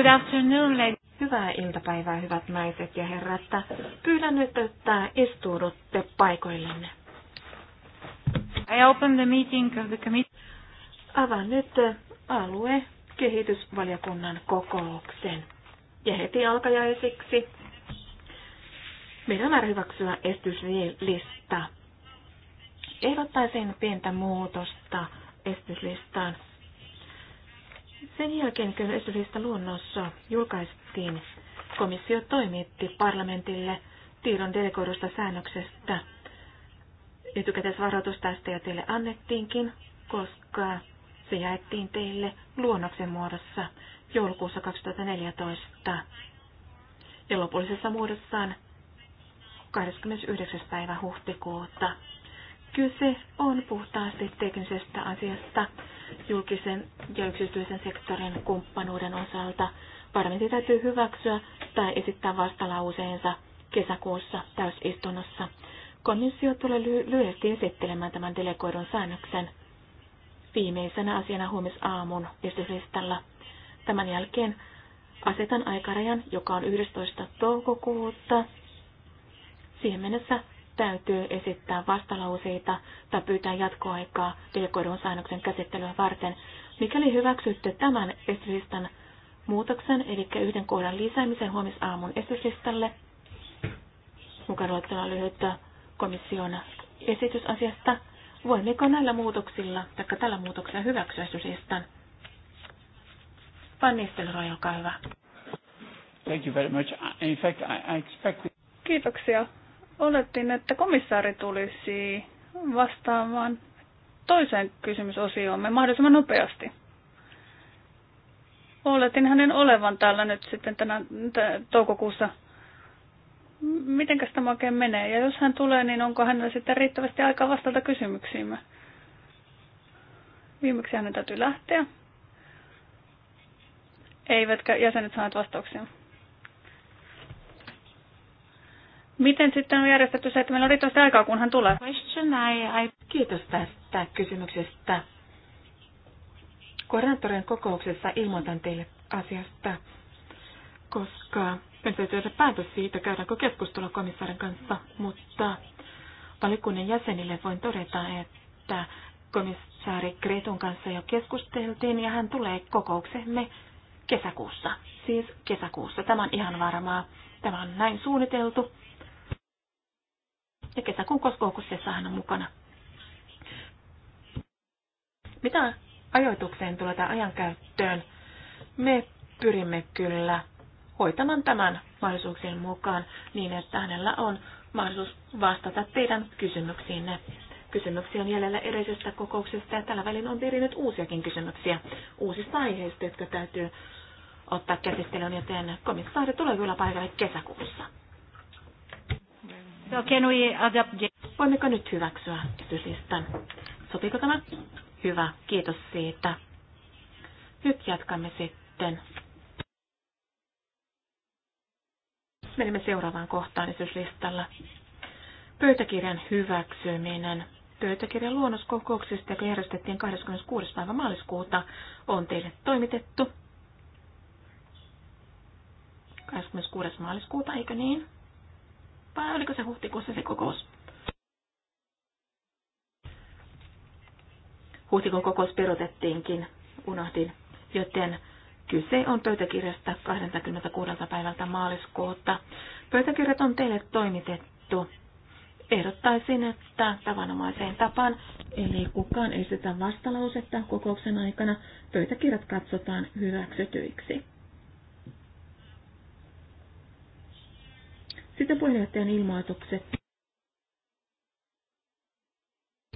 Good afternoon, ladies. Hyvää iltapäivää, hyvät naiset ja herrat. Pyydän nyt, että istuudutte paikoillenne. I open the meeting of the committee. Avaan nyt alue kehitysvaliokunnan kokouksen. Ja heti alkajaisiksi meidän on hyväksyä estyslista. Ehdottaisin pientä muutosta estyslistaan sen jälkeen, kun esitystä luonnossa julkaistiin, komissio toimitti parlamentille tiedon delegoidusta säännöksestä. Etukäteisvaroitus tästä jo teille annettiinkin, koska se jaettiin teille luonnoksen muodossa joulukuussa 2014 ja lopullisessa muodossaan 29. päivä huhtikuuta. Kyse on puhtaasti teknisestä asiasta, julkisen ja yksityisen sektorin kumppanuuden osalta. Parlamentti täytyy hyväksyä tai esittää vastalauseensa kesäkuussa täysistunnossa. Komissio tulee ly- lyhyesti esittelemään tämän delegoidun säännöksen viimeisenä asiana huomisaamun esityslistalla. Tämän jälkeen asetan aikarajan, joka on 11. toukokuuta. Siihen mennessä täytyy esittää vastalauseita tai pyytää jatkoaikaa tilkoidun säännöksen käsittelyä varten. Mikäli hyväksytte tämän esityslistan muutoksen, eli yhden kohdan lisäämisen huomisaamun esityslistalle, mukaan luettuna lyhyttä komission esitysasiasta, voimmeko näillä muutoksilla, tai tällä muutoksella hyväksyä esityslistan? Van Nistelrooy, olkaa hyvä. Thank you very much. In fact, I, Kiitoksia. Olettiin, että komissaari tulisi vastaamaan toiseen kysymysosioomme mahdollisimman nopeasti. Oletin hänen olevan täällä nyt sitten tänä t- toukokuussa. Mitenkäs tämä oikein menee? Ja jos hän tulee, niin onko hänellä sitten riittävästi aikaa vastata kysymyksiimme? Viimeksi hänen täytyy lähteä. Eivätkä jäsenet saaneet vastauksia. Miten sitten on järjestetty se, että meillä on riittävästi aikaa, kun hän tulee? Kiitos tästä kysymyksestä. Koordinaattorien kokouksessa ilmoitan teille asiasta, koska meidän täytyy tehdä päätös siitä, käydäänkö keskustelua komissaarin kanssa, mutta valikunnan jäsenille voin todeta, että komissaari Kretun kanssa jo keskusteltiin ja hän tulee kokouksemme kesäkuussa. Siis kesäkuussa. Tämä on ihan varmaa. Tämä on näin suunniteltu ja kesäkuun hän on mukana. Mitä ajoitukseen tulee ajan ajankäyttöön? Me pyrimme kyllä hoitamaan tämän mahdollisuuksien mukaan niin, että hänellä on mahdollisuus vastata teidän kysymyksiinne. Kysymyksiä on jäljellä erisestä kokouksesta ja tällä välin on virinyt uusiakin kysymyksiä uusista aiheista, jotka täytyy ottaa käsittelyyn, joten komissaari tulee vielä paikalle kesäkuussa. So can we adapt... Voimmeko nyt hyväksyä esityslistan? Sopiiko tämä? Hyvä, kiitos siitä. Nyt jatkamme sitten. Menemme seuraavaan kohtaan esityslistalla. Pöytäkirjan hyväksyminen. Pöytäkirjan luonnoskokouksesta, joka järjestettiin 26. päivä maaliskuuta, on teille toimitettu. 26. maaliskuuta, eikö niin? vai oliko se huhtikuussa se kokous? Huhtikuun kokous perutettiinkin, unohdin, joten kyse on pöytäkirjasta 26. päivältä maaliskuuta. Pöytäkirjat on teille toimitettu. Ehdottaisin, että tavanomaiseen tapaan, eli kukaan ei sitä vastalausetta kokouksen aikana, pöytäkirjat katsotaan hyväksytyiksi. Sitten puheenjohtajan ilmoitukset.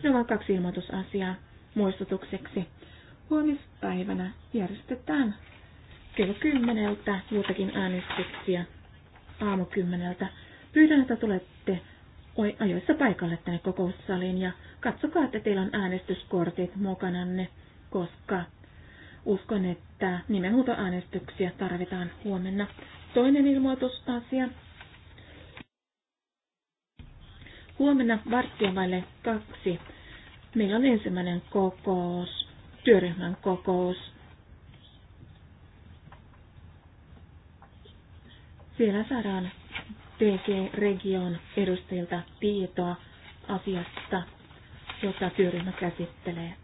Nämä ovat kaksi ilmoitusasiaa muistutukseksi. Huomispäivänä järjestetään kello kymmeneltä muutakin äänestyksiä aamukymmeneltä. Pyydän, että tulette ajoissa paikalle tänne kokoussaliin ja katsokaa, että teillä on äänestyskortit mukananne, koska uskon, että nimenhuutoäänestyksiä tarvitaan huomenna. Toinen ilmoitusasia Huomenna varttiamaille kaksi. Meillä on ensimmäinen kokous, työryhmän kokous. Siellä saadaan TG-region edustajilta tietoa asiasta, jota työryhmä käsittelee.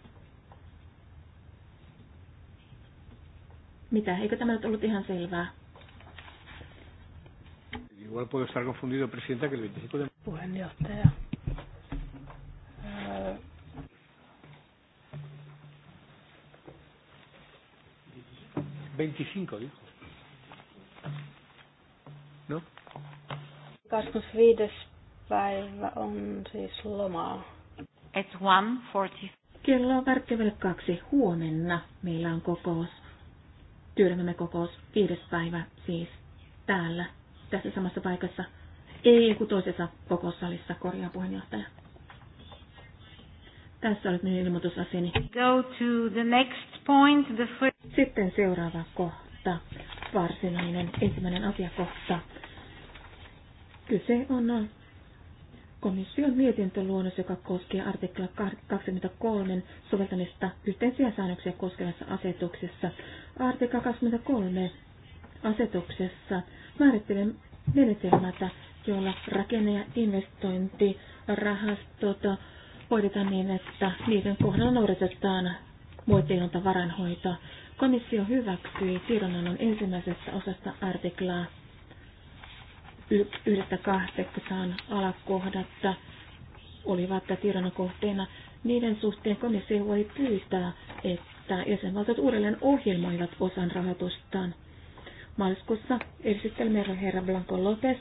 Mitä? Eikö tämä nyt ollut ihan selvää? Igual puedo estar confundido, presidenta, que el 25 de... Puheenjohtaja. Eh, veinticinco, dijo. No? päivä on siis lomaa. At 1.40. Kello on värkkevelle kaksi. Huomenna meillä on kokous. Työryhmämme kokous viides päivä siis täällä tässä samassa paikassa. Ei, kun toisessa kokoussalissa, korjaa puheenjohtaja. Tässä olet minun ilmoitusasiani. Go to the next point, the first... Sitten seuraava kohta, varsinainen ensimmäinen asiakohta. Kyse on komission mietintöluonnos, joka koskee artikla 23 soveltamista yhteisiä säännöksiä koskevassa asetuksessa. Artikla 23 asetuksessa määrittelee menetelmät, joilla rakenne- ja investointirahastot hoidetaan niin, että niiden kohdalla noudatetaan muotoilonta varanhoitoa. Komissio hyväksyi tiedonannon ensimmäisestä osasta artiklaa 1.8. kahdeksaan alakohdatta olivat tiedonannon kohteena. Niiden suhteen komissio voi pyytää, että jäsenvaltiot uudelleen ohjelmoivat osan rahoitustaan Maaliskuussa esittelemme herra Blanco Lopez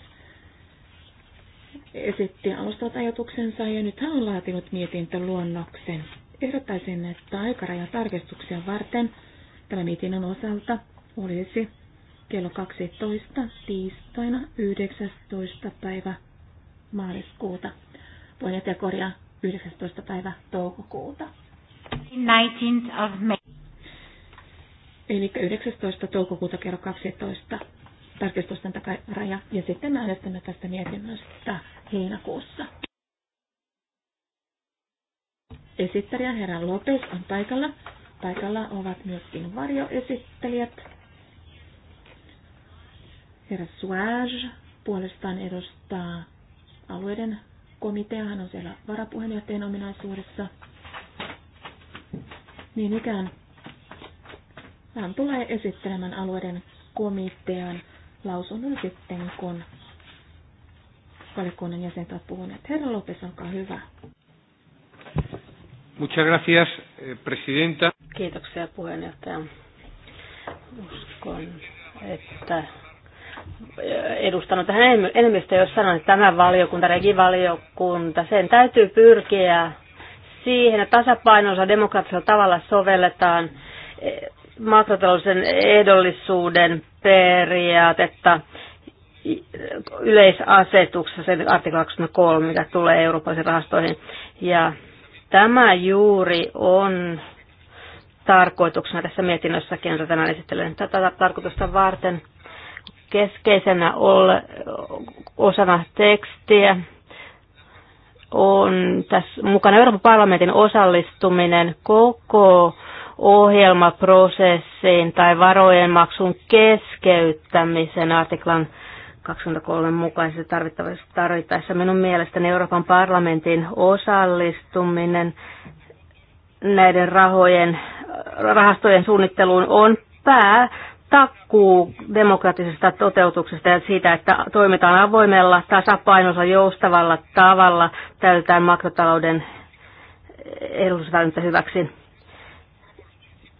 esitti alustavat ajatuksensa ja nyt hän on laatinut mietintöluonnoksen. Ehdottaisin, että aikaraja tarkistuksia varten tämän mietinnön osalta olisi kello 12 tiistaina 19. päivä maaliskuuta. Voin korjaa 19. päivä toukokuuta. 19th of May. Eli 19. toukokuuta kello 12 tarkistusten takaraja. Ja sitten äänestämme tästä mietinnöstä heinäkuussa. Esittelijä herra Lopes on paikalla. Paikalla ovat myöskin varjoesittelijät. Herra Suage puolestaan edustaa alueiden komitea. Hän on siellä varapuheenjohtajan ominaisuudessa. Niin ikään hän tulee esittelemään alueiden komitean lausunnon sitten, kun valiokunnan jäsenet ovat puhuneet. Herra Lopes, olkaa hyvä. Muchas gracias, eh, presidenta. Kiitoksia puheenjohtaja. Uskon, että eh, edustanut tähän enemmistö, jos sanon, että tämä valiokunta, regivaliokunta, sen täytyy pyrkiä siihen, että tasapainonsa demokraattisella tavalla sovelletaan eh, makrotalouden ehdollisuuden periaatetta yleisasetuksessa, sen artikla 23, mikä tulee eurooppalaisiin rahastoihin. Ja tämä juuri on tarkoituksena tässä mietinnössäkin, jota tänään esittelen tätä tarkoitusta varten keskeisenä ole, osana tekstiä on tässä mukana Euroopan parlamentin osallistuminen koko ohjelmaprosessiin tai varojen maksun keskeyttämisen artiklan 23 mukaisesti tarvittavissa tarvittaessa. Minun mielestäni Euroopan parlamentin osallistuminen näiden rahojen, rahastojen suunnitteluun on pää takkuu demokraattisesta toteutuksesta ja siitä, että toimitaan avoimella, tasapainossa, joustavalla tavalla, täytetään makrotalouden edullisuusvälineitä hyväksi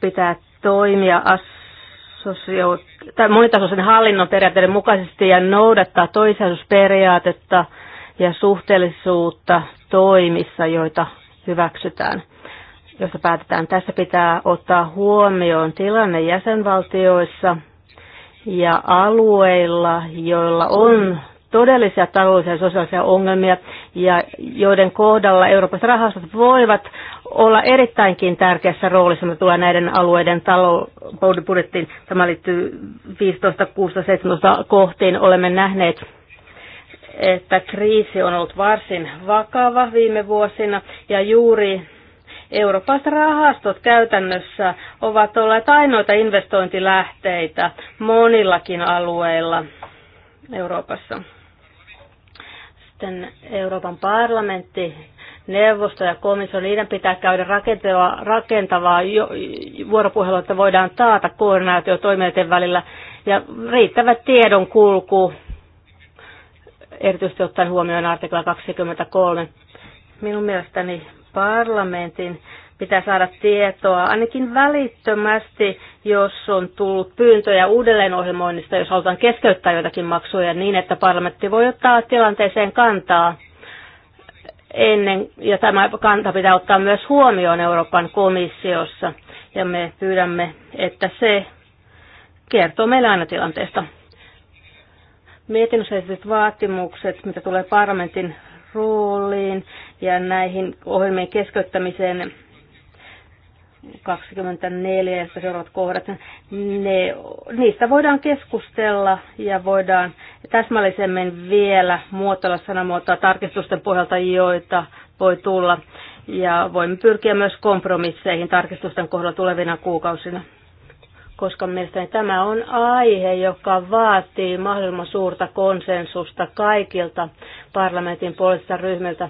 pitää toimia tai monitasoisen hallinnon periaatteiden mukaisesti ja noudattaa toisaisuusperiaatetta ja suhteellisuutta toimissa, joita hyväksytään, josta päätetään. Tässä pitää ottaa huomioon tilanne jäsenvaltioissa ja alueilla, joilla on todellisia taloudellisia ja sosiaalisia ongelmia ja joiden kohdalla Euroopan rahastot voivat olla erittäinkin tärkeässä roolissa, mitä tulee näiden alueiden talouden Tämä liittyy 15, 16, 17 kohtiin. Olemme nähneet, että kriisi on ollut varsin vakava viime vuosina ja juuri Euroopan rahastot käytännössä ovat olleet ainoita investointilähteitä monillakin alueilla Euroopassa. Sitten Euroopan parlamentti neuvosto ja komissio, niiden pitää käydä rakentavaa, rakentavaa vuoropuhelua, että voidaan taata koordinaatio toimijoiden välillä ja riittävä tiedon kulku, erityisesti ottaen huomioon artikla 23. Minun mielestäni parlamentin pitää saada tietoa, ainakin välittömästi, jos on tullut pyyntöjä uudelleenohjelmoinnista, jos halutaan keskeyttää jotakin maksuja niin, että parlamentti voi ottaa tilanteeseen kantaa ennen, ja tämä kanta pitää ottaa myös huomioon Euroopan komissiossa, ja me pyydämme, että se kertoo meille aina tilanteesta. Mietinnössä vaatimukset, mitä tulee parlamentin rooliin ja näihin ohjelmien keskeyttämiseen, 24 ja seuraavat kohdat, ne, niistä voidaan keskustella ja voidaan täsmällisemmin vielä muotoilla sanamuotoa tarkistusten pohjalta, joita voi tulla. Ja voimme pyrkiä myös kompromisseihin tarkistusten kohdalla tulevina kuukausina, koska mielestäni tämä on aihe, joka vaatii mahdollisimman suurta konsensusta kaikilta parlamentin puolesta ryhmiltä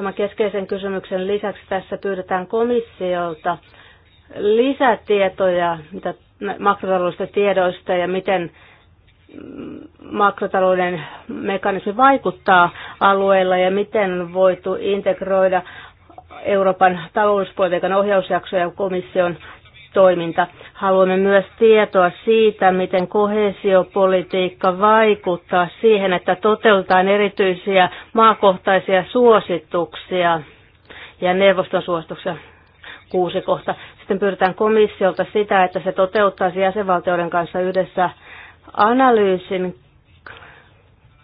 Tämän keskeisen kysymyksen lisäksi tässä pyydetään komissiolta lisätietoja mitä makrotaloudellisista tiedoista ja miten makrotalouden mekanismi vaikuttaa alueella ja miten on voitu integroida Euroopan talouspolitiikan ohjausjaksoja komission toiminta. Haluamme myös tietoa siitä, miten kohesiopolitiikka vaikuttaa siihen, että toteutetaan erityisiä maakohtaisia suosituksia ja neuvoston suosituksia kuusi kohta. Sitten pyydetään komissiolta sitä, että se toteuttaisi jäsenvaltioiden kanssa yhdessä analyysin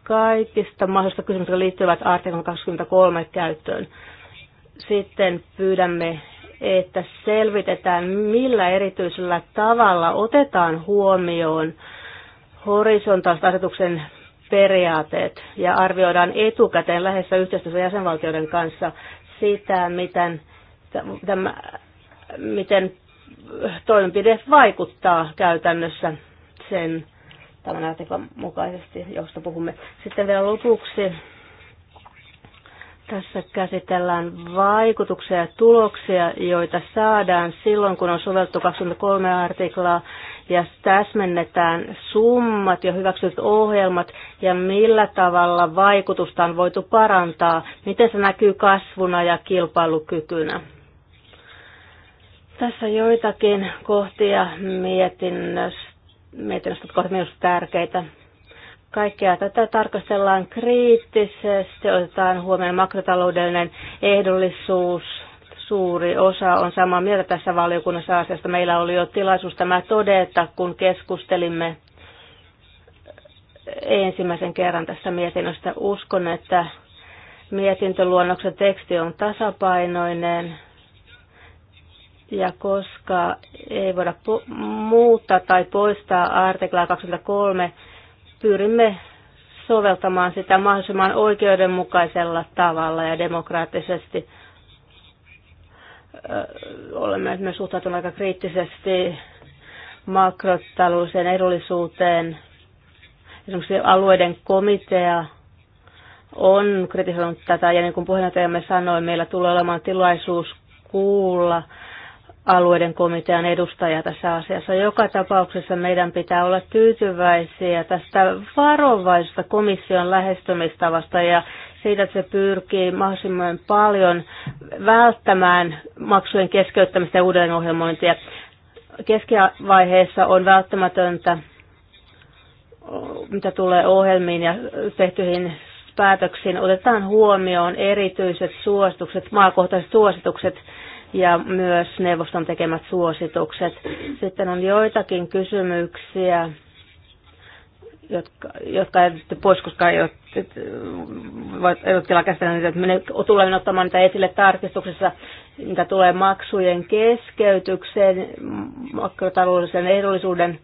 kaikista mahdollisista kysymyksistä liittyvät artiklan 23 käyttöön. Sitten pyydämme että selvitetään, millä erityisellä tavalla otetaan huomioon horisontaaliset asetuksen periaatteet ja arvioidaan etukäteen lähessä yhteistyössä jäsenvaltioiden kanssa sitä, miten, tämä, miten toimenpide vaikuttaa käytännössä sen tämän artiklan mukaisesti, josta puhumme. Sitten vielä lopuksi tässä käsitellään vaikutuksia ja tuloksia, joita saadaan silloin, kun on sovellettu 23 artiklaa ja täsmennetään summat ja hyväksytyt ohjelmat ja millä tavalla vaikutusta on voitu parantaa, miten se näkyy kasvuna ja kilpailukykynä. Tässä joitakin kohtia mietinnöstä, mietinnöstä jotka ovat tärkeitä. Kaikkea tätä tarkastellaan kriittisesti, otetaan huomioon makrotaloudellinen ehdollisuus, suuri osa on samaa mieltä tässä valiokunnassa asiasta. Meillä oli jo tilaisuus tämä todeta, kun keskustelimme ensimmäisen kerran tässä mietinnöstä. Uskon, että mietintöluonnoksen teksti on tasapainoinen ja koska ei voida muuttaa tai poistaa artiklaa 23 pyrimme soveltamaan sitä mahdollisimman oikeudenmukaisella tavalla ja demokraattisesti. Olemme myös suhtautuneet aika kriittisesti makrotalouden edullisuuteen. Esimerkiksi alueiden komitea on kritisoinut tätä, ja niin kuin puheenjohtajamme sanoi, meillä tulee olemaan tilaisuus kuulla alueiden komitean edustaja tässä asiassa. Joka tapauksessa meidän pitää olla tyytyväisiä tästä varovaisesta komission lähestymistavasta ja siitä, että se pyrkii mahdollisimman paljon välttämään maksujen keskeyttämistä ja uudelleenohjelmointia. Keskivaiheessa on välttämätöntä, mitä tulee ohjelmiin ja tehtyihin päätöksiin, otetaan huomioon erityiset suositukset, maakohtaiset suositukset, ja myös neuvoston tekemät suositukset. Sitten on joitakin kysymyksiä, jotka, jotka ei pois, koska ei ole, ei ole tilaa käsitellä niitä, että me tulemme ottamaan niitä esille tarkistuksessa, mitä tulee maksujen keskeytykseen, makrotaloudellisen ehdollisuuden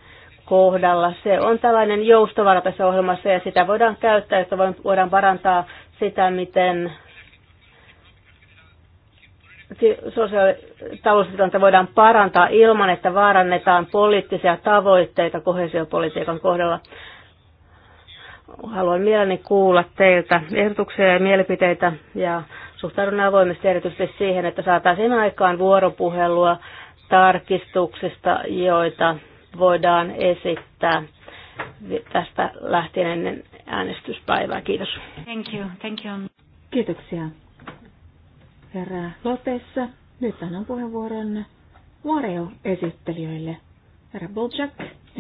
kohdalla. Se on tällainen joustovaara tässä ohjelmassa ja sitä voidaan käyttää, että voidaan parantaa sitä, miten sosiaalitaloustilannetta voidaan parantaa ilman, että vaarannetaan poliittisia tavoitteita kohesiopolitiikan kohdalla. Haluan mielelläni kuulla teiltä ehdotuksia ja mielipiteitä ja suhtaudun avoimesti erityisesti siihen, että saataisiin aikaan vuoropuhelua tarkistuksista, joita voidaan esittää tästä lähtien ennen äänestyspäivää. Kiitos. Thank you. Thank you. Kiitoksia erää Lotessa. Nyt annan puheenvuoron Wario-esittelijöille. Herra Bolchak,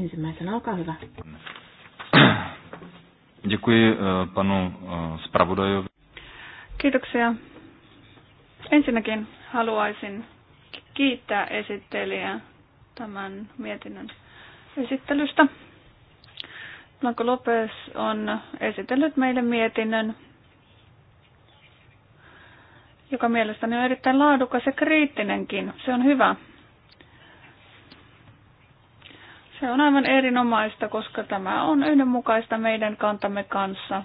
ensimmäisenä olkaa hyvä. Děkuji eh, panu spravodajovi. Eh, Kiitoksia. Ensinnäkin haluaisin kiittää esittelijää tämän mietinnön esittelystä. Blanco Lopez on esitellyt meille mietinnön, joka mielestäni on erittäin laadukas ja kriittinenkin. Se on hyvä. Se on aivan erinomaista, koska tämä on yhdenmukaista meidän kantamme kanssa,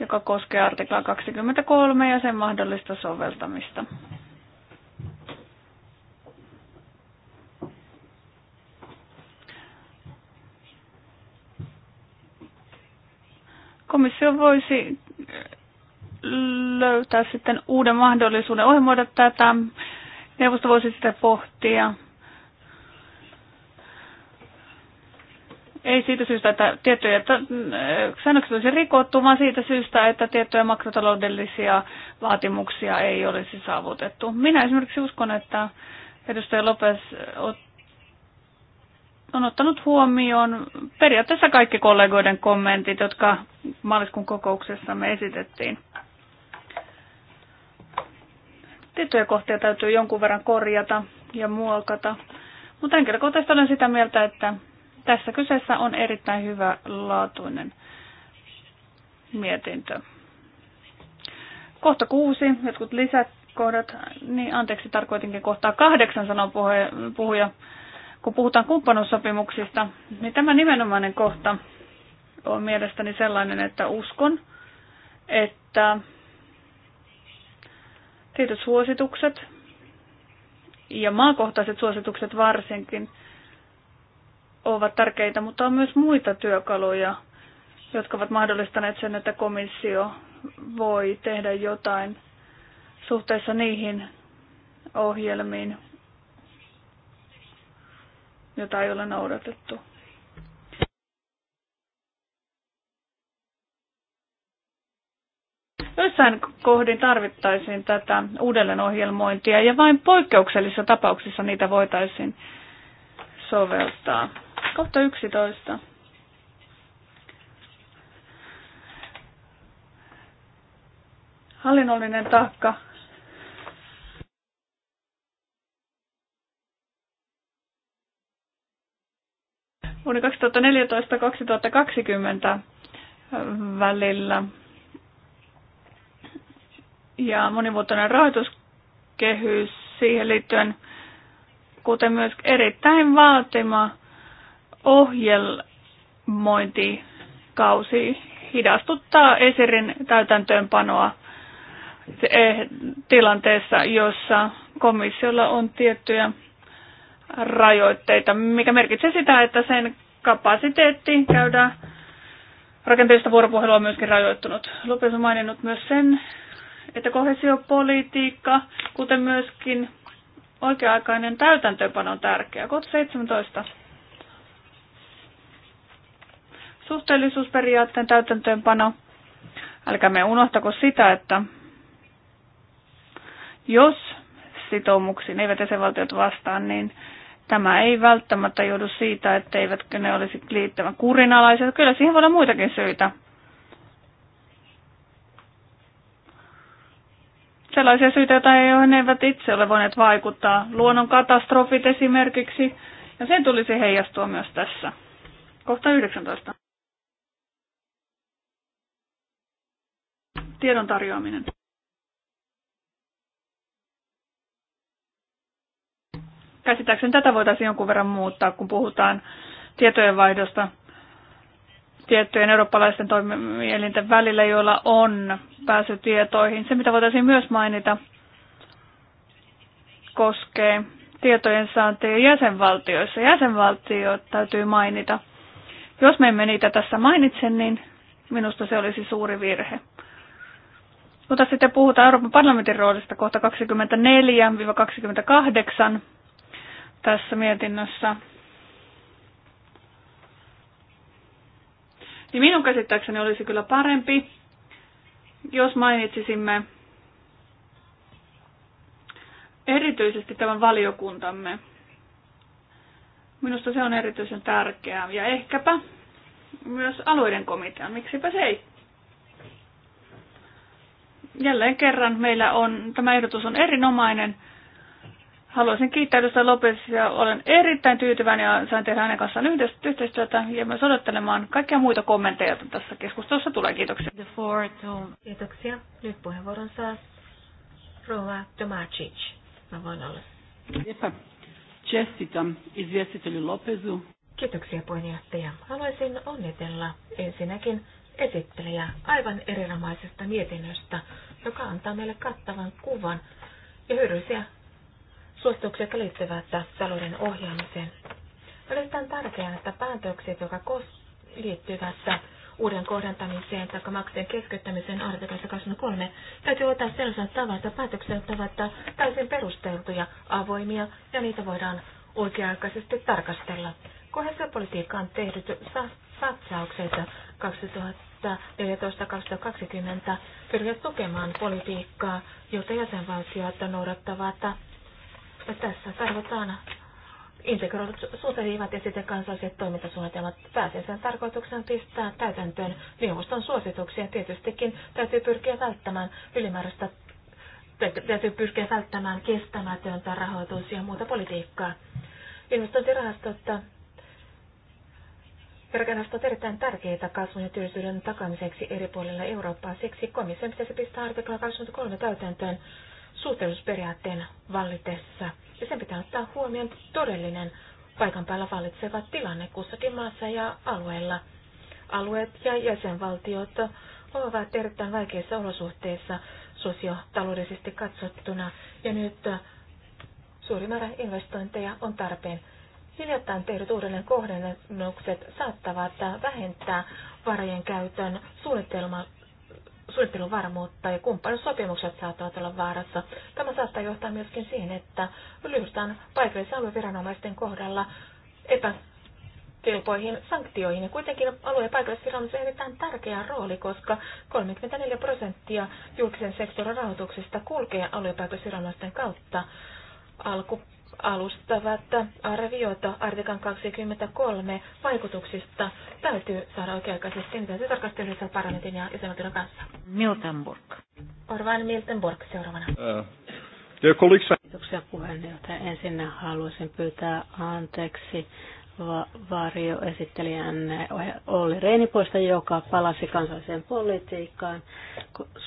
joka koskee artiklaa 23 ja sen mahdollista soveltamista. Komissio voisi löytää sitten uuden mahdollisuuden ohjelmoida tätä. Neuvosto voisi sitä pohtia. Ei siitä syystä, että tiettyjä säännöksiä olisi rikottu, vaan siitä syystä, että tiettyjä makrotaloudellisia vaatimuksia ei olisi saavutettu. Minä esimerkiksi uskon, että edustaja Lopes on ottanut huomioon periaatteessa kaikki kollegoiden kommentit, jotka maaliskuun kokouksessa me esitettiin. Tiettyjä kohtia täytyy jonkun verran korjata ja muokata. Mutta henkilökohtaisesti olen sitä mieltä, että tässä kyseessä on erittäin hyvä laatuinen mietintö. Kohta kuusi, jotkut lisäkohdat, niin anteeksi tarkoitinkin kohtaa kahdeksan sanoa puhuja, kun puhutaan kumppanuussopimuksista, niin tämä nimenomainen kohta on mielestäni sellainen, että uskon, että tietyt suositukset ja maakohtaiset suositukset varsinkin ovat tärkeitä, mutta on myös muita työkaluja, jotka ovat mahdollistaneet sen, että komissio voi tehdä jotain suhteessa niihin ohjelmiin, jota ei ole noudatettu. Joissain kohdin tarvittaisiin tätä uudelleenohjelmointia ja vain poikkeuksellisissa tapauksissa niitä voitaisiin soveltaa. Kohta 11. Hallinnollinen taakka vuonna 2014-2020 välillä ja monivuotinen rahoituskehys siihen liittyen, kuten myös erittäin vaatima ohjelmointikausi hidastuttaa esirin täytäntöönpanoa eh, tilanteessa, jossa komissiolla on tiettyjä rajoitteita, mikä merkitsee sitä, että sen kapasiteetti käydä rakenteellista vuoropuhelua on myöskin rajoittunut. Lopes on maininnut myös sen, että kohesiopolitiikka, kuten myöskin oikea-aikainen täytäntöönpano on tärkeä. Kohta 17. Suhteellisuusperiaatteen täytäntöönpano. Älkäämme unohtako sitä, että jos sitoumuksiin eivät jäsenvaltiot vastaan, niin tämä ei välttämättä joudu siitä, eivätkö ne olisi liittävän kurinalaiset. Kyllä siihen voi olla muitakin syitä. sellaisia syitä, joita ei, joihin eivät itse ole voineet vaikuttaa. Luonnon katastrofit esimerkiksi, ja sen tulisi heijastua myös tässä. Kohta 19. Tiedon tarjoaminen. Käsittääkseni tätä voitaisiin jonkun verran muuttaa, kun puhutaan tietojenvaihdosta tiettyjen eurooppalaisten toimielinten välillä, joilla on pääsy tietoihin. Se, mitä voitaisiin myös mainita, koskee tietojen saantia jäsenvaltioissa. Jäsenvaltiot täytyy mainita. Jos me emme niitä tässä mainitse, niin minusta se olisi suuri virhe. Mutta sitten puhutaan Euroopan parlamentin roolista kohta 24-28 tässä mietinnössä. niin minun käsittääkseni olisi kyllä parempi, jos mainitsisimme erityisesti tämän valiokuntamme. Minusta se on erityisen tärkeää ja ehkäpä myös alueiden komitean, miksipä se ei. Jälleen kerran meillä on, tämä ehdotus on erinomainen Haluaisin kiittää edustaja Lopezia. Olen erittäin tyytyväinen ja sain tehdä hänen kanssaan yhdessä, yhteistyötä ja myös odottelemaan kaikkia muita kommentteja, joita tässä keskustelussa tulee. Kiitoksia. Kiitoksia. Nyt puheenvuoron saa Rova Tomacic. Mä voin olla. Kiitoksia puheenjohtaja. Haluaisin onnitella ensinnäkin esittelijä aivan erinomaisesta mietinnöstä, joka antaa meille kattavan kuvan ja hyödyllisiä suositukset liittyvät talouden ohjaamiseen. Olen tärkeää, että päätökset, jotka liittyvät uuden kohdantamiseen tai maksujen keskittämiseen artikassa 23 täytyy ottaa sellaisella tavalla, että päätökset ovat täysin perusteltuja, avoimia ja niitä voidaan oikea-aikaisesti tarkastella. Kohesiopolitiikkaan tehdyt satsaukset 2014-2020 pyrkivät tukemaan politiikkaa, jota jäsenvaltiot noudattavat tässä tarvitaan integroidut suuntaviivat ja sitten kansalliset toimintasuunnitelmat. sen tarkoituksena pistää täytäntöön neuvoston suosituksia. Tietystikin täytyy pyrkiä välttämään ylimääräistä täytyy pyrkiä välttämään kestämätöntä rahoitus- ja muuta politiikkaa. Investointirahastotta Verkärahastot on erittäin tärkeitä kasvun ja työllisyyden takamiseksi eri puolilla Eurooppaa. Siksi komission pitäisi pistää artikla 23 täytäntöön suhteellisuusperiaatteen vallitessa. Ja sen pitää ottaa huomioon todellinen paikan päällä vallitseva tilanne kussakin maassa ja alueella. Alueet ja jäsenvaltiot ovat erittäin vaikeissa olosuhteissa sosiotaloudellisesti katsottuna, ja nyt suuri määrä investointeja on tarpeen. Hiljattain tehdyt uudelleen kohdennukset saattavat vähentää varojen käytön suunnitelma suunnittelun varmuutta ja kumppanuussopimukset saattavat olla vaarassa. Tämä saattaa johtaa myöskin siihen, että lyhytään paikallisen alueviranomaisten kohdalla epäkelpoihin sanktioihin. Ja kuitenkin alue- ja paikallisviranomaisilla on erittäin tärkeä rooli, koska 34 prosenttia julkisen sektorin rahoituksesta kulkee alue- ja paikallisviranomaisten kautta alku alustavat arviota artikan 23 vaikutuksista täytyy saada oikea-aikaisesti. Niitä se tarkastella yhdessä parlamentin ja jäsenvaltioiden kanssa. Miltenburg. Orvan Miltenburg seuraavana. Äh, Kiitoksia puheenjohtaja. Ensin haluaisin pyytää anteeksi va- varjoesittelijän Olli Reinipoista, joka palasi kansalliseen politiikkaan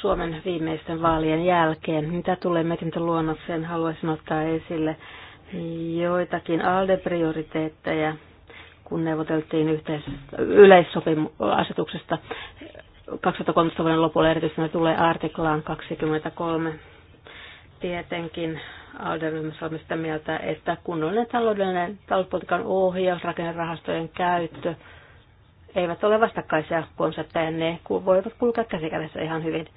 Suomen viimeisten vaalien jälkeen. Mitä tulee mietintöluonnokseen, haluaisin ottaa esille joitakin ALDE-prioriteetteja, kun neuvoteltiin yhteis- yleissopimusasetuksesta 2013 vuoden lopulla erityisesti tulee artiklaan 23. Tietenkin ALDE-ryhmässä olemme sitä mieltä, että kunnollinen taloudellinen talouspolitiikan ohjaus, rakennerahastojen käyttö eivät ole vastakkaisia konsepteja, ne voivat kulkea käsikädessä ihan hyvin.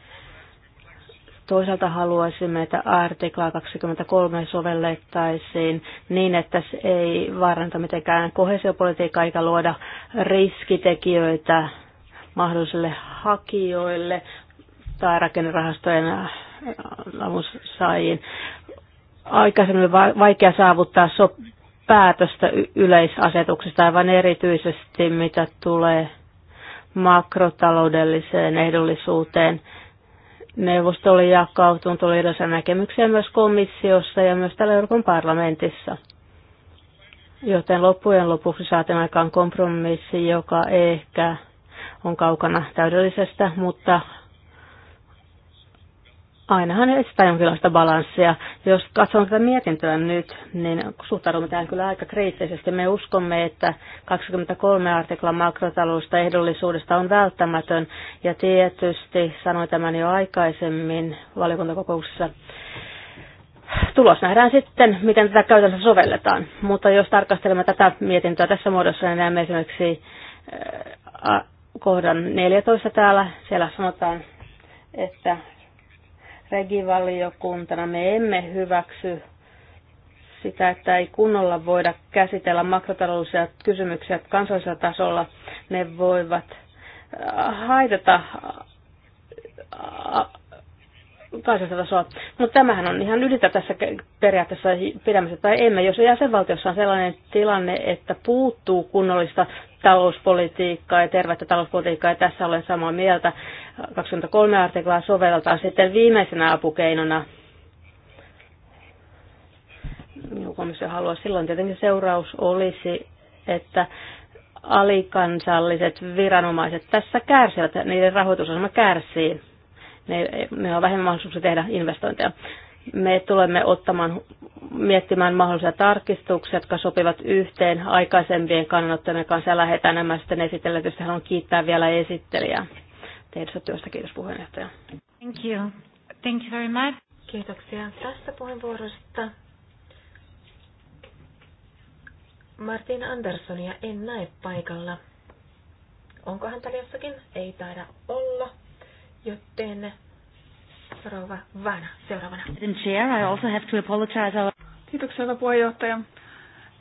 Toisaalta haluaisimme, että artiklaa 23 sovellettaisiin niin, että se ei vaaranta mitenkään kohesiopolitiikkaa eikä luoda riskitekijöitä mahdollisille hakijoille tai rakennerahastojen avunsaajiin. Aikaisemmin oli vaikea saavuttaa so- päätöstä yleisasetuksesta, aivan erityisesti mitä tulee makrotaloudelliseen ehdollisuuteen Neuvosto oli jakautunut, oli edessä näkemyksiä myös komissiossa ja myös täällä Euroopan parlamentissa. Joten loppujen lopuksi saatiin aikaan kompromissi, joka ehkä on kaukana täydellisestä, mutta ainahan sitä jonkinlaista balanssia. Jos katson tätä mietintöä nyt, niin suhtaudumme tähän kyllä aika kriittisesti. Me uskomme, että 23 artikla makrotaloudesta ehdollisuudesta on välttämätön. Ja tietysti, sanoin tämän jo aikaisemmin valiokuntakokouksessa, Tulos nähdään sitten, miten tätä käytännössä sovelletaan. Mutta jos tarkastelemme tätä mietintöä tässä muodossa, niin näemme esimerkiksi äh, kohdan 14 täällä. Siellä sanotaan, että regivaliokuntana me emme hyväksy sitä, että ei kunnolla voida käsitellä makrotaloudellisia kysymyksiä kansallisella tasolla. Ne voivat äh, haitata äh, kansallista tasoa. Mutta tämähän on ihan ylitä tässä periaatteessa pidämisessä, tai emme, jos jäsenvaltiossa on sellainen tilanne, että puuttuu kunnollista talouspolitiikkaa ja tervettä talouspolitiikkaa, ja tässä olen samaa mieltä. 23 artiklaa sovelletaan sitten viimeisenä apukeinona komissio haluaa. Silloin tietenkin seuraus olisi, että alikansalliset viranomaiset tässä kärsivät, niiden rahoitusasema kärsii meillä on vähemmän mahdollisuuksia tehdä investointeja. Me tulemme ottamaan, miettimään mahdollisia tarkistuksia, jotka sopivat yhteen aikaisempien kannanottojen kanssa ja lähetään nämä sitten esitellä. Tietysti haluan kiittää vielä esittelijää teidän työstä. Kiitos puheenjohtaja. Thank you. Thank you very much. Kiitoksia tästä puheenvuorosta. Martin Anderssonia en näe paikalla. Onko hän täällä jossakin? Ei taida olla joten seuraava Vana seuraavana. Chair, I also have to apologize. Kiitoksia, hyvä puheenjohtaja.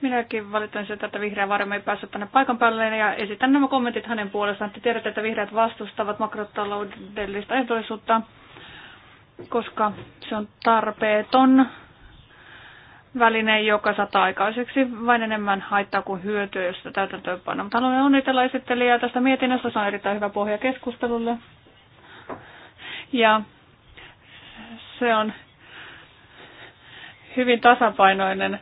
Minäkin valitan sitä, että vihreä varma ei päässyt tänne paikan päälle ja esitän nämä kommentit hänen puolestaan. Te tiedätte, että vihreät vastustavat makrotaloudellista ehdollisuutta, koska se on tarpeeton väline, joka sataa aikaiseksi vain enemmän haittaa kuin hyötyä, jos sitä täytäntöönpanna. Mutta haluan onnitella esittelijää tästä mietinnöstä. Se on erittäin hyvä pohja keskustelulle. Ja se on hyvin tasapainoinen.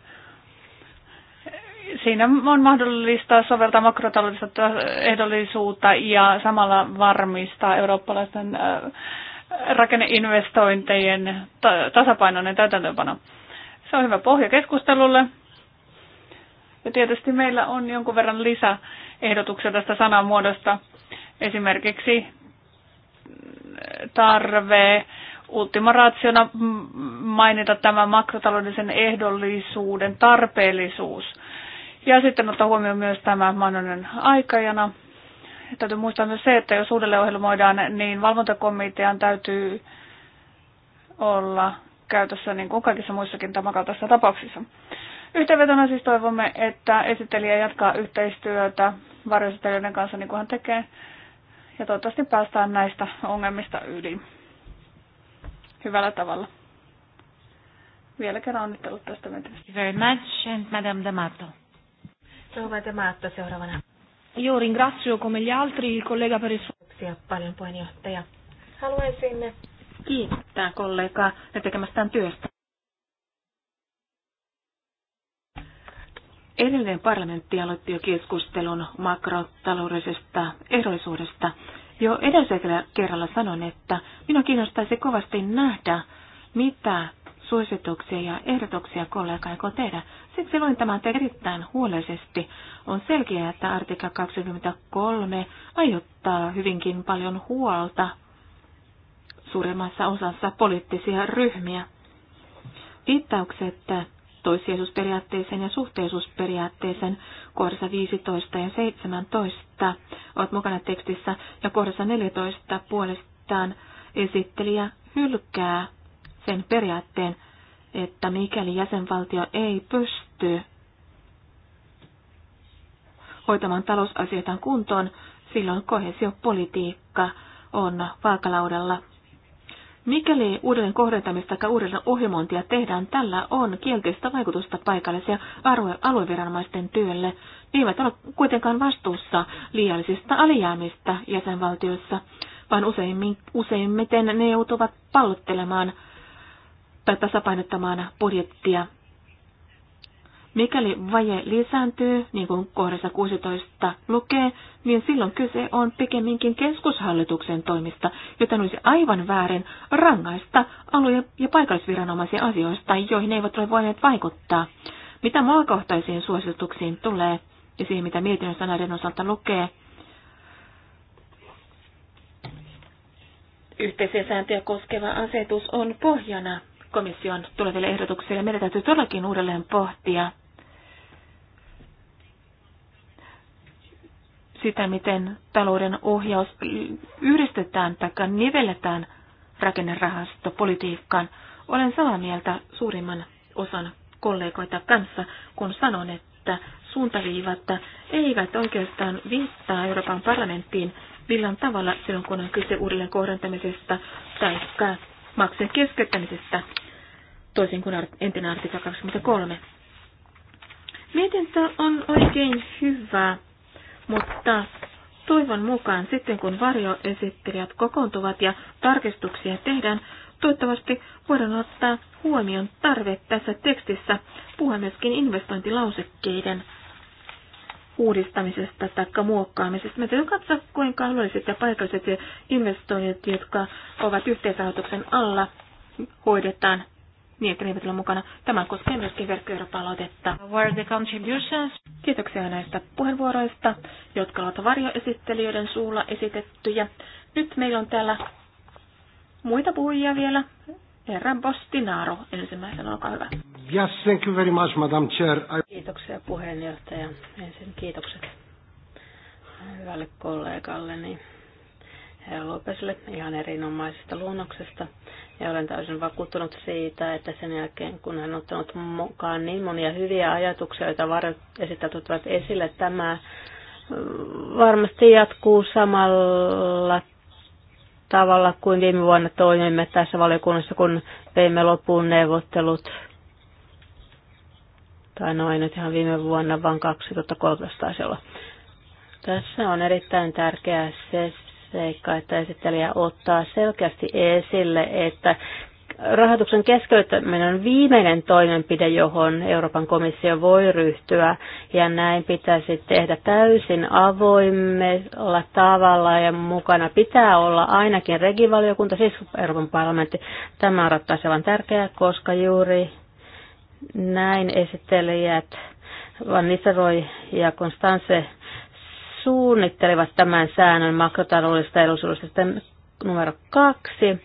Siinä on mahdollista soveltaa makrotaloudellista ehdollisuutta ja samalla varmistaa eurooppalaisten rakenneinvestointejen tasapainoinen täytäntöönpano. Se on hyvä pohja keskustelulle. Ja tietysti meillä on jonkun verran lisäehdotuksia tästä sanamuodosta. Esimerkiksi tarve ultima rationa mainita tämä makrotaloudellisen ehdollisuuden tarpeellisuus. Ja sitten ottaa huomioon myös tämä mahdollinen aikajana. Täytyy muistaa myös se, että jos uudelleen ohjelmoidaan, niin valvontakomitean täytyy olla käytössä niin kuin kaikissa muissakin tämänkaltaisissa tapauksissa. Yhteenvetona siis toivomme, että esittelijä jatkaa yhteistyötä varjoesittelijöiden kanssa niin kuin hän tekee ja toivottavasti päästään näistä ongelmista yli hyvällä tavalla. Vielä kerran onnittelut tästä menetelmästä. Very much and Madame D'Amato. Rova D'Amato seuraavana. Io ringrazio come gli altri il collega per il suo... Grazie paljon puheenjohtaja. Haluaisin kiittää kollegaa tekemästään työstä. Edellinen parlamentti aloitti jo keskustelun makrotaloudellisesta eroisuudesta. Jo edellisellä kerralla sanon, että minua kiinnostaisi kovasti nähdä, mitä suosituksia ja ehdotuksia kollega aikoo tehdä. Siksi luin tämän erittäin huolellisesti. On selkeää, että artikla 23 aiheuttaa hyvinkin paljon huolta suuremmassa osassa poliittisia ryhmiä. Viittaukset toissijaisuusperiaatteeseen ja suhteellisuusperiaatteeseen kohdassa 15 ja 17 ovat mukana tekstissä ja kohdassa 14 puolestaan esittelijä hylkää sen periaatteen, että mikäli jäsenvaltio ei pysty hoitamaan talousasioitaan kuntoon, silloin kohesiopolitiikka on vaakalaudalla Mikäli uudelleen kohdentamista tai uudelleen ohjelmointia tehdään, tällä on kielteistä vaikutusta paikallisia alue- alueviranomaisten työlle. Ne eivät ole kuitenkaan vastuussa liiallisista alijäämistä jäsenvaltioissa, vaan useimmin, useimmiten ne joutuvat pallottelemaan tai tasapainottamaan budjettia Mikäli vaje lisääntyy, niin kuin kohdassa 16 lukee, niin silloin kyse on pikemminkin keskushallituksen toimista, joten olisi aivan väärin rangaista alue- ja paikallisviranomaisia asioista, joihin ne eivät ole voineet vaikuttaa. Mitä maakohtaisiin suosituksiin tulee ja siihen, mitä mietinnön sanaiden osalta lukee, Yhteisiä sääntöjä koskeva asetus on pohjana komission tuleville ehdotuksille. Meidän täytyy todellakin uudelleen pohtia sitä, miten talouden ohjaus yhdistetään tai nivelletään rakennerahastopolitiikkaan. Olen samaa mieltä suurimman osan kollegoita kanssa, kun sanon, että suuntaviivat eivät oikeastaan viittaa Euroopan parlamenttiin millään tavalla silloin, kun on kyse uudelleen kohdentamisesta tai maksen keskeyttämisestä, toisin kuin entinen artikla 23. Mietintö on oikein hyvä mutta toivon mukaan sitten kun varjoesittelijät kokoontuvat ja tarkistuksia tehdään, toivottavasti voidaan ottaa huomioon tarve tässä tekstissä puhua myöskin investointilausekkeiden uudistamisesta tai muokkaamisesta. Me täytyy katsoa, kuinka alueelliset ja paikalliset investoinnit, jotka ovat yhteisrahoituksen alla, hoidetaan niin, että eivät ole mukana. Tämä koskee myöskin verkkoeuropalautetta. Kiitoksia näistä puheenvuoroista, jotka ovat varjoesittelijöiden suulla esitettyjä. Nyt meillä on täällä muita puhujia vielä. Herra Bostinaro, ensimmäisenä, olkaa hyvä. Yes, thank you very much, Madam Chair. I... Kiitoksia puheenjohtaja. Ensin kiitokset hyvälle Niin... Lopesille ihan erinomaisesta luonnoksesta ja olen täysin vakuuttunut siitä, että sen jälkeen kun hän on ottanut mukaan niin monia hyviä ajatuksia, joita esittäjät ottavat esille, tämä varmasti jatkuu samalla tavalla kuin viime vuonna toimimme tässä valiokunnassa, kun veimme loppuun neuvottelut tai noin nyt ihan viime vuonna, vaan 2013 taisi olla. Tässä on erittäin tärkeää se seikka, että esittelijä ottaa selkeästi esille, että rahoituksen keskeyttäminen on viimeinen toimenpide, johon Euroopan komissio voi ryhtyä, ja näin pitäisi tehdä täysin avoimella tavalla, ja mukana pitää olla ainakin regivaliokunta, siis Euroopan parlamentti. Tämä on ratkaisevan tärkeää, koska juuri näin esittelijät Van Nistelrooy ja Konstanse suunnittelevat tämän säännön makrotaloudellisesta edullisuudesta. Sitten numero kaksi.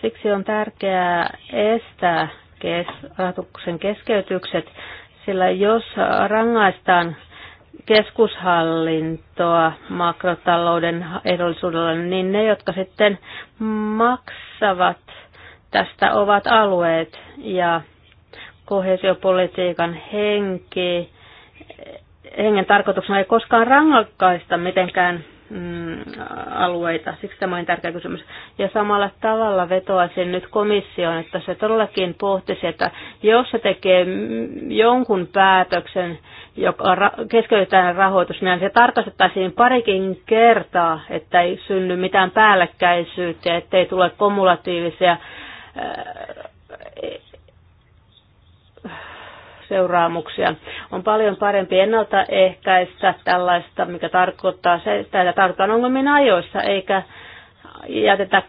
Siksi on tärkeää estää kes, rahoituksen keskeytykset, sillä jos rangaistaan keskushallintoa makrotalouden edullisuudella, niin ne, jotka sitten maksavat tästä, ovat alueet ja kohesiopolitiikan henki hengen tarkoituksena ei koskaan rangaista mitenkään mm, alueita. Siksi tämä on niin tärkeä kysymys. Ja samalla tavalla vetoaisin nyt komissioon, että se todellakin pohtisi, että jos se tekee jonkun päätöksen, joka keskeytetään rahoitus, niin se tarkastettaisiin parikin kertaa, että ei synny mitään päällekkäisyyttä, ettei tule kumulatiivisia äh, seuraamuksia. On paljon parempi ennaltaehkäistä tällaista, mikä tarkoittaa se, että tartutaan ongelmien ajoissa, eikä jätetä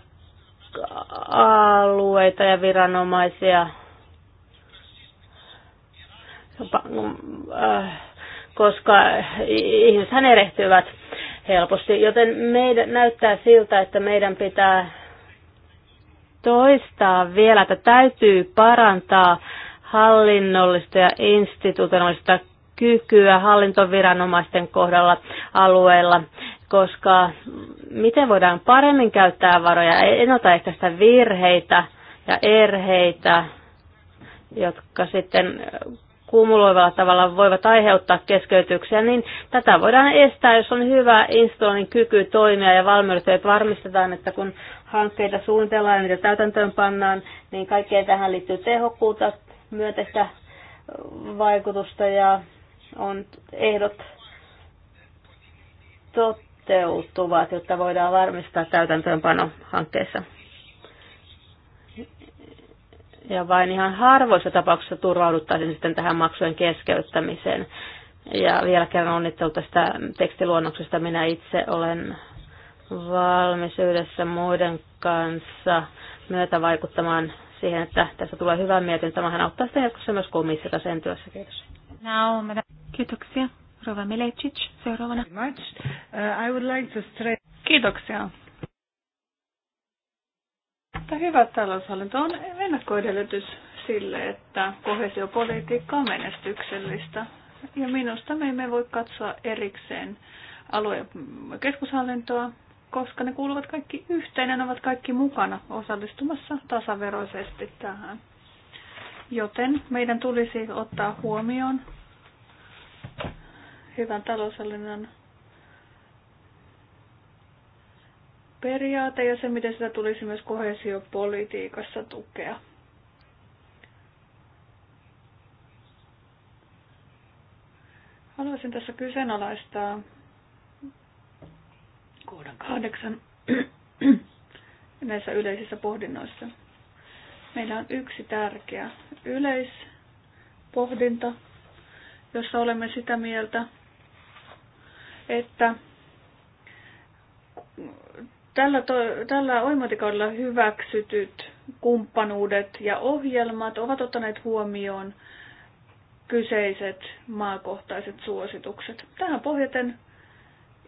alueita ja viranomaisia äh, koska ihmishän erehtyvät helposti. Joten meidän, näyttää siltä, että meidän pitää toistaa vielä, että täytyy parantaa hallinnollista ja institutionaalista kykyä hallintoviranomaisten kohdalla alueella, koska miten voidaan paremmin käyttää varoja, ennaltaehkäistä virheitä ja erheitä, jotka sitten kumuloivalla tavalla voivat aiheuttaa keskeytyksiä, niin tätä voidaan estää, jos on hyvä installin kyky toimia ja valmiudet, että varmistetaan, että kun hankkeita suunnitellaan ja niitä täytäntöön pannaan, niin kaikkeen tähän liittyy tehokkuutta, myönteistä vaikutusta ja on ehdot toteutuvat, jotta voidaan varmistaa täytäntöönpano hankkeessa. Ja vain ihan harvoissa tapauksissa turvauduttaisiin sitten tähän maksujen keskeyttämiseen. Ja vielä kerran onnittelu tästä tekstiluonnoksesta. Minä itse olen valmis yhdessä muiden kanssa myötä vaikuttamaan siihen, että tästä tulee hyvä mietin. Tämähän auttaa sitten jatkossa myös komissiota sen työssä. Kiitos. Now, Kiitoksia. Rova Milecic seuraavana. Much. Uh, I would like to stress... Kiitoksia. Tämä hyvä taloushallinto on ennakkoedellytys sille, että kohesiopolitiikka on menestyksellistä. Ja minusta me emme voi katsoa erikseen alue- ja keskushallintoa, koska ne kuuluvat kaikki yhteen ja ne ovat kaikki mukana osallistumassa tasaveroisesti tähän. Joten meidän tulisi ottaa huomioon hyvän taloushallinnan periaate ja se, miten sitä tulisi myös kohesiopolitiikassa tukea. Haluaisin tässä kyseenalaistaa kohdan kahdeksan näissä yleisissä pohdinnoissa. Meillä on yksi tärkeä yleispohdinta, jossa olemme sitä mieltä, että tällä, to, tällä oimatikaudella hyväksytyt kumppanuudet ja ohjelmat ovat ottaneet huomioon kyseiset maakohtaiset suositukset. Tähän pohjaten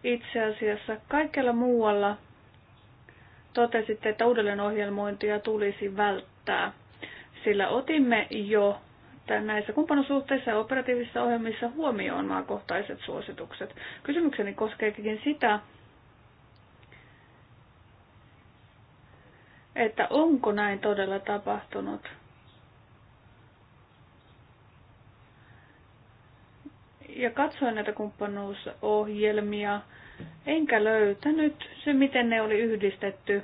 itse asiassa kaikella muualla totesitte, että uudelleenohjelmointia tulisi välttää, sillä otimme jo näissä kumppanuussuhteissa ja operatiivisissa ohjelmissa huomioon maakohtaiset suositukset. Kysymykseni koskeekin sitä, että onko näin todella tapahtunut. ja katsoin näitä kumppanuusohjelmia, enkä löytänyt se, miten ne oli yhdistetty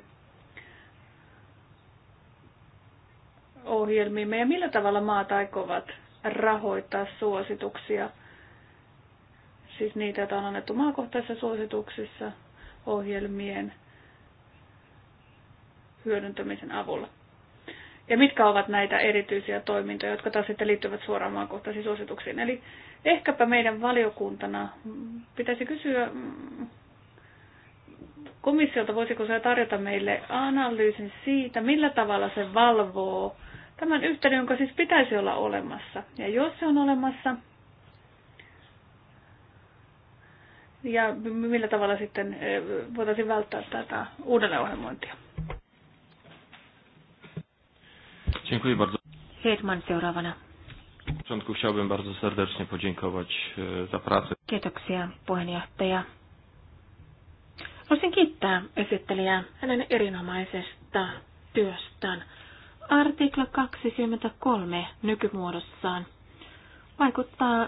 ohjelmiimme ja millä tavalla maat aikovat rahoittaa suosituksia, siis niitä, joita on annettu maakohtaisissa suosituksissa ohjelmien hyödyntämisen avulla. Ja mitkä ovat näitä erityisiä toimintoja, jotka taas sitten liittyvät suoraan maakohtaisiin suosituksiin. Eli Ehkäpä meidän valiokuntana mm, pitäisi kysyä mm, komissiolta, voisiko se tarjota meille analyysin siitä, millä tavalla se valvoo tämän yhteyden, jonka siis pitäisi olla olemassa. Ja jos se on olemassa, ja millä tavalla sitten e, voitaisiin välttää tätä uudelleenohjelmointia. Dziękuję bardzo. seuraavana. Początku chciałbym bardzo serdecznie podziękować e, za pracę. Kiitoksia puheenjohtaja. Haluaisin kiittää esittelijää hänen erinomaisesta työstään. Artikla 23 nykymuodossaan vaikuttaa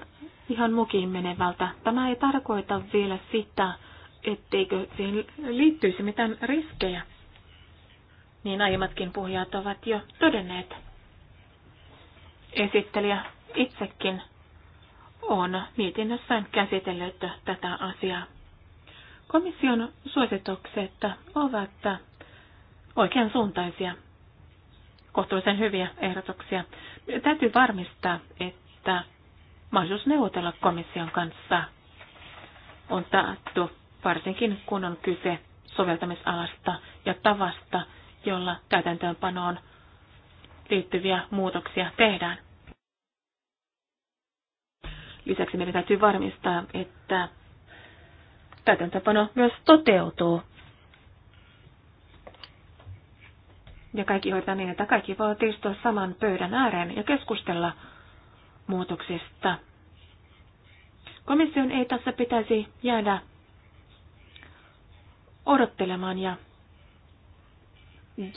ihan mukiin menevältä. Tämä ei tarkoita vielä sitä, etteikö siihen liittyisi mitään riskejä. Niin aiemmatkin puhujat ovat jo todenneet esittelijä itsekin on mietinnössään käsitellyt tätä asiaa. Komission suositukset ovat oikean suuntaisia, kohtuullisen hyviä ehdotuksia. Täytyy varmistaa, että mahdollisuus neuvotella komission kanssa on taattu, varsinkin kun on kyse soveltamisalasta ja tavasta, jolla täytäntöönpanoon liittyviä muutoksia tehdään. Lisäksi meidän täytyy varmistaa, että täytäntöpano myös toteutuu. Ja kaikki hoitaa niin, että kaikki voivat istua saman pöydän ääreen ja keskustella muutoksista. Komission ei tässä pitäisi jäädä odottelemaan ja,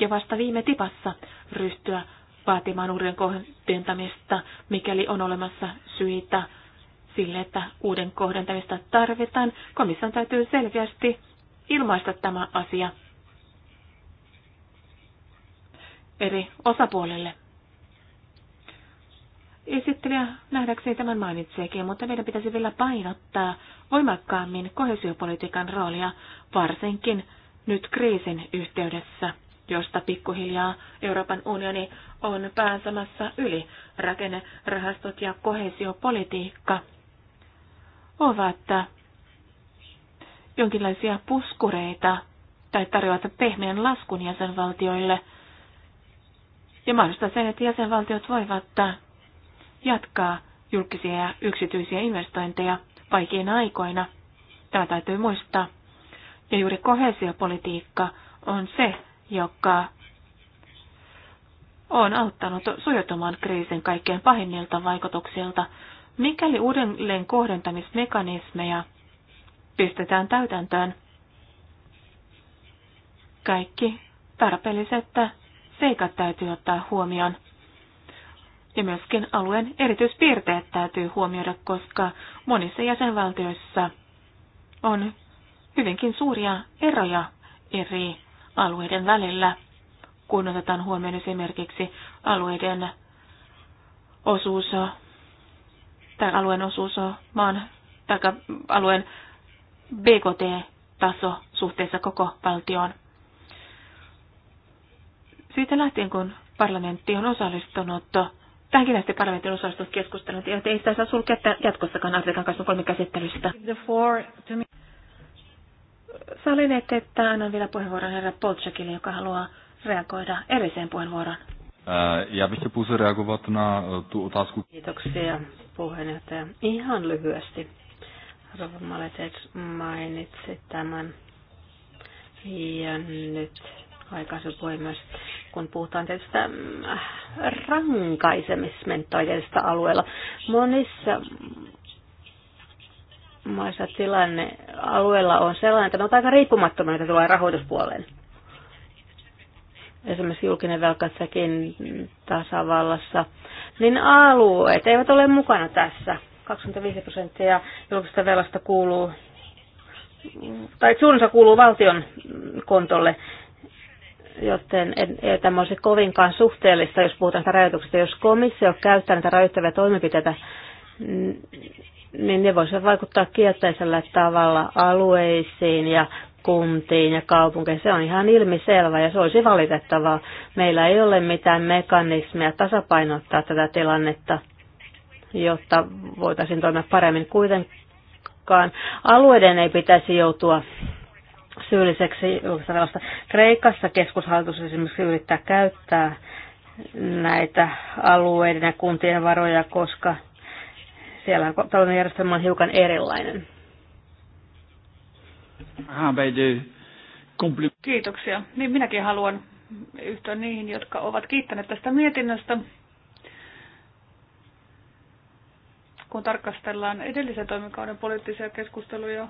ja vasta viime tipassa ryhtyä vaatimaan uuden kohdentamista, mikäli on olemassa syitä sille, että uuden kohdentamista tarvitaan. Komission täytyy selkeästi ilmaista tämä asia eri osapuolille. Esittelijä nähdäkseni tämän mainitseekin, mutta meidän pitäisi vielä painottaa voimakkaammin kohesiopolitiikan roolia, varsinkin nyt kriisin yhteydessä, josta pikkuhiljaa Euroopan unioni on pääsemässä yli. Rakennerahastot ja kohesiopolitiikka ovat jonkinlaisia puskureita tai tarjoavat pehmeän laskun jäsenvaltioille ja mahdollista sen, että jäsenvaltiot voivat jatkaa julkisia ja yksityisiä investointeja vaikeina aikoina. Tämä täytyy muistaa. Ja juuri kohesiopolitiikka on se, joka on auttanut suojautumaan kriisin kaikkein pahimmilta vaikutuksilta. Mikäli uudelleen kohdentamismekanismeja pistetään täytäntöön, kaikki tarpeelliset seikat täytyy ottaa huomioon. Ja myöskin alueen erityispiirteet täytyy huomioida, koska monissa jäsenvaltioissa on hyvinkin suuria eroja eri alueiden välillä kun otetaan huomioon esimerkiksi alueiden osuus tai alueen osuus maan tai alueen BKT-taso suhteessa koko valtioon. Siitä lähtien, kun parlamentti on osallistunut, tähänkin asti parlamentti on osallistunut keskusteluun, että ei sitä saa sulkea jatkossakaan kanssa kolme käsittelystä. Salin, että annan vielä puheenvuoron herra Polchakille, joka haluaa reagoida erilliseen puheenvuoroon. Äh, ja bych chtěl reagovat na eh, tu otázku. Kiitoksia puheenjohtaja. Ihan lyhyesti. Rova Maletet mainitsi tämän. Ja nyt aikaisemmin puhuin myös, kun puhutaan tietystä mm, rankaisemismentoiteista alueella. Monissa maissa tilanne alueella on sellainen, että ne ovat aika riippumattomia, mitä tulee rahoituspuoleen esimerkiksi julkinen velka Tsekin tasavallassa, niin alueet eivät ole mukana tässä. 25 prosenttia julkisesta velasta kuuluu, tai suunsa kuuluu valtion kontolle, joten ei tämä olisi kovinkaan suhteellista, jos puhutaan tästä rajoituksesta. Jos komissio käyttää näitä rajoittavia toimenpiteitä, niin ne voisivat vaikuttaa kielteisellä tavalla alueisiin ja kuntiin ja kaupunkeihin. Se on ihan ilmiselvä ja se olisi valitettavaa. Meillä ei ole mitään mekanismia tasapainottaa tätä tilannetta, jotta voitaisiin toimia paremmin. Kuitenkaan alueiden ei pitäisi joutua syylliseksi julkista Kreikassa keskushallitus esimerkiksi yrittää käyttää näitä alueiden ja kuntien varoja, koska siellä tällainen järjestelmä on hiukan erilainen. Ah, Kiitoksia. Niin minäkin haluan yhtyä niihin, jotka ovat kiittäneet tästä mietinnöstä. Kun tarkastellaan edellisen toimikauden poliittisia keskusteluja,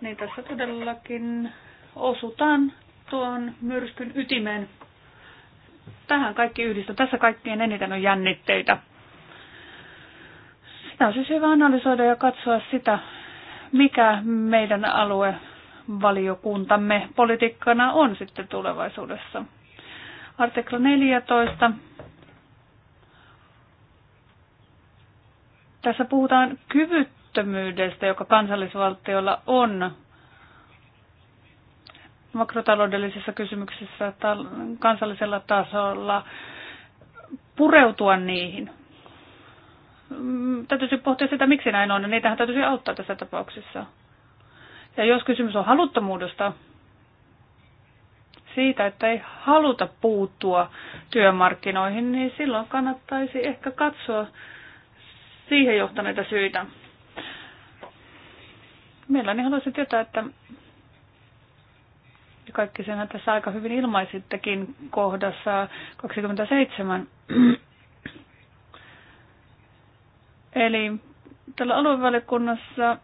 niin tässä todellakin osutaan tuon myrskyn ytimeen. Tähän kaikki yhdistää. Tässä kaikkien eniten on jännitteitä. Sitä on siis hyvä analysoida ja katsoa sitä, mikä meidän aluevaliokuntamme politiikkana on sitten tulevaisuudessa. Artikla 14. Tässä puhutaan kyvyttömyydestä, joka kansallisvaltiolla on makrotaloudellisissa kysymyksissä kansallisella tasolla pureutua niihin. Mm, täytyisi pohtia sitä, miksi näin on, ja niitähän täytyisi auttaa tässä tapauksessa. Ja jos kysymys on haluttomuudesta, siitä, että ei haluta puuttua työmarkkinoihin, niin silloin kannattaisi ehkä katsoa siihen johtaneita syitä. Mielelläni haluaisin tietää, että kaikki sen tässä aika hyvin ilmaisittekin kohdassa 27 Eli tällä aluevalikunnassa,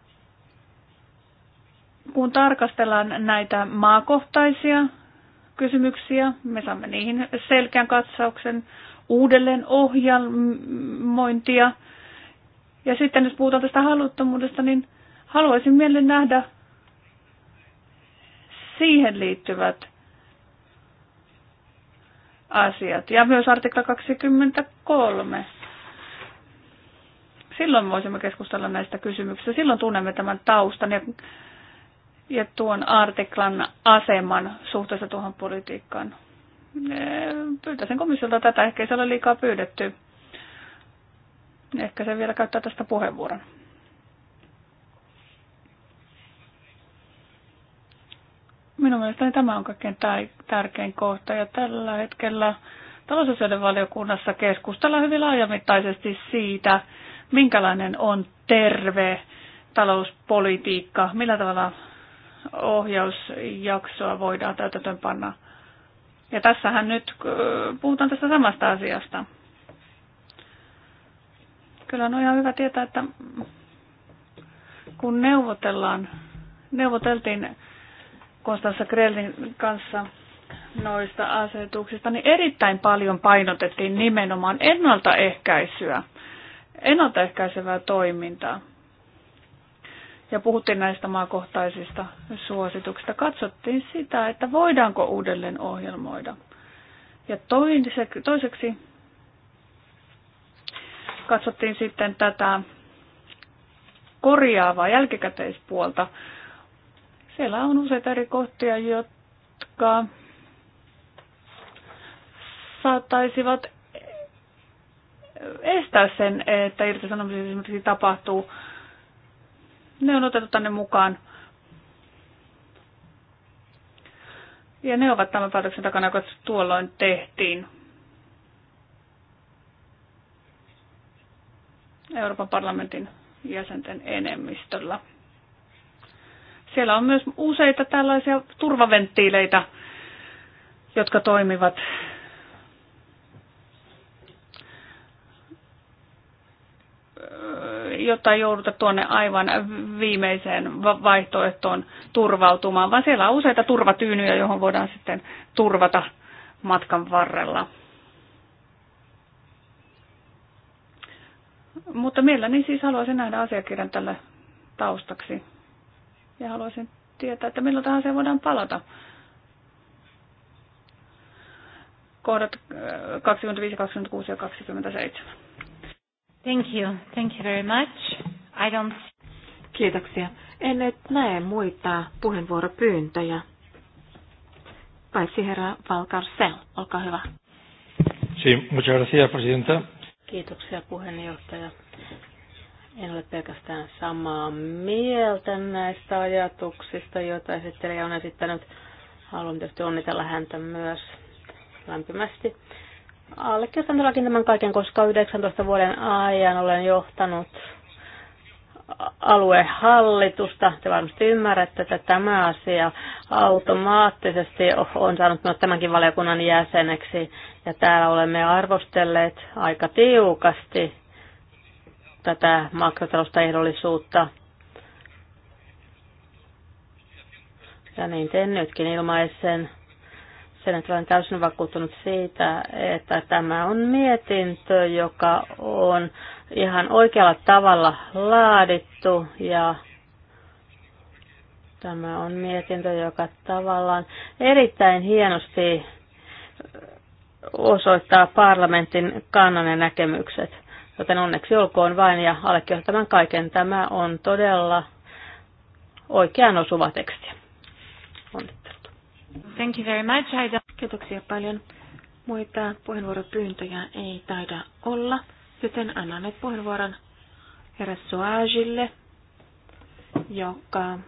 kun tarkastellaan näitä maakohtaisia kysymyksiä, me saamme niihin selkeän katsauksen uudelleen ohjelmointia. Ja sitten jos puhutaan tästä haluttomuudesta, niin haluaisin mielen nähdä siihen liittyvät asiat. Ja myös artikla 23. Silloin voisimme keskustella näistä kysymyksistä. Silloin tunnemme tämän taustan ja, ja tuon artiklan aseman suhteessa tuohon politiikkaan. Pyytäisin komissiolta tätä. Ehkä ei se ole liikaa pyydetty. Ehkä se vielä käyttää tästä puheenvuoron. minun mielestäni tämä on kaikkein tärkein kohta ja tällä hetkellä talousasioiden valiokunnassa keskustellaan hyvin laajamittaisesti siitä, minkälainen on terve talouspolitiikka, millä tavalla ohjausjaksoa voidaan täytäntöönpanna. Ja tässähän nyt puhutaan tästä samasta asiasta. Kyllä on ihan hyvä tietää, että kun neuvotellaan, neuvoteltiin Konstanssa Grellin kanssa noista asetuksista, niin erittäin paljon painotettiin nimenomaan ennaltaehkäisyä – ennaltaehkäisevää toimintaa. Ja puhuttiin näistä maakohtaisista suosituksista. Katsottiin sitä, että voidaanko uudelleen ohjelmoida. Ja toiseksi katsottiin sitten tätä korjaavaa jälkikäteispuolta. Siellä on useita eri kohtia, jotka saattaisivat estää sen, että irtisanomisia esimerkiksi tapahtuu. Ne on otettu tänne mukaan. Ja ne ovat tämän päätöksen takana, joka tuolloin tehtiin. Euroopan parlamentin jäsenten enemmistöllä. Siellä on myös useita tällaisia turvaventtiileitä, jotka toimivat jotta jouduta tuonne aivan viimeiseen vaihtoehtoon turvautumaan, vaan siellä on useita turvatyynyjä, johon voidaan sitten turvata matkan varrella. Mutta mielelläni siis haluaisin nähdä asiakirjan tälle taustaksi. Ja haluaisin tietää, että milloin tähän se voidaan palata. Kohdat 25, äh, 26 ja 27. Thank you. Thank you very much. I don't... Kiitoksia. En nyt näe muita puheenvuoropyyntöjä. Paitsi herra Valkarsel, olkaa hyvä. Sí, muchas gracias, presidenta. Kiitoksia puheenjohtaja. En ole pelkästään samaa mieltä näistä ajatuksista, joita esittelijä on esittänyt. Haluan tietysti onnitella häntä myös lämpimästi allekirjoitan tämän kaiken, koska 19 vuoden ajan olen johtanut aluehallitusta. Te varmasti ymmärrätte, että tämä asia automaattisesti on saanut minut tämänkin valiokunnan jäseneksi. Ja täällä olemme arvostelleet aika tiukasti tätä makrotalousta ehdollisuutta. Ja niin teen nytkin ilmaisen sen, että olen täysin vakuuttunut siitä, että tämä on mietintö, joka on ihan oikealla tavalla laadittu ja tämä on mietintö, joka tavallaan erittäin hienosti osoittaa parlamentin kannan ja näkemykset. Joten onneksi olkoon vain ja allekirjoittamaan kaiken. Tämä on todella oikean osuva teksti. Onneksi. Thank you very much. I don't... Kiitoksia paljon. Muita puheenvuoropyyntöjä ei taida olla, joten annan nyt puheenvuoron herra Soajille, joka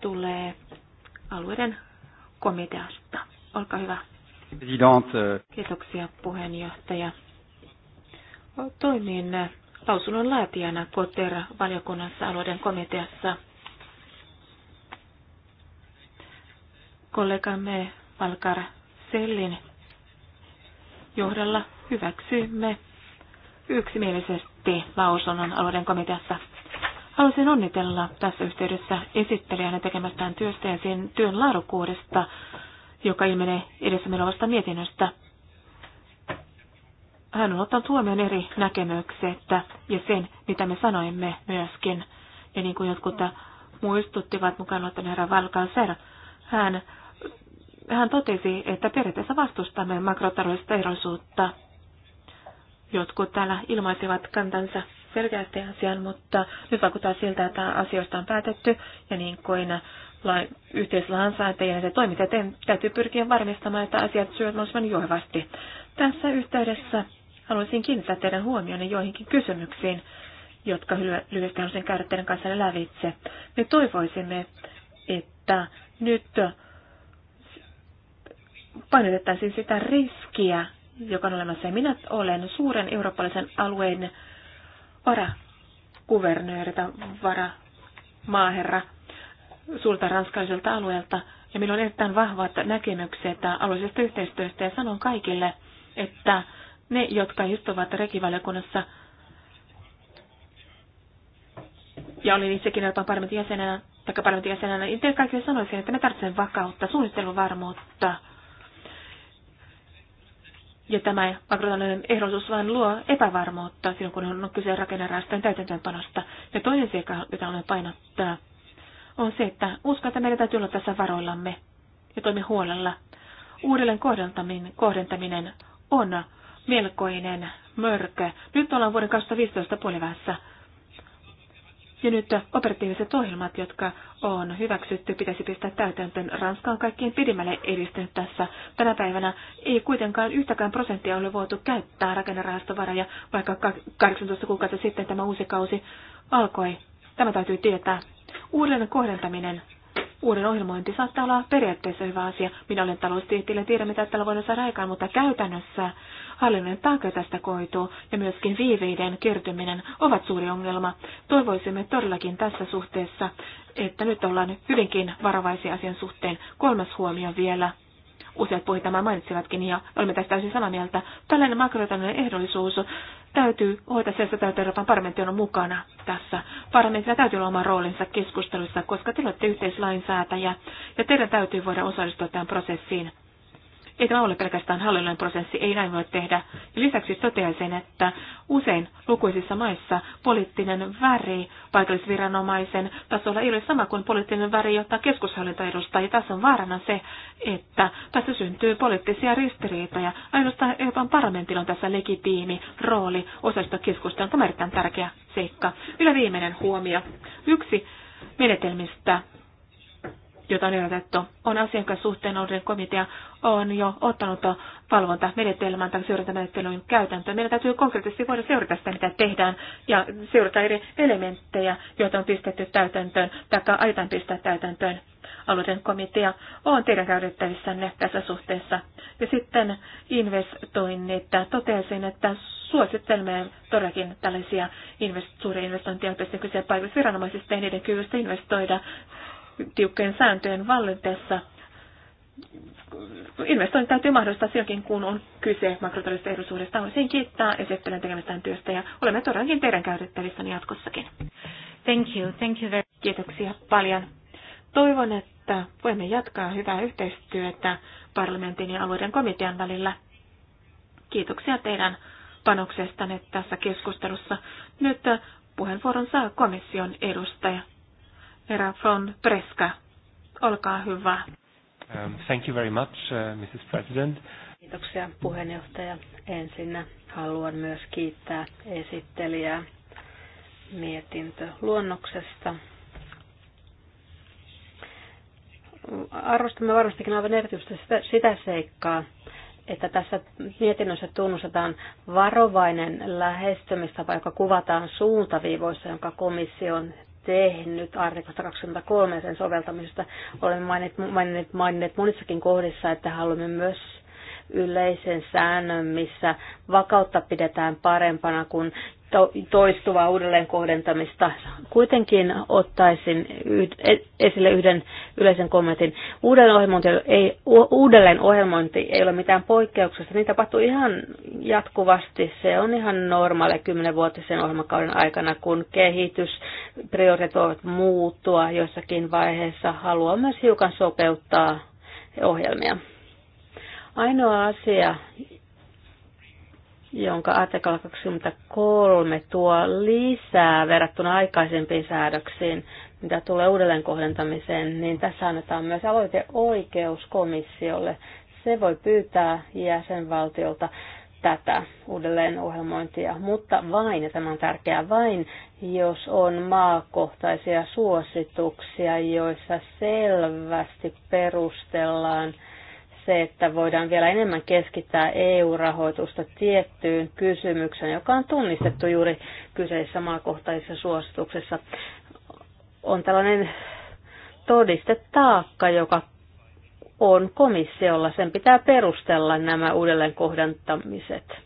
tulee alueiden komiteasta. Olkaa hyvä. Presidente. Kiitoksia puheenjohtaja. Toimin lausunnon laatijana Koter-valiokunnassa alueiden komiteassa – kollegamme Valkar Sellin johdolla hyväksymme yksimielisesti lausunnon alueiden komiteassa. Haluaisin onnitella tässä yhteydessä esittelijänä tekemästään työstä ja sen työn laadukkuudesta, joka ilmenee edessä olevasta mietinnöstä. Hän on ottanut huomioon eri näkemykset ja sen, mitä me sanoimme myöskin. Ja niin kuin jotkut muistuttivat mukaan ottaen herra Valkanser, hän hän totesi, että periaatteessa vastustamme makrotaloudellista erosuutta. Jotkut täällä ilmaisivat kantansa selkeästi asian, mutta nyt vaikuttaa siltä, että asioista on päätetty ja niin kuin yhteislainsäätäjien ja toimittajien täytyy pyrkiä varmistamaan, että asiat syövät mahdollisimman juovasti. Tässä yhteydessä haluaisin kiinnittää teidän huomionne joihinkin kysymyksiin, jotka lyhyesti haluaisin käydä teidän kanssanne lävitse. Me toivoisimme, että nyt painotettaisiin sitä riskiä, joka on olemassa. Ja minä olen suuren eurooppalaisen alueen varakuvernööri tai varamaaherra suurta ranskalaiselta alueelta. Ja minulla on erittäin vahvat näkemykset alueellisesta yhteistyöstä ja sanon kaikille, että ne, jotka istuvat rekivaliokunnassa, ja olin itsekin Euroopan parlamentin jäsenenä, tai parlamentin jäsenenä, niin kaikille sanoisin, että me tarvitsemme vakautta, suunnitteluvarmuutta, ja tämä makrotalouden ehdollisuus vain luo epävarmuutta silloin, kun on kyse rakennerahastojen täytäntöönpanosta. Ja toinen seikka, jota haluan painottaa, on se, että uskon, että meidän täytyy olla tässä varoillamme ja toimia huolella. Uudelleen kohdentaminen, kohdentaminen on melkoinen mörkö. Nyt ollaan vuoden 2015 puolivässä. Ja nyt operatiiviset ohjelmat, jotka on hyväksytty, pitäisi pistää täytäntöön. Ranska on kaikkein pidimmälle edistynyt tässä. Tänä päivänä ei kuitenkaan yhtäkään prosenttia ole voitu käyttää rakennerahastovaroja, vaikka 18 kuukautta sitten tämä uusi kausi alkoi. Tämä täytyy tietää. Uuden kohdentaminen Uuden ohjelmointi saattaa olla periaatteessa hyvä asia. Minä olen taloustieteilijä tiedän, mitä tällä voidaan saada aikaan, mutta käytännössä hallinnon taakka tästä koituu ja myöskin viiveiden kertyminen ovat suuri ongelma. Toivoisimme todellakin tässä suhteessa, että nyt ollaan hyvinkin varovaisia asian suhteen. Kolmas huomio vielä. Useat puhujat mainitsivatkin ja olemme tästä täysin samaa mieltä. Tällainen makrotalouden ehdollisuus täytyy hoitaa se, että täytyy Euroopan parlamentti on mukana tässä. Parlamentilla täytyy olla oma roolinsa keskustelussa, koska te olette yhteislainsäätäjä ja teidän täytyy voida osallistua tähän prosessiin. Ei tämä ole pelkästään hallinnollinen prosessi, ei näin voi tehdä. Lisäksi toteaisin, että usein lukuisissa maissa poliittinen väri paikallisviranomaisen tasolla ei ole sama kuin poliittinen väri, jota keskushallinto edustaa. Ja tässä on vaarana se, että tässä syntyy poliittisia ristiriitoja. Ainoastaan Euroopan parlamentilla on tässä legitiimi rooli osallistua keskusteluun. Tämä on erittäin tärkeä seikka. Vielä viimeinen huomio. Yksi menetelmistä, jota on ehdotettu, on asiakassuhteen nouden komitea on jo ottanut valvontamenetelmän tai seurantamenettelyn käytäntöön. Meidän täytyy konkreettisesti voida seurata sitä, mitä tehdään, ja seurata eri elementtejä, joita on pistetty täytäntöön, tai aitan pistää täytäntöön. Alueiden komitea on teidän käytettävissänne tässä suhteessa. Ja sitten investoinnit. Totesin, että suosittelemme todellakin tällaisia invest- suuria investointeja, joista kyse paikallisviranomaisista ja niiden kyvystä investoida tiukkojen sääntöjen vallitessa investoinnit täytyy mahdollistaa silläkin, kun on kyse makrotaloudellisesta ehdollisuudesta. Haluaisin kiittää esittelen tekemästään työstä ja olemme todellakin teidän käytettävissänne jatkossakin. Thank you. Thank you very... Kiitoksia paljon. Toivon, että voimme jatkaa hyvää yhteistyötä parlamentin ja alueiden komitean välillä. Kiitoksia teidän panoksestanne tässä keskustelussa. Nyt puheenvuoron saa komission edustaja. Herra von Preska, olkaa hyvä. Um, thank you very much, uh, Mrs. President. Kiitoksia puheenjohtaja. Ensin haluan myös kiittää esittelijää mietintöluonnoksesta. Arvostamme varmastikin aivan erityisesti sitä, sitä seikkaa, että tässä mietinnössä tunnustetaan varovainen lähestymistapa, joka kuvataan suuntaviivoissa, jonka komissio on tehnyt artikosta 23 sen soveltamisesta. Olemme maininneet, maininneet, maininneet monissakin kohdissa, että haluamme myös yleisen säännön, missä vakautta pidetään parempana kuin toistuvaa uudelleen kohdentamista. Kuitenkin ottaisin yh- e, esille yhden yleisen kommentin. Uudelleenohjelmointi ei, uudelleenohjelmointi ei ole mitään poikkeuksesta. Niin tapahtuu ihan jatkuvasti. Se on ihan normaali kymmenenvuotisen ohjelmakauden aikana, kun kehitys, prioriteetit muuttua jossakin vaiheessa. Haluaa myös hiukan sopeuttaa ohjelmia. Ainoa asia, jonka artikla 23 tuo lisää verrattuna aikaisempiin säädöksiin, mitä tulee uudelleenkohdentamiseen, niin tässä annetaan myös aloiteoikeus komissiolle. Se voi pyytää jäsenvaltiolta tätä uudelleenohjelmointia, mutta vain, ja tämä on tärkeää, vain jos on maakohtaisia suosituksia, joissa selvästi perustellaan – se, että voidaan vielä enemmän keskittää EU-rahoitusta tiettyyn kysymykseen, joka on tunnistettu juuri kyseisessä maakohtaisessa suosituksessa. On tällainen todistetaakka, joka on komissiolla. Sen pitää perustella nämä uudelleenkohdantamiset,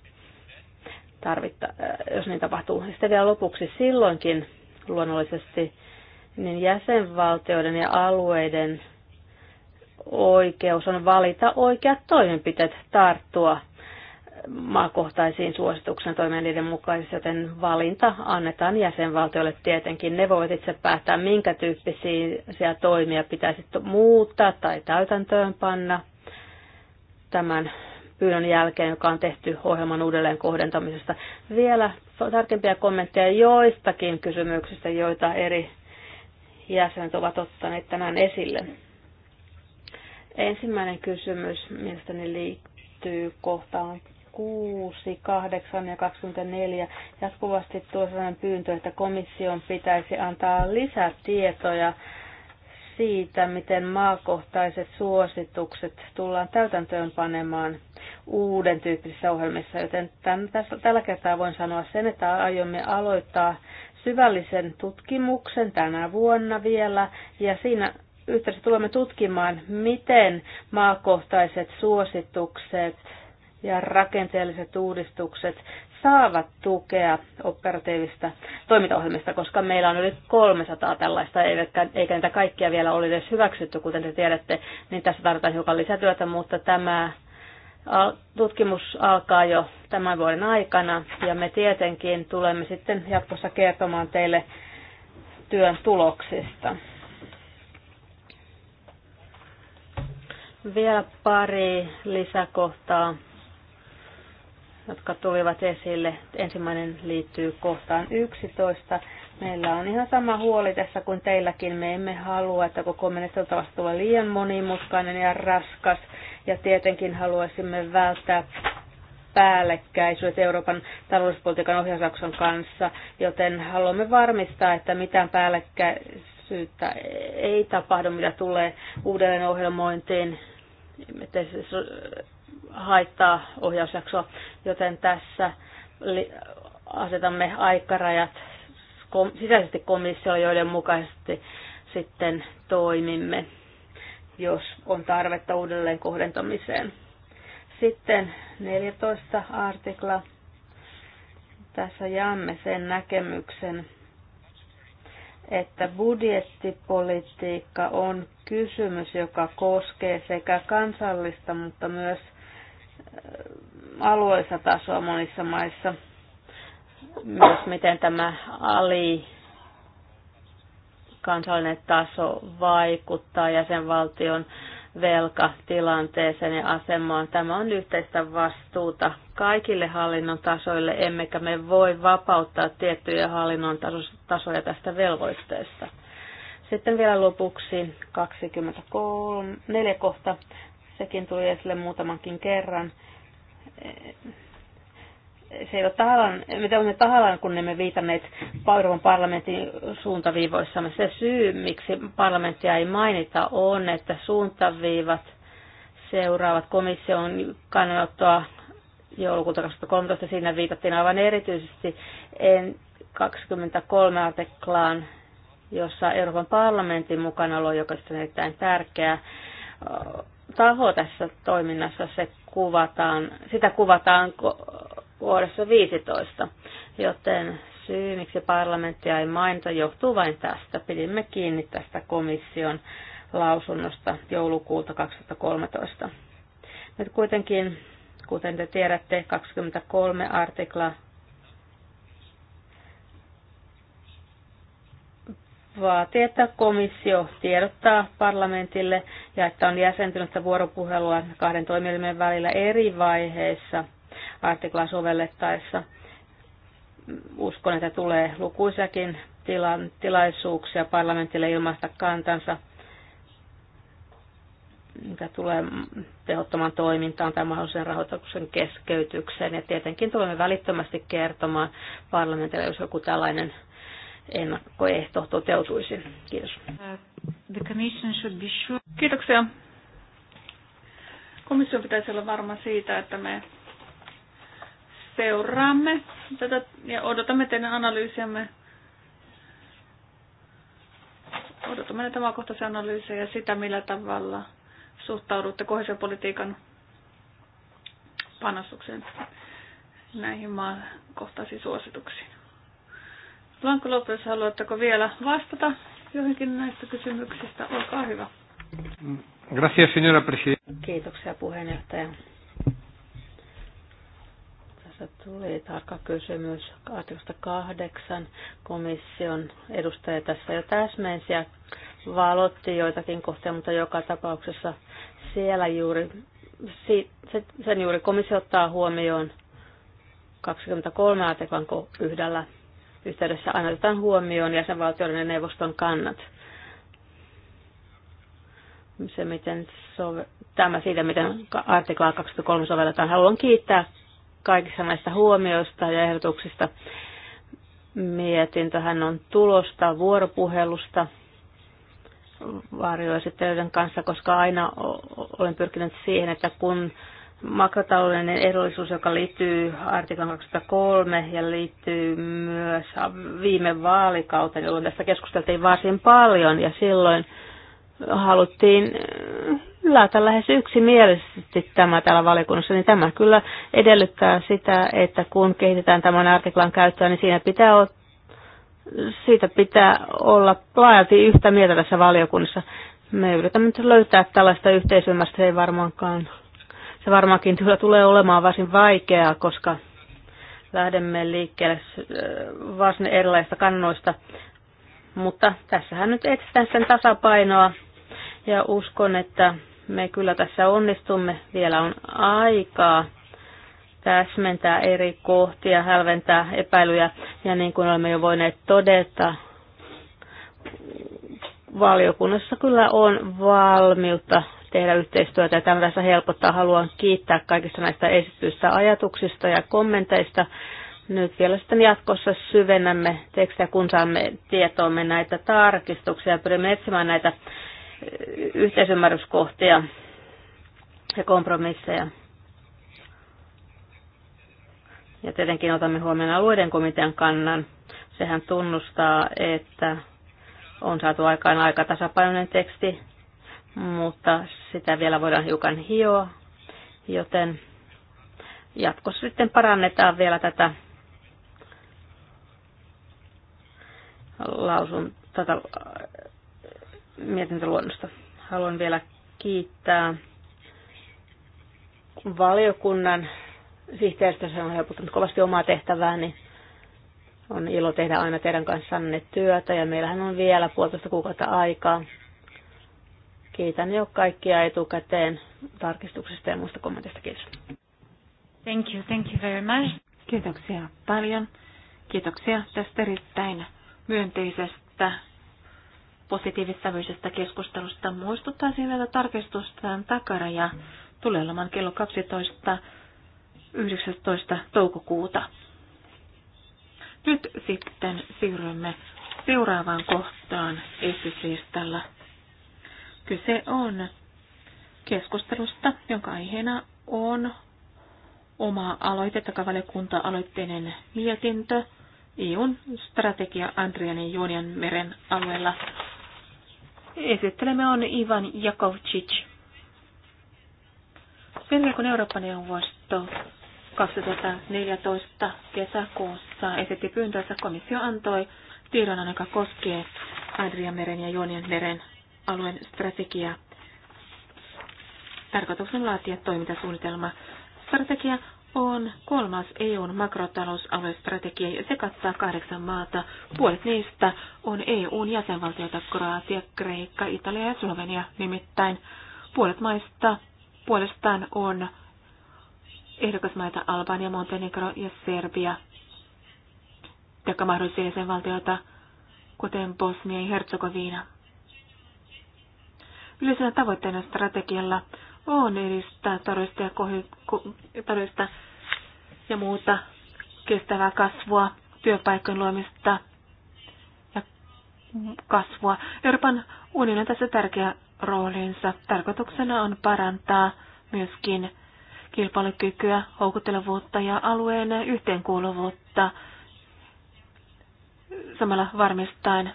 tarvitta, äh, jos niin tapahtuu. Sitten vielä lopuksi silloinkin luonnollisesti niin jäsenvaltioiden ja alueiden oikeus on valita oikeat toimenpiteet tarttua maakohtaisiin suosituksen toimien niiden mukaisesti, joten valinta annetaan jäsenvaltioille tietenkin. Ne voivat itse päättää, minkä tyyppisiä toimia pitäisi muuttaa tai täytäntöön panna tämän pyynnön jälkeen, joka on tehty ohjelman uudelleen kohdentamisesta. Vielä tarkempia kommentteja joistakin kysymyksistä, joita eri jäsenet ovat ottaneet tänään esille. Ensimmäinen kysymys mielestäni liittyy kohtaan 6, 8 ja 24. Jatkuvasti tuo sellainen pyyntö, että komission pitäisi antaa lisätietoja siitä, miten maakohtaiset suositukset tullaan täytäntöönpanemaan uuden tyyppisissä ohjelmissa, joten tämän, tässä, tällä kertaa voin sanoa sen, että aiomme aloittaa syvällisen tutkimuksen tänä vuonna vielä, ja siinä yhteydessä tulemme tutkimaan, miten maakohtaiset suositukset ja rakenteelliset uudistukset saavat tukea operatiivista toimintaohjelmista, koska meillä on yli 300 tällaista, eikä, eikä niitä kaikkia vielä ole edes hyväksytty, kuten te tiedätte, niin tässä tarvitaan hiukan lisätyötä, mutta tämä tutkimus alkaa jo tämän vuoden aikana, ja me tietenkin tulemme sitten jatkossa kertomaan teille työn tuloksista. Vielä pari lisäkohtaa, jotka tulivat esille. Ensimmäinen liittyy kohtaan 11. Meillä on ihan sama huoli tässä kuin teilläkin. Me emme halua, että koko menettelytavasta tulee liian monimutkainen ja raskas. Ja tietenkin haluaisimme välttää päällekkäisyydet Euroopan talouspolitiikan ohjausjakson kanssa, joten haluamme varmistaa, että mitään päällekkäisyyttä ei tapahdu, mitä tulee uudelleen ohjelmointiin ettei se haittaa ohjausjaksoa, joten tässä asetamme aikarajat sisäisesti komissiolle, joiden mukaisesti sitten toimimme, jos on tarvetta uudelleen kohdentamiseen. Sitten 14 artikla. Tässä jaamme sen näkemyksen, että budjettipolitiikka on kysymys, joka koskee sekä kansallista, mutta myös äh, alueellista tasoa monissa maissa. Myös miten tämä ali kansallinen taso vaikuttaa jäsenvaltion velkatilanteeseen ja asemaan. Tämä on yhteistä vastuuta kaikille hallinnon tasoille, emmekä me voi vapauttaa tiettyjä hallinnon tasoja tästä velvoitteesta. Sitten vielä lopuksi 24 kohta. Sekin tuli esille muutamankin kerran se ei ole tahallaan, me teemme tahallaan, kun emme viitanneet Euroopan parlamentin suuntaviivoissamme. Se syy, miksi parlamenttia ei mainita, on, että suuntaviivat seuraavat komission kannanottoa joulukuuta 2013. Siinä viitattiin aivan erityisesti en 23 artiklaan, jossa Euroopan parlamentin mukanaolo, joka on erittäin tärkeä taho tässä toiminnassa, se kuvataan, sitä kuvataan vuodessa 15. Joten syy, miksi parlamenttia ei mainita, johtuu vain tästä. Pidimme kiinni tästä komission lausunnosta joulukuuta 2013. Nyt kuitenkin, kuten te tiedätte, 23 artikla vaatii, että komissio tiedottaa parlamentille ja että on jäsentynyt vuoropuhelua kahden toimielimen välillä eri vaiheissa – artiklaa sovellettaessa. Uskon, että tulee tila- tilaisuuksia parlamentille ilmaista kantansa, mikä tulee tehottoman toimintaan tai mahdollisen rahoituksen keskeytykseen. Ja tietenkin tulemme välittömästi kertomaan parlamentille, jos joku tällainen ennakkoehto toteutuisi. Kiitos. Uh, the commission should be sure. Kiitoksia. Komissio pitäisi olla varma siitä, että me seuraamme tätä ja odotamme teidän analyysiamme. Odotamme näitä maakohtaisia analyysejä ja sitä, millä tavalla suhtaudutte politiikan panostukseen näihin maakohtaisiin suosituksiin. Lanko Lopes, haluatteko vielä vastata johonkin näistä kysymyksistä? Olkaa hyvä. Gracias, señora presidenta. Kiitoksia puheenjohtaja. Tässä tuli tarkka kysymys artikosta kahdeksan. Komission edustaja tässä jo täsmensi ja valotti joitakin kohtia, mutta joka tapauksessa siellä juuri, sen juuri komissio ottaa huomioon 23 artiklan yhdellä yhteydessä annetaan huomioon jäsenvaltioiden ja neuvoston kannat. Se, miten sove- Tämä siitä, miten artiklaa 23 sovelletaan. Haluan kiittää kaikista näistä huomioista ja ehdotuksista. Mietintöhän on tulosta vuoropuhelusta varjoesittelyiden kanssa, koska aina olen pyrkinyt siihen, että kun makrotaloudellinen edullisuus, joka liittyy artiklan 23 ja liittyy myös viime vaalikauteen, jolloin tästä keskusteltiin varsin paljon ja silloin haluttiin hylätä äh, lähes yksimielisesti tämä täällä valiokunnassa, niin tämä kyllä edellyttää sitä, että kun kehitetään tämän artiklan käyttöä, niin siinä pitää ottaa siitä pitää olla laajalti yhtä mieltä tässä valiokunnassa. Me yritämme nyt löytää tällaista yhteisymmärrystä, se ei varmaankaan, se varmaankin kyllä tulee olemaan varsin vaikeaa, koska lähdemme liikkeelle äh, varsin erilaisista kannoista. Mutta tässähän nyt etsitään sen tasapainoa ja uskon, että me kyllä tässä onnistumme. Vielä on aikaa täsmentää eri kohtia, hälventää epäilyjä. Ja niin kuin olemme jo voineet todeta, valiokunnassa kyllä on valmiutta tehdä yhteistyötä ja tämä tässä helpottaa. Haluan kiittää kaikista näistä esityistä ajatuksista ja kommenteista. Nyt vielä sitten jatkossa syvennämme tekstiä, kun saamme tietoomme näitä tarkistuksia. Pyrimme etsimään näitä yhteisymmärryskohtia ja kompromisseja. Ja tietenkin otamme huomioon alueiden komitean kannan. Sehän tunnustaa, että on saatu aikaan aika tasapainoinen teksti, mutta sitä vielä voidaan hiukan hioa, joten jatkossa sitten parannetaan vielä tätä lausun, tätä mietintöluonnosta. Haluan vielä kiittää valiokunnan se on helpottanut kovasti omaa niin On ilo tehdä aina teidän kanssanne työtä ja meillähän on vielä puolitoista kuukautta aikaa. Kiitän jo kaikkia etukäteen tarkistuksista ja muista kommenteista. Kiitos. Thank you, thank you very much. Kiitoksia paljon. Kiitoksia tästä erittäin myönteisestä positiivissävyisestä keskustelusta. Muistuttaisin vielä takara takaraja tulee olemaan kello 12. 19. toukokuuta. Nyt sitten siirrymme seuraavaan kohtaan esityslistalla. Kyse on keskustelusta, jonka aiheena on oma aloite, takavaliokunta aloitteinen mietintö EUn strategia Andrianin Joonian meren alueella Esittelemme on Ivan Jakovčić. Pelkäkun Eurooppa-neuvosto 2014 kesäkuussa esitti pyyntönsä komissio antoi tiedon, joka koskee meren ja meren alueen strategiaa. Tarkoituksen laatia toimintasuunnitelma. Strategia on kolmas EUn makrotalousaluestrategia ja se kattaa kahdeksan maata. Puolet niistä on EUn jäsenvaltioita Kroatia, Kreikka, Italia ja Slovenia nimittäin. Puolet maista puolestaan on ehdokasmaita Albania, Montenegro ja Serbia, sekä mahdollisia jäsenvaltioita, kuten Bosnia ja Herzegovina. Yleisenä tavoitteena strategialla on edistää taloudellista ja, kohi- taloudellista ja muuta kestävää kasvua, työpaikkojen luomista ja kasvua. Euroopan unionin on tässä tärkeä roolinsa. Tarkoituksena on parantaa myöskin kilpailukykyä, houkuttelevuutta ja alueen yhteenkuuluvuutta samalla varmistaen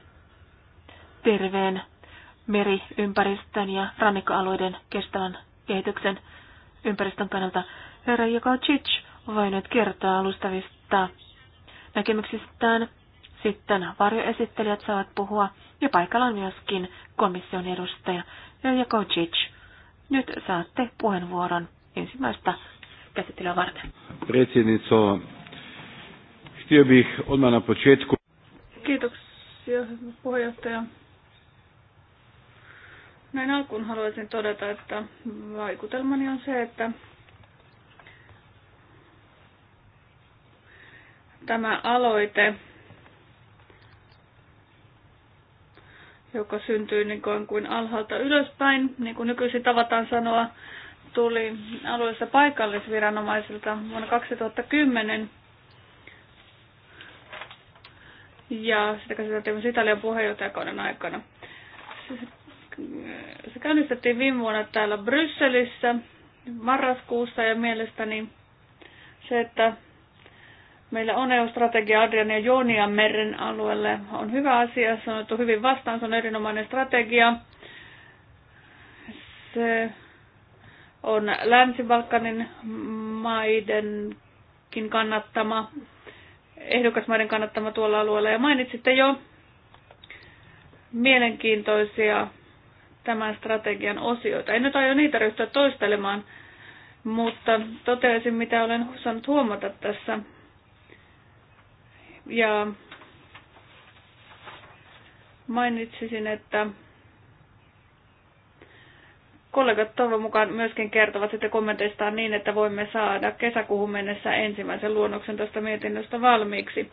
terveen meriympäristön ja rannikkoalueiden kestävän kehityksen ympäristön kannalta. Herra Jakocic voi nyt kertoa alustavista näkemyksistään. Sitten varjoesittelijät saavat puhua ja paikalla on myöskin komission edustaja Herra Jakocic. Nyt saatte puheenvuoron ensimmäistä käsittelyä varten. Predsjednico, Kiitoksia, puheenjohtaja. Näin alkuun haluaisin todeta, että vaikutelmani on se, että tämä aloite, joka syntyi niin kuin, kuin alhaalta ylöspäin, niin kuin nykyisin tavataan sanoa, tuli alueessa paikallisviranomaisilta vuonna 2010. Ja sitä käsiteltiin myös Italian puheenjohtajakauden aikana se käynnistettiin viime vuonna täällä Brysselissä marraskuussa ja mielestäni se, että meillä on EU-strategia Adrian ja Joonian meren alueelle on hyvä asia. Se on otettu hyvin vastaan, se on erinomainen strategia. Se on Länsi-Balkanin maidenkin kannattama, ehdokasmaiden kannattama tuolla alueella. Ja mainitsitte jo mielenkiintoisia tämän strategian osioita. En nyt aio niitä ryhtyä toistelemaan, mutta toteaisin, mitä olen saanut huomata tässä. Ja mainitsisin, että kollegat toivon mukaan myöskin kertovat sitten kommenteistaan niin, että voimme saada kesäkuuhun mennessä ensimmäisen luonnoksen tästä mietinnöstä valmiiksi.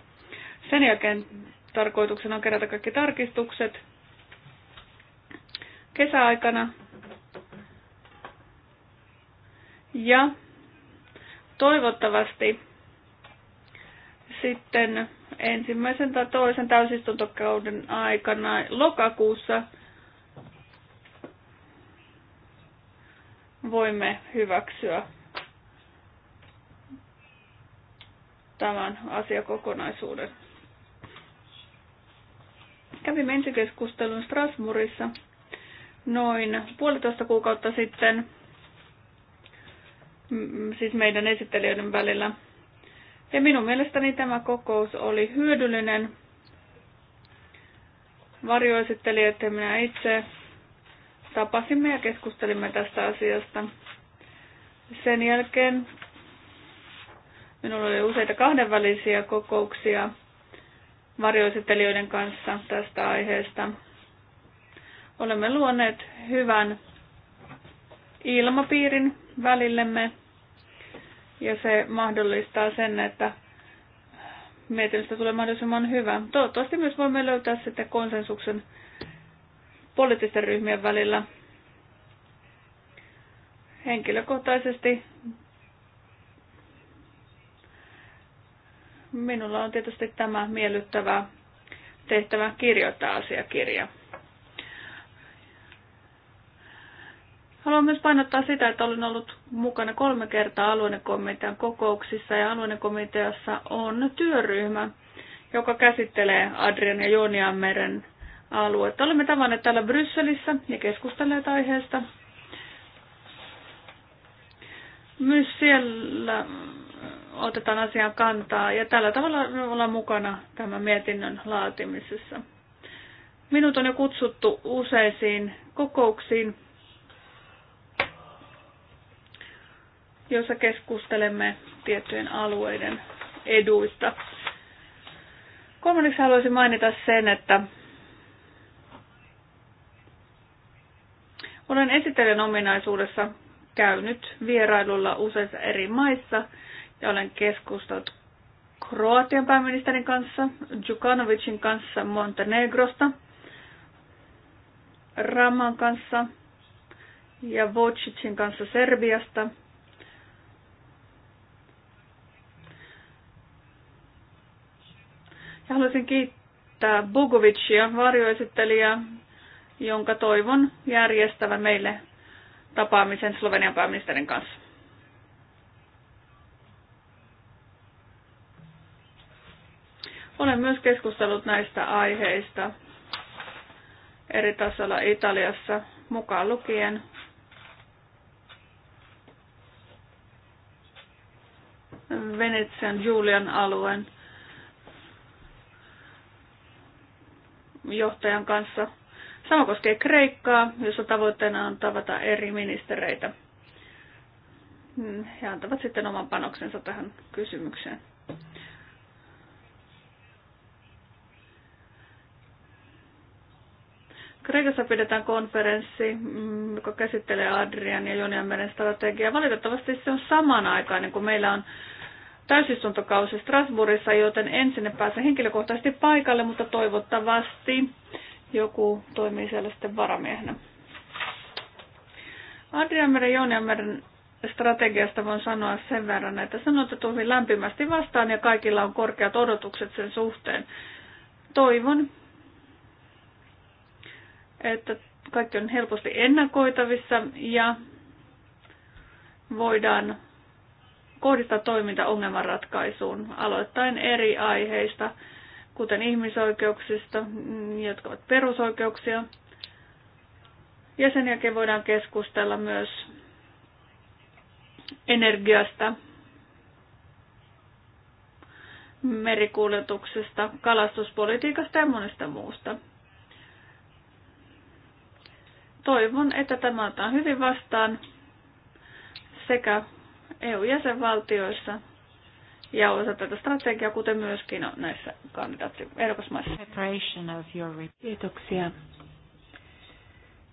Sen jälkeen tarkoituksena on kerätä kaikki tarkistukset kesäaikana. Ja toivottavasti sitten ensimmäisen tai toisen täysistuntokauden aikana lokakuussa voimme hyväksyä tämän asiakokonaisuuden. Kävimme ensikeskustelun Strasbourgissa noin puolitoista kuukautta sitten, mm, mm, siis meidän esittelijöiden välillä. Ja minun mielestäni tämä kokous oli hyödyllinen. Varjoesittelijät ja minä itse tapasimme ja keskustelimme tästä asiasta. Sen jälkeen minulla oli useita kahdenvälisiä kokouksia varjoesittelijöiden kanssa tästä aiheesta. Olemme luoneet hyvän ilmapiirin välillemme ja se mahdollistaa sen, että mietinnöstä tulee mahdollisimman hyvä. Toivottavasti myös voimme löytää sitten konsensuksen poliittisten ryhmien välillä. Henkilökohtaisesti minulla on tietysti tämä miellyttävä tehtävä kirjoittaa asiakirja. Haluan myös painottaa sitä, että olen ollut mukana kolme kertaa aluekomitean kokouksissa ja komiteassa on työryhmä, joka käsittelee Adrian ja Joonian meren aluetta. Olemme tavanneet täällä Brysselissä ja keskustelleet aiheesta. Myös siellä otetaan asiaan kantaa ja tällä tavalla ollaan mukana tämän mietinnön laatimisessa. Minut on jo kutsuttu useisiin kokouksiin jossa keskustelemme tiettyjen alueiden eduista. Kolmanneksi haluaisin mainita sen, että olen esittelijän ominaisuudessa käynyt vierailulla useissa eri maissa ja olen keskustellut Kroatian pääministerin kanssa, Djukanovicin kanssa Montenegrosta, Raman kanssa ja Vocicin kanssa Serbiasta – Ja haluaisin kiittää Bugovicia, varjoesittelijää, jonka toivon järjestävän meille tapaamisen Slovenian pääministerin kanssa. Olen myös keskustellut näistä aiheista eri tasolla Italiassa, mukaan lukien Venetsian Julian alueen johtajan kanssa. Sama koskee Kreikkaa, jossa tavoitteena on tavata eri ministereitä. Mm, he antavat sitten oman panoksensa tähän kysymykseen. Kreikassa pidetään konferenssi, mm, joka käsittelee Adrian ja Jonianmeren strategiaa. Valitettavasti se on samanaikainen, kun meillä on täysistuntokausi Strasbourgissa, joten ensin en pääse henkilökohtaisesti paikalle, mutta toivottavasti joku toimii siellä sitten varamiehenä. Adrianmeren ja strategiasta voin sanoa sen verran, että sanotaan hyvin lämpimästi vastaan ja kaikilla on korkeat odotukset sen suhteen. Toivon, että kaikki on helposti ennakoitavissa ja voidaan kohdistaa toiminta ongelmanratkaisuun, aloittain eri aiheista, kuten ihmisoikeuksista, mm, jotka ovat perusoikeuksia. Ja sen jälkeen voidaan keskustella myös energiasta, merikuljetuksesta, kalastuspolitiikasta ja monesta muusta. Toivon, että tämä otetaan hyvin vastaan sekä EU-jäsenvaltioissa ja osa tätä strategiaa, kuten myöskin näissä kandidaatti-ehdokasmaissa. Kiitoksia.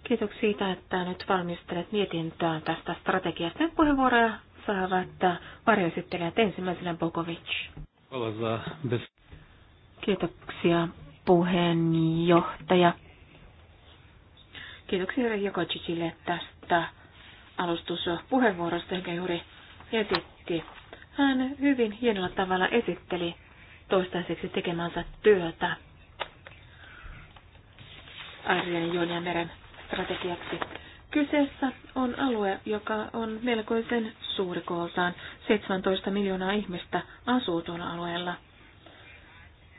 Kiitoksia siitä, että nyt valmistelet mietintöä tästä strategiasta. Nyt puheenvuoroja saavat varjoesittelijät ensimmäisenä Bogovic. Kiitoksia puheenjohtaja. Kiitoksia Reija tästä alustuspuheenvuorosta, jonka juuri esitti. Hän hyvin hienolla tavalla esitteli toistaiseksi tekemänsä työtä Adrian ja meren strategiaksi. Kyseessä on alue, joka on melkoisen suuri kooltaan. 17 miljoonaa ihmistä asuu tuolla alueella.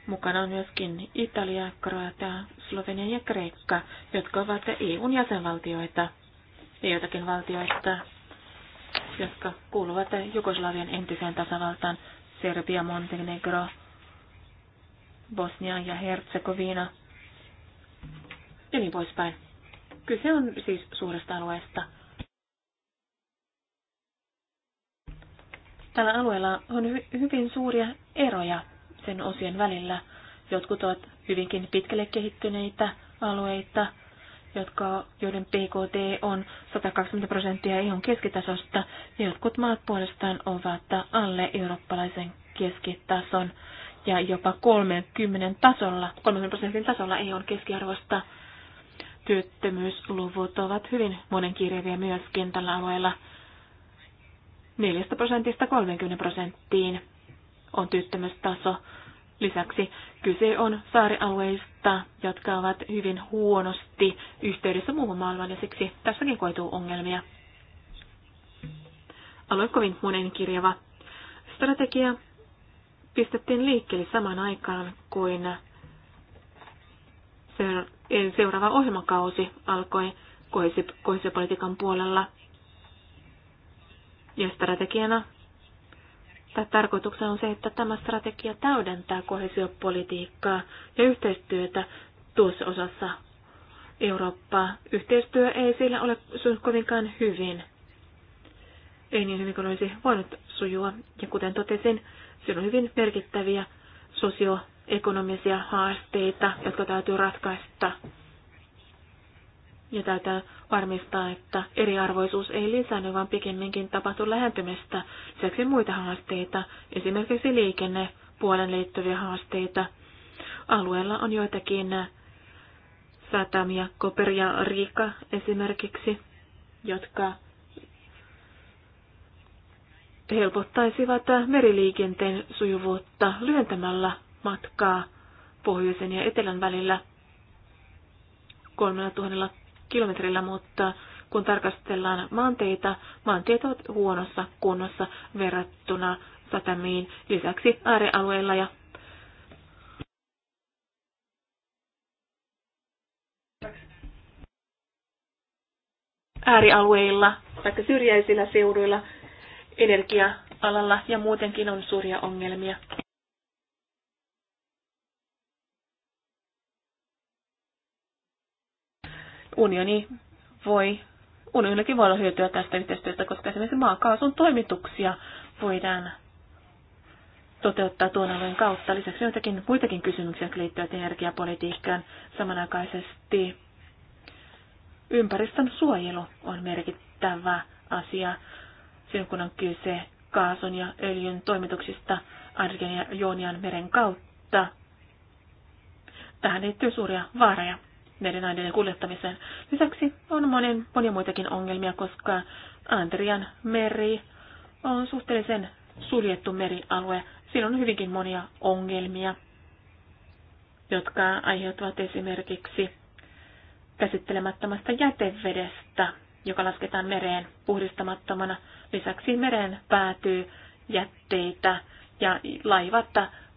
Mukana on myöskin Italia, Kroatia, Slovenia ja Kreikka, jotka ovat EUn jäsenvaltioita ja joitakin valtioita, jotka kuuluvat Jugoslavian entiseen tasavaltaan, Serbia, Montenegro, Bosnia ja Herzegovina ja niin poispäin. Kyse on siis suuresta alueesta. Tällä alueella on hy- hyvin suuria eroja sen osien välillä. Jotkut ovat hyvinkin pitkälle kehittyneitä alueita, jotka, joiden PKT on 120 prosenttia EUn keskitasosta, ja jotkut maat puolestaan ovat alle eurooppalaisen keskitason ja jopa 30 tasolla, 30 prosentin tasolla ole keskiarvosta. Työttömyysluvut ovat hyvin monenkirjavia myöskin tällä alueella. 4 prosentista 30 prosenttiin on työttömyystaso Lisäksi kyse on saarialueista, jotka ovat hyvin huonosti yhteydessä muuhun maailmaan ja siksi tässäkin koituu ongelmia. Alue kovin monen kirjava. Strategia pistettiin liikkeelle samaan aikaan kuin seuraava ohjelmakausi alkoi kohesiopolitiikan puolella. Ja strategiana tai tarkoituksena on se, että tämä strategia täydentää kohesiopolitiikkaa ja yhteistyötä tuossa osassa Eurooppaa. Yhteistyö ei siellä ole sujunut kovinkaan hyvin. Ei niin hyvin kuin olisi voinut sujua. Ja kuten totesin, siellä on hyvin merkittäviä sosioekonomisia haasteita, jotka täytyy ratkaista ja täytyy varmistaa, että eriarvoisuus ei lisäänny, vaan pikemminkin tapahtuu lähentymistä. Lisäksi muita haasteita, esimerkiksi liikennepuolen liittyviä haasteita. Alueella on joitakin satamia, Koper ja Riika esimerkiksi, jotka helpottaisivat meriliikenteen sujuvuutta lyöntämällä matkaa pohjoisen ja etelän välillä 3000 kilometrillä, mutta kun tarkastellaan maanteita, maanteet ovat huonossa kunnossa verrattuna satamiin. Lisäksi äärialueilla ja äärialueilla, vaikka syrjäisillä seuduilla, energia-alalla ja muutenkin on suuria ongelmia. unioni voi, unionillakin voi olla hyötyä tästä yhteistyöstä, koska esimerkiksi maakaasun toimituksia voidaan toteuttaa tuon alueen kautta. Lisäksi joitakin muitakin kysymyksiä, jotka liittyvät energiapolitiikkaan samanaikaisesti. Ympäristön suojelu on merkittävä asia silloin, kun on kyse kaasun ja öljyn toimituksista Adrian ja Joonian meren kautta. Tähän liittyy suuria vaaroja näiden aineiden kuljettamiseen. Lisäksi on monen, monia muitakin ongelmia, koska Antrian meri on suhteellisen suljettu merialue. Siinä on hyvinkin monia ongelmia, jotka aiheutuvat esimerkiksi käsittelemättömästä jätevedestä, joka lasketaan mereen puhdistamattomana. Lisäksi mereen päätyy jätteitä ja laivat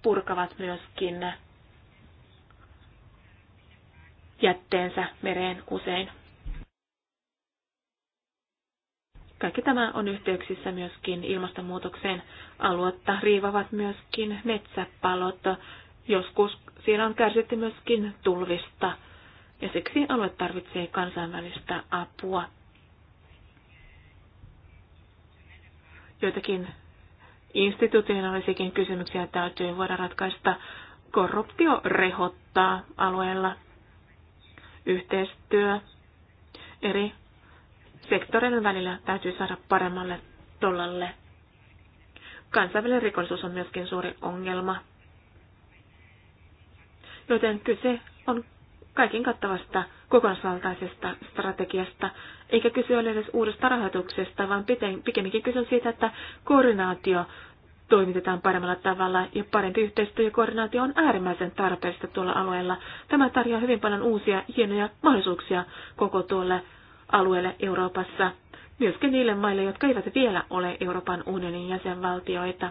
purkavat myöskin jätteensä mereen usein. Kaikki tämä on yhteyksissä myöskin ilmastonmuutokseen. Aluetta riivavat myöskin metsäpalot. Joskus siellä on kärsitty myöskin tulvista, ja siksi alue tarvitsee kansainvälistä apua. Joitakin institutionaalisikin kysymyksiä täytyy voida ratkaista. Korruptio rehottaa alueella yhteistyö eri sektoreiden välillä täytyy saada paremmalle tolalle. Kansainvälinen rikollisuus on myöskin suuri ongelma. Joten kyse on kaiken kattavasta kokonaisvaltaisesta strategiasta, eikä kyse ole edes uudesta rahoituksesta, vaan pikemminkin kyse on siitä, että koordinaatio toimitetaan paremmalla tavalla ja parempi yhteistyö ja koordinaatio on äärimmäisen tarpeellista tuolla alueella. Tämä tarjoaa hyvin paljon uusia hienoja mahdollisuuksia koko tuolle alueelle Euroopassa, myöskin niille maille, jotka eivät vielä ole Euroopan unionin jäsenvaltioita.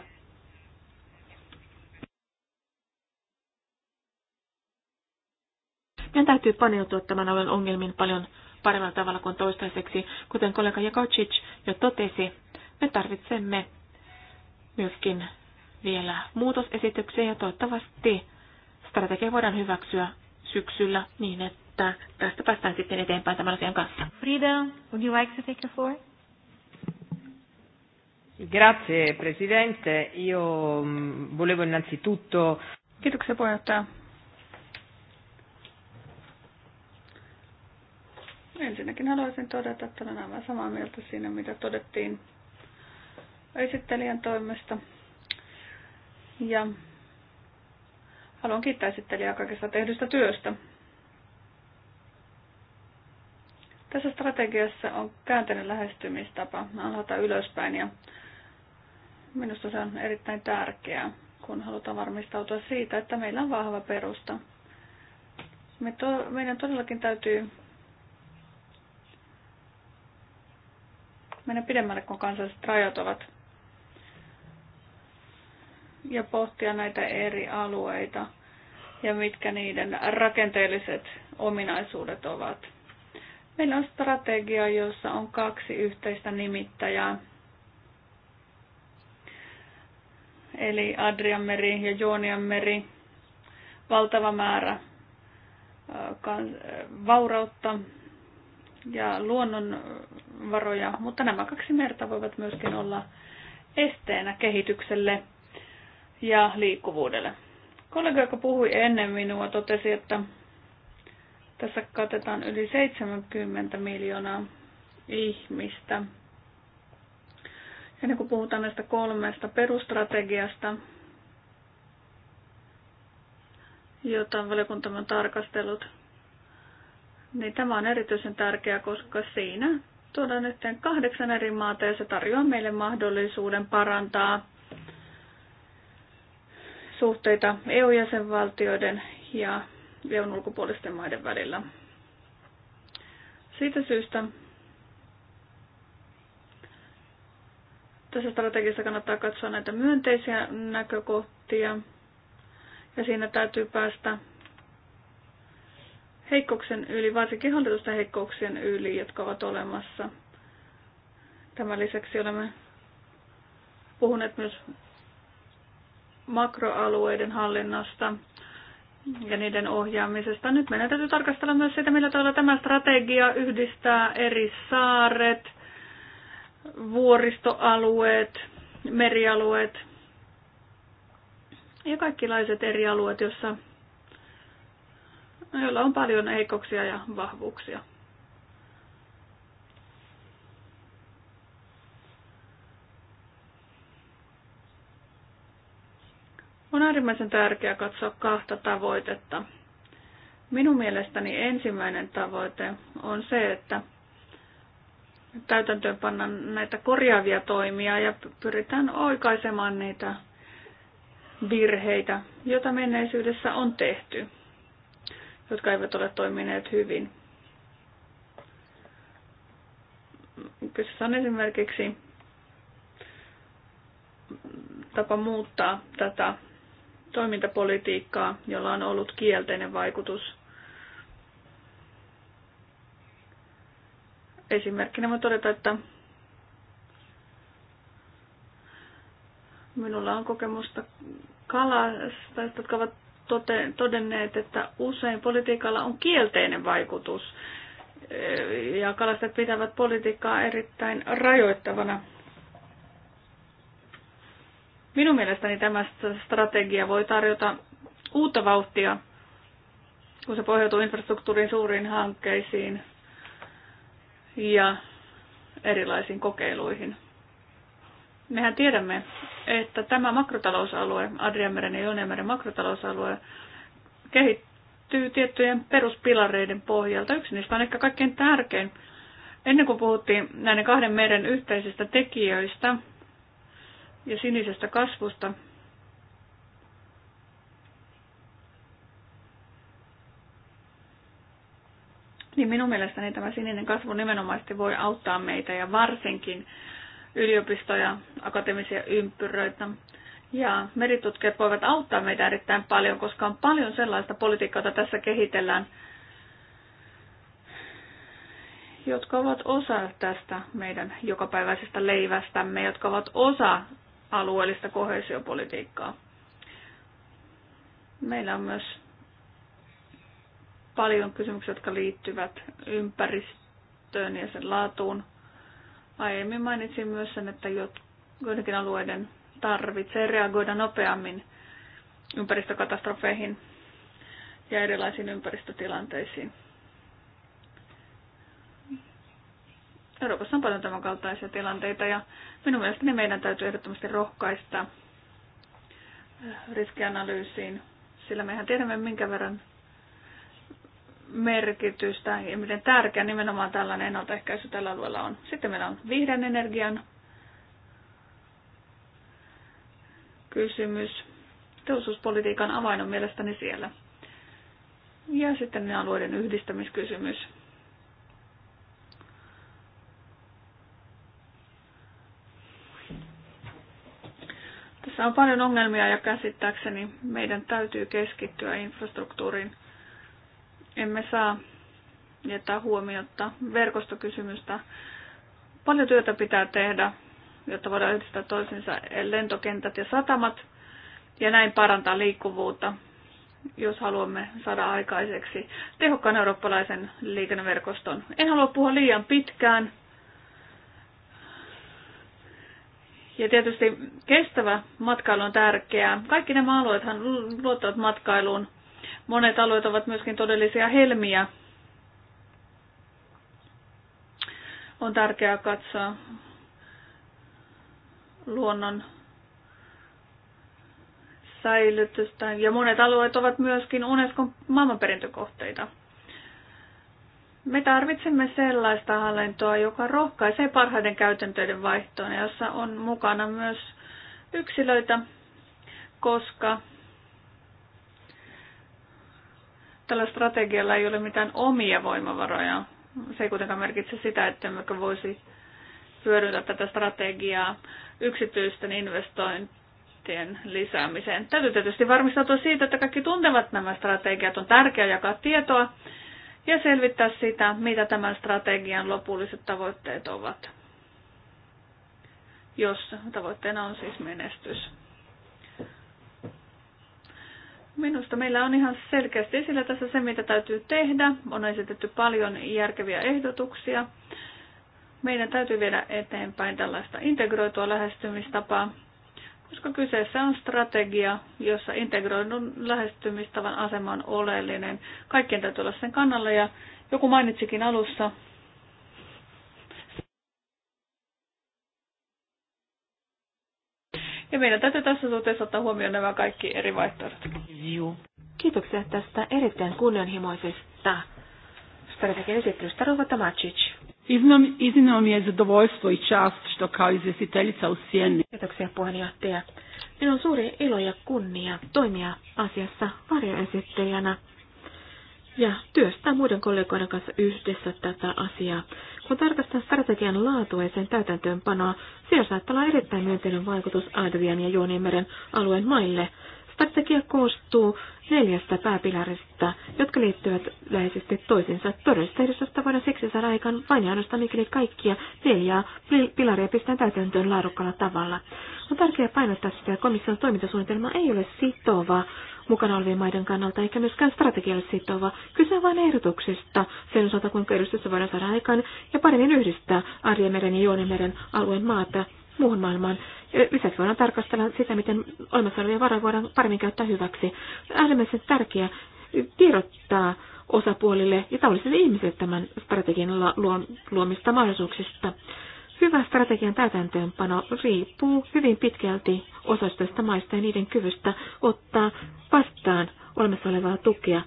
Meidän täytyy paneutua tämän alueen ongelmiin paljon paremmalla tavalla kuin toistaiseksi. Kuten kollega Jakocic jo totesi, me tarvitsemme myöskin vielä muutosesityksiä ja toivottavasti strategia voidaan hyväksyä syksyllä niin, että tästä päästään sitten eteenpäin tämän asian kanssa. Frida, would you like to take the floor? Grazie Presidente, io mm, volevo innanzitutto... Kiitoksia puheenjohtaja. Ensinnäkin haluaisin todeta, että olen aivan samaa mieltä siinä, mitä todettiin esittelijän toimesta. Ja haluan kiittää esittelijää kaikesta tehdystä työstä. Tässä strategiassa on käänteinen lähestymistapa alhaalta ylöspäin ja minusta se on erittäin tärkeää, kun halutaan varmistautua siitä, että meillä on vahva perusta. Me to, meidän todellakin täytyy mennä pidemmälle, kun kansalliset rajat ovat ja pohtia näitä eri alueita ja mitkä niiden rakenteelliset ominaisuudet ovat. Meillä on strategia, jossa on kaksi yhteistä nimittäjää. Eli Adrianmeri ja Joonianmeri. Valtava määrä vaurautta ja luonnonvaroja, mutta nämä kaksi merta voivat myöskin olla esteenä kehitykselle ja liikkuvuudelle. Kollega, joka puhui ennen minua, totesi, että tässä katetaan yli 70 miljoonaa ihmistä. Ja kuin puhutaan näistä kolmesta perustrategiasta, jota valiokunta on tarkastellut, niin tämä on erityisen tärkeää, koska siinä tuodaan nyt kahdeksan eri maata ja se tarjoaa meille mahdollisuuden parantaa suhteita EU-jäsenvaltioiden ja EUn ulkopuolisten maiden välillä. Siitä syystä tässä strategiassa kannattaa katsoa näitä myönteisiä näkökohtia ja siinä täytyy päästä heikkouksen yli, varsinkin hallitusten heikkouksien yli, jotka ovat olemassa. Tämän lisäksi olemme puhuneet myös makroalueiden hallinnasta ja niiden ohjaamisesta. Nyt meidän täytyy tarkastella myös sitä, millä tavalla tämä strategia yhdistää eri saaret, vuoristoalueet, merialueet ja kaikkilaiset eri alueet, joissa, joilla on paljon heikoksia ja vahvuuksia. On äärimmäisen tärkeää katsoa kahta tavoitetta. Minun mielestäni ensimmäinen tavoite on se, että pannaan näitä korjaavia toimia ja pyritään oikaisemaan niitä virheitä, joita menneisyydessä on tehty, jotka eivät ole toimineet hyvin. Kyseessä on esimerkiksi tapa muuttaa tätä toimintapolitiikkaa, jolla on ollut kielteinen vaikutus. Esimerkkinä voi todeta, että minulla on kokemusta kalasta, jotka ovat todenneet, että usein politiikalla on kielteinen vaikutus ja kalastajat pitävät politiikkaa erittäin rajoittavana Minun mielestäni tämä strategia voi tarjota uutta vauhtia, kun se pohjautuu infrastruktuurin suuriin hankkeisiin ja erilaisiin kokeiluihin. Mehän tiedämme, että tämä makrotalousalue, Adrianmeren ja Jonemeren makrotalousalue, kehittyy tiettyjen peruspilareiden pohjalta. Yksi niistä on ehkä kaikkein tärkein. Ennen kuin puhuttiin näiden kahden meren yhteisistä tekijöistä, ja sinisestä kasvusta. Niin minun mielestäni tämä sininen kasvu nimenomaisesti voi auttaa meitä ja varsinkin yliopistoja, akateemisia ympyröitä. Ja meritutkijat voivat auttaa meitä erittäin paljon, koska on paljon sellaista politiikkaa, jota tässä kehitellään, jotka ovat osa tästä meidän jokapäiväisestä leivästämme, jotka ovat osa alueellista kohesiopolitiikkaa. Meillä on myös paljon kysymyksiä, jotka liittyvät ympäristöön ja sen laatuun. Aiemmin mainitsin myös sen, että joidenkin alueiden tarvitsee reagoida nopeammin ympäristökatastrofeihin ja erilaisiin ympäristötilanteisiin. Euroopassa on paljon tämän kaltaisia tilanteita ja minun mielestäni meidän täytyy ehdottomasti rohkaista eh, riskianalyysiin, sillä mehän tiedämme minkä verran merkitystä ja miten tärkeä nimenomaan tällainen ennaltaehkäisy tällä alueella on. Sitten meillä on vihreän energian kysymys. Teollisuuspolitiikan avain on mielestäni siellä. Ja sitten alueiden yhdistämiskysymys. Tässä on paljon ongelmia ja käsittääkseni meidän täytyy keskittyä infrastruktuuriin. Emme saa jättää huomiota verkostokysymystä. Paljon työtä pitää tehdä, jotta voidaan yhdistää toisinsa lentokentät ja satamat ja näin parantaa liikkuvuutta, jos haluamme saada aikaiseksi tehokkaan eurooppalaisen liikenneverkoston. En halua puhua liian pitkään Ja tietysti kestävä matkailu on tärkeää. Kaikki nämä alueethan luottavat matkailuun. Monet alueet ovat myöskin todellisia helmiä. On tärkeää katsoa luonnon säilytystä. Ja monet alueet ovat myöskin Unescon maailmanperintökohteita. Me tarvitsemme sellaista hallintoa, joka rohkaisee parhaiden käytäntöiden vaihtoon, jossa on mukana myös yksilöitä, koska tällä strategialla ei ole mitään omia voimavaroja. Se ei kuitenkaan merkitse sitä, että me voisi hyödyntää tätä strategiaa yksityisten investointien lisäämiseen. Täytyy tietysti varmistautua siitä, että kaikki tuntevat nämä strategiat. On tärkeää jakaa tietoa ja selvittää sitä, mitä tämän strategian lopulliset tavoitteet ovat, jos tavoitteena on siis menestys. Minusta meillä on ihan selkeästi esillä tässä se, mitä täytyy tehdä. On esitetty paljon järkeviä ehdotuksia. Meidän täytyy viedä eteenpäin tällaista integroitua lähestymistapaa koska kyseessä on strategia, jossa integroidun lähestymistavan asema on oleellinen. Kaikkien täytyy olla sen kannalla ja joku mainitsikin alussa, Ja meidän täytyy tässä suhteessa ottaa huomioon nämä kaikki eri vaihtoehdot. Kiitoksia tästä erittäin kunnianhimoisesta strategian esittelystä, Rova Tamacic. Iznimno mi je zadovoljstvo i čast što kao izvjestiteljica u Sijeni. Kiitoksia puheenjohtaja. Minun on suuri ilo ja kunnia toimia asiassa varjoesittelijänä ja työstää muiden kollegoiden kanssa yhdessä tätä asiaa. Kun tarkastan strategian laatua ja sen täytäntöönpanoa, siellä saattaa olla erittäin myönteinen vaikutus Adrian ja Joonimeren alueen maille – Strategia koostuu neljästä pääpilarista, jotka liittyvät läheisesti toisiinsa. Todellista edustusta voidaan siksi saada aikaan vain ja ainoastaan, mikäli kaikkia neljää pilaria pistetään täytäntöön laadukkaalla tavalla. On tärkeää painottaa sitä, että komission toimintasuunnitelma ei ole sitova mukana olevien maiden kannalta, eikä myöskään strategialle sitova. Kyse on vain ehdotuksista sen osalta, kuinka edustusta voidaan saada aikaan ja paremmin yhdistää Arjemeren ja Joonemeren alueen maata muuhun maailmaan. Lisäksi voidaan tarkastella sitä, miten olemassa olevia varoja voidaan paremmin käyttää hyväksi. Äärimmäisen tärkeää tiedottaa osapuolille ja tavallisille ihmisille tämän strategian luomista mahdollisuuksista. Hyvä strategian täytäntöönpano riippuu hyvin pitkälti osastoista maista ja niiden kyvystä ottaa vastaan olemassa olevaa tukea.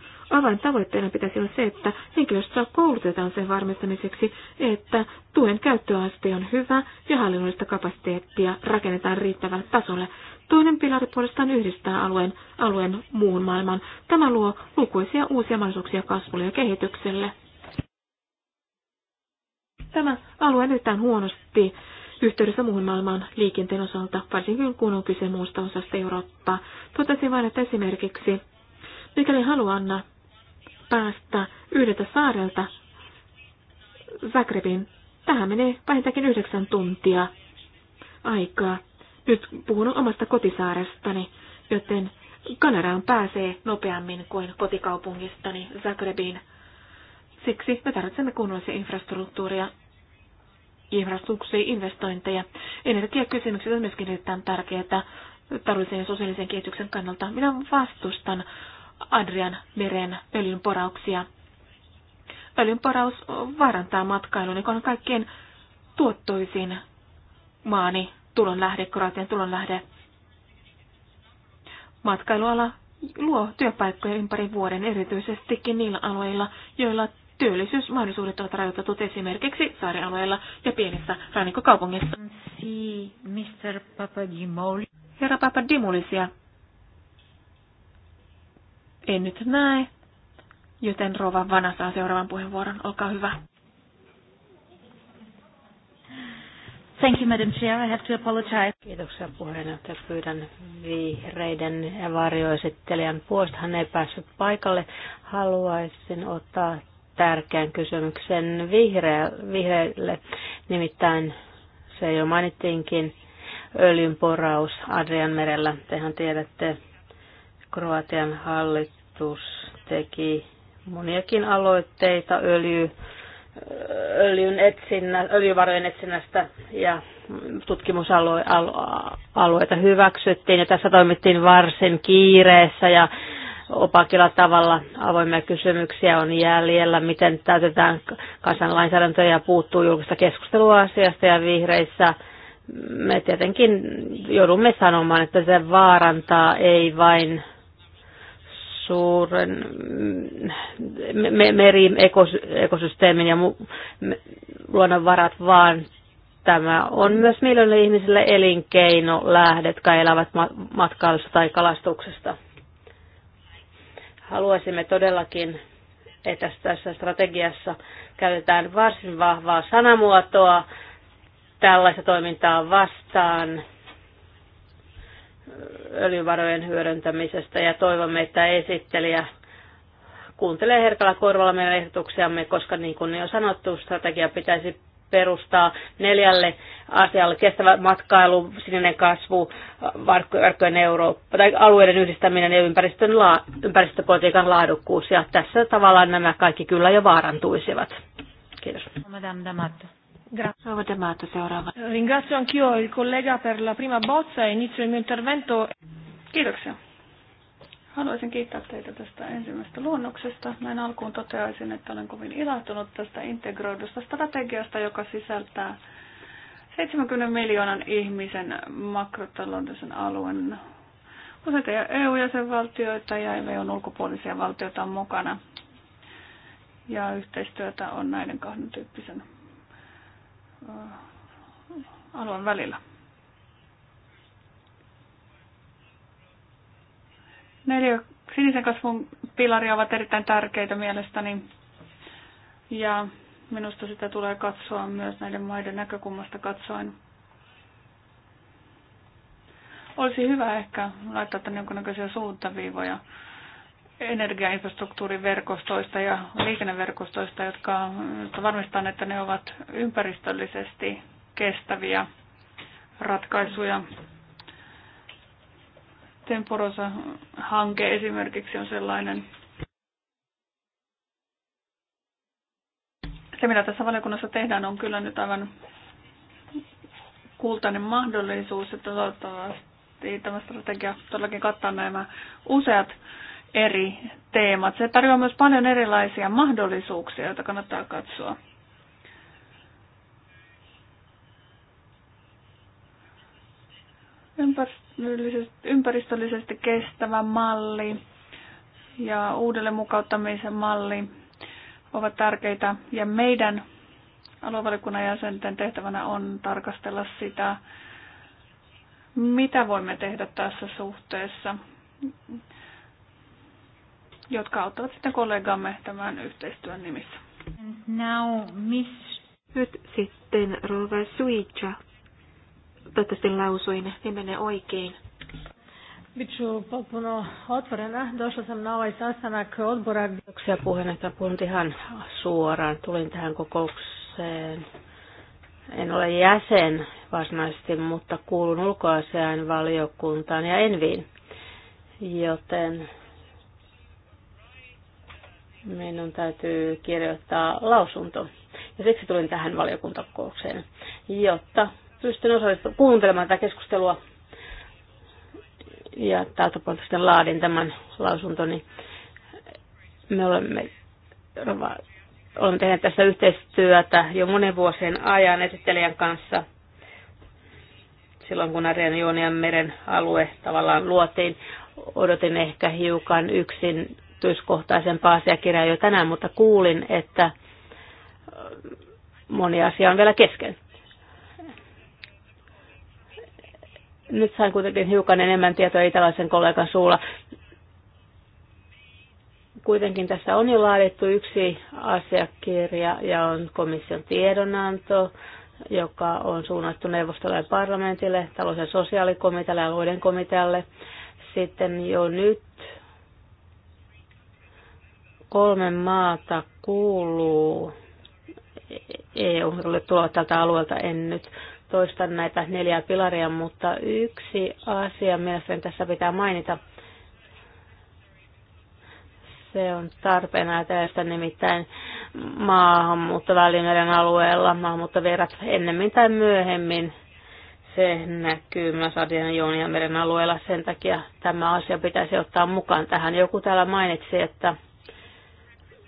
tavoitteena pitäisi olla se, että henkilöstöä koulutetaan sen varmistamiseksi, että tuen käyttöaste on hyvä ja hallinnollista kapasiteettia rakennetaan riittävälle tasolle. Toinen pilari puolestaan yhdistää alueen, alueen muun maailman. Tämä luo lukuisia uusia mahdollisuuksia kasvulle ja kehitykselle. Tämä alue on yhtään huonosti yhteydessä muuhun maailmaan liikenteen osalta, varsinkin kun on kyse muusta osasta Eurooppaa. Totesin vain, että esimerkiksi Mikäli haluan päästä yhdeltä saarelta Zagrebin, tähän menee vähintäänkin yhdeksän tuntia aikaa. Nyt puhun omasta kotisaarestani, joten Kanadaan pääsee nopeammin kuin kotikaupungistani Zagrebiin. Siksi me tarvitsemme kunnollisia infrastruktuuria, infrastruktuuria investointeja. Energiakysymykset on myöskin erittäin tärkeitä tarvitsemme sosiaalisen kehityksen kannalta. Minä vastustan Adrian meren öljynporauksia. Öljynporaus vaarantaa matkailun, joka on kaikkein tuottoisin maani tulonlähde, Kroatian tulonlähde. Matkailuala luo työpaikkoja ympäri vuoden, erityisestikin niillä alueilla, joilla työllisyysmahdollisuudet ovat rajoitetut esimerkiksi saarialueilla ja pienissä rannikkokaupungeissa. Herra Papadimolisia en nyt näe, joten Rova Vana saa seuraavan puheenvuoron. Olkaa hyvä. Thank you, Madam Chair. I have to apologize. Kiitoksia puheenjohtaja. Pyydän vihreiden varjoesittelijän puolesta. Hän ei päässyt paikalle. Haluaisin ottaa tärkeän kysymyksen vihreille. Nimittäin se jo mainittiinkin öljynporaus Adrian merellä. Tehän tiedätte, Kroatian hallitus teki moniakin aloitteita öljy, öljyn etsinnä, öljyvarojen etsinnästä ja tutkimusalueita hyväksyttiin ja tässä toimittiin varsin kiireessä ja opakilla tavalla avoimia kysymyksiä on jäljellä, miten täytetään kansanlainsäädäntöä ja puuttuu julkista keskustelua asiasta ja vihreissä me tietenkin joudumme sanomaan, että se vaarantaa ei vain suuren meri ekosysteemin ja luonnonvarat, vaan tämä on myös miljoonille ihmisille elinkeino lähde, jotka elävät matkailusta tai kalastuksesta. Haluaisimme todellakin, että tässä strategiassa käytetään varsin vahvaa sanamuotoa tällaista toimintaa vastaan – öljyvarojen hyödyntämisestä ja toivomme, että esittelijä kuuntelee herkällä korvalla meidän ehdotuksiamme, koska niin kuin jo sanottu, strategia pitäisi perustaa neljälle asialle kestävä matkailu, sininen kasvu, verkkojen Eurooppa tai alueiden yhdistäminen ja ympäristön la, ympäristöpolitiikan laadukkuus. Ja tässä tavallaan nämä kaikki kyllä jo vaarantuisivat. Kiitos. Madame Ringrazio anch'io il collega per la prima bozza e inizio il mio intervento. Kiitoksia. Haluaisin kiittää teitä tästä ensimmäisestä luonnoksesta. Näin alkuun toteaisin, että olen kovin ilahtunut tästä integroidusta strategiasta, joka sisältää 70 miljoonan ihmisen makrotaloudellisen alueen useita EU-jäsenvaltioita ja EUn ulkopuolisia valtioita on mukana. Ja yhteistyötä on näiden kahden tyyppisen Äh, alueen välillä. Neljä sinisen kasvun pilaria ovat erittäin tärkeitä mielestäni. Ja minusta sitä tulee katsoa myös näiden maiden näkökulmasta katsoen. Olisi hyvä ehkä laittaa tänne jonkunnäköisiä suuntaviivoja energiainfrastruktuuriverkostoista ja liikenneverkostoista, jotka varmistavat, että ne ovat ympäristöllisesti kestäviä ratkaisuja. Temporosa-hanke esimerkiksi on sellainen. Se, mitä tässä valiokunnassa tehdään, on kyllä nyt aivan kultainen mahdollisuus, että toivottavasti tämä strategia todellakin kattaa nämä useat eri teemat. Se tarjoaa myös paljon erilaisia mahdollisuuksia, joita kannattaa katsoa. Ympäristöllisesti kestävä malli ja uudelleenmukauttamisen mukauttamisen malli ovat tärkeitä ja meidän aluevalikunnan jäsenten tehtävänä on tarkastella sitä, mitä voimme tehdä tässä suhteessa jotka auttavat sitten kollegamme tämän yhteistyön nimissä. And now miss... Nyt sitten Rova Suicha. Toivottavasti lausuin nimenne oikein. Bit ću potpuno otvorena. Došla sam na ovaj sastanak odbora. Kiitoksia puheenjohtaja. Puhun ihan suoraan. Tulin tähän kokoukseen. En ole jäsen varsinaisesti, mutta kuulun ulkoasiain valiokuntaan ja Enviin. Joten meidän täytyy kirjoittaa lausunto. Ja siksi tulin tähän valiokuntakokoukseen, jotta pystyn osallistumaan kuuntelemaan tätä keskustelua. Ja täältä puolta sitten laadin tämän lausuntoni. Me olemme olemme tehnyt tässä yhteistyötä jo monen vuosien ajan esittelijän kanssa. Silloin kun Arjan Joonian meren alue tavallaan luotiin, odotin ehkä hiukan yksin yksityiskohtaisempaa asiakirjaa jo tänään, mutta kuulin, että moni asia on vielä kesken. Nyt sain kuitenkin hiukan enemmän tietoa italaisen kollegan suulla. Kuitenkin tässä on jo laadittu yksi asiakirja ja on komission tiedonanto, joka on suunnattu neuvostolle ja parlamentille, talous- ja sosiaalikomitealle ja alueiden komitealle. Sitten jo nyt kolme maata kuuluu EU, tulevat tältä alueelta. En nyt toista näitä neljää pilaria, mutta yksi asia mielestäni tässä pitää mainita. Se on tarpeen ajatella nimittäin maahanmuutto Välimeren alueella, maahanmuuttovirrat ennemmin tai myöhemmin. Se näkyy myös Adrian meren alueella, sen takia tämä asia pitäisi ottaa mukaan tähän. Joku täällä mainitsi, että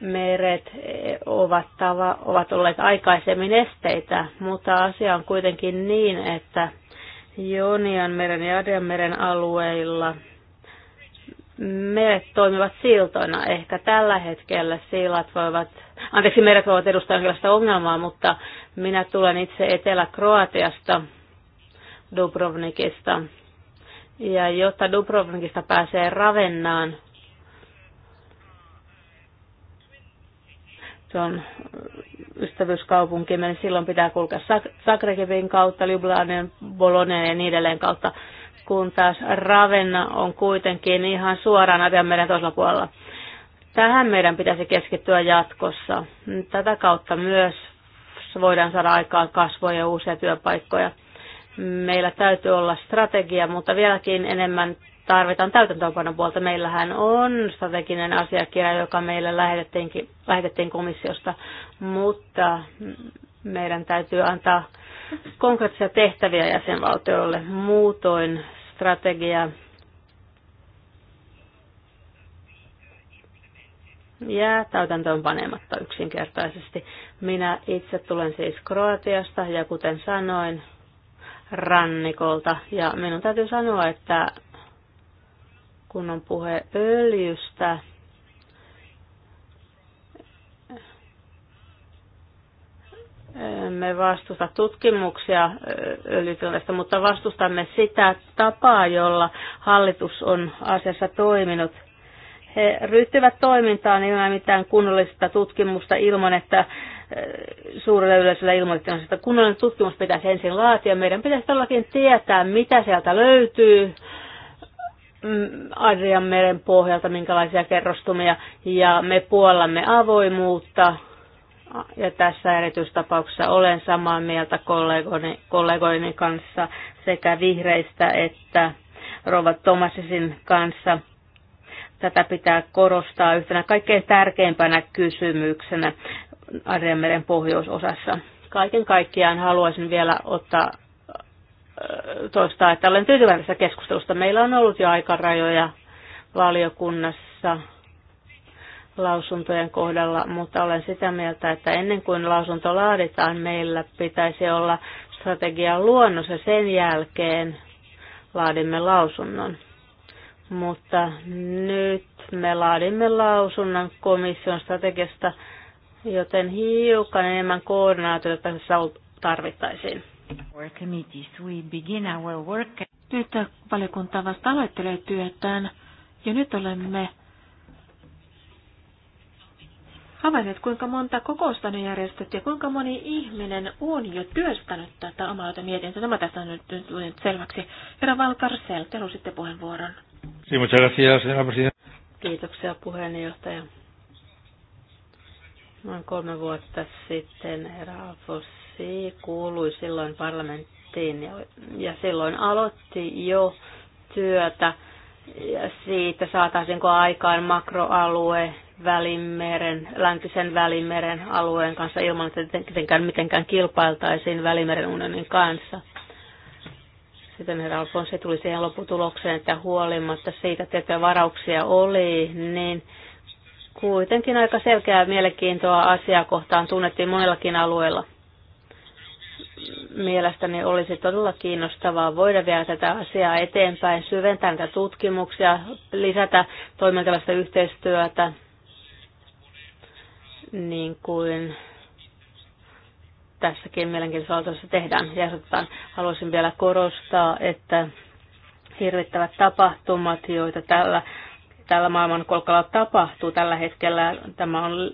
meret eh, ovat, tava, ovat olleet aikaisemmin esteitä, mutta asia on kuitenkin niin, että Jonianmeren ja meren alueilla meret toimivat siltoina. Ehkä tällä hetkellä sillat voivat, anteeksi meret voivat edustaa jonkinlaista ongelmaa, mutta minä tulen itse Etelä-Kroatiasta, Dubrovnikista. Ja jotta Dubrovnikista pääsee Ravennaan, se on ystävyyskaupunkimme, niin silloin pitää kulkea Zagrebin kautta, Ljubljanin, Bolonen ja niin edelleen kautta, kun taas Ravenna on kuitenkin ihan suoraan Adrianmeren toisella puolella. Tähän meidän pitäisi keskittyä jatkossa. Tätä kautta myös voidaan saada aikaan kasvoja ja uusia työpaikkoja. Meillä täytyy olla strategia, mutta vieläkin enemmän tarvitaan täytäntöönpanon puolta. Meillähän on strateginen asiakirja, joka meille lähetettiinkin, lähetettiin komissiosta, mutta meidän täytyy antaa konkreettisia tehtäviä jäsenvaltioille. Muutoin strategia jää täytäntöönpanematta yksinkertaisesti. Minä itse tulen siis Kroatiasta ja kuten sanoin, rannikolta. Ja minun täytyy sanoa, että kun on puhe öljystä, me vastusta tutkimuksia öljytilanteesta, mutta vastustamme sitä tapaa, jolla hallitus on asiassa toiminut. He ryhtyvät toimintaan ilman mitään kunnollista tutkimusta ilman, että eh, suurelle yleisölle ilmoitettiin, että kunnollinen tutkimus pitäisi ensin laatia. Meidän pitäisi todellakin tietää, mitä sieltä löytyy, Mm, Adrian meren pohjalta, minkälaisia kerrostumia, ja me puollamme avoimuutta, ja tässä erityistapauksessa olen samaa mieltä kollegoni, kollegoini kanssa sekä vihreistä että Rova Tomasisin kanssa. Tätä pitää korostaa yhtenä kaikkein tärkeimpänä kysymyksenä meren pohjoisosassa. Kaiken kaikkiaan haluaisin vielä ottaa toistaa, että olen tyytyväinen tästä keskustelusta. Meillä on ollut jo aikarajoja valiokunnassa lausuntojen kohdalla, mutta olen sitä mieltä, että ennen kuin lausunto laaditaan, meillä pitäisi olla strategian luonnos ja sen jälkeen laadimme lausunnon. Mutta nyt me laadimme lausunnon komission strategiasta, joten hiukan enemmän koordinaatiota tässä tarvittaisiin. Nyt valiokunta vasta aloittelee työtään ja nyt olemme havainneet, kuinka monta kokousta on järjestetty ja kuinka moni ihminen on jo työstänyt tätä omaa mietintöä. Tämä tässä on nyt, nyt, selväksi. Herra Valkarsel, te lusitte puheenvuoron. Kiitoksia puheenjohtaja. Noin kolme vuotta sitten herra Alfos se kuului silloin parlamenttiin ja, ja silloin aloitti jo työtä ja siitä saataisiinko aikaan makroalue Välimeren, läntisen Välimeren alueen kanssa ilman, että tietenkään mitenkään kilpailtaisiin Välimeren unionin kanssa. Sitten herra Alfonsi tuli siihen lopputulokseen, että huolimatta siitä, että varauksia oli, niin kuitenkin aika selkeää mielenkiintoa asiakohtaan kohtaan tunnettiin monellakin alueella – mielestäni olisi todella kiinnostavaa voida vielä tätä asiaa eteenpäin, syventää näitä tutkimuksia, lisätä toimintavasta yhteistyötä, niin kuin tässäkin mielenkiintoisessa tehdään ja Haluaisin vielä korostaa, että hirvittävät tapahtumat, joita tällä, tällä kolkalla tapahtuu tällä hetkellä, tämä on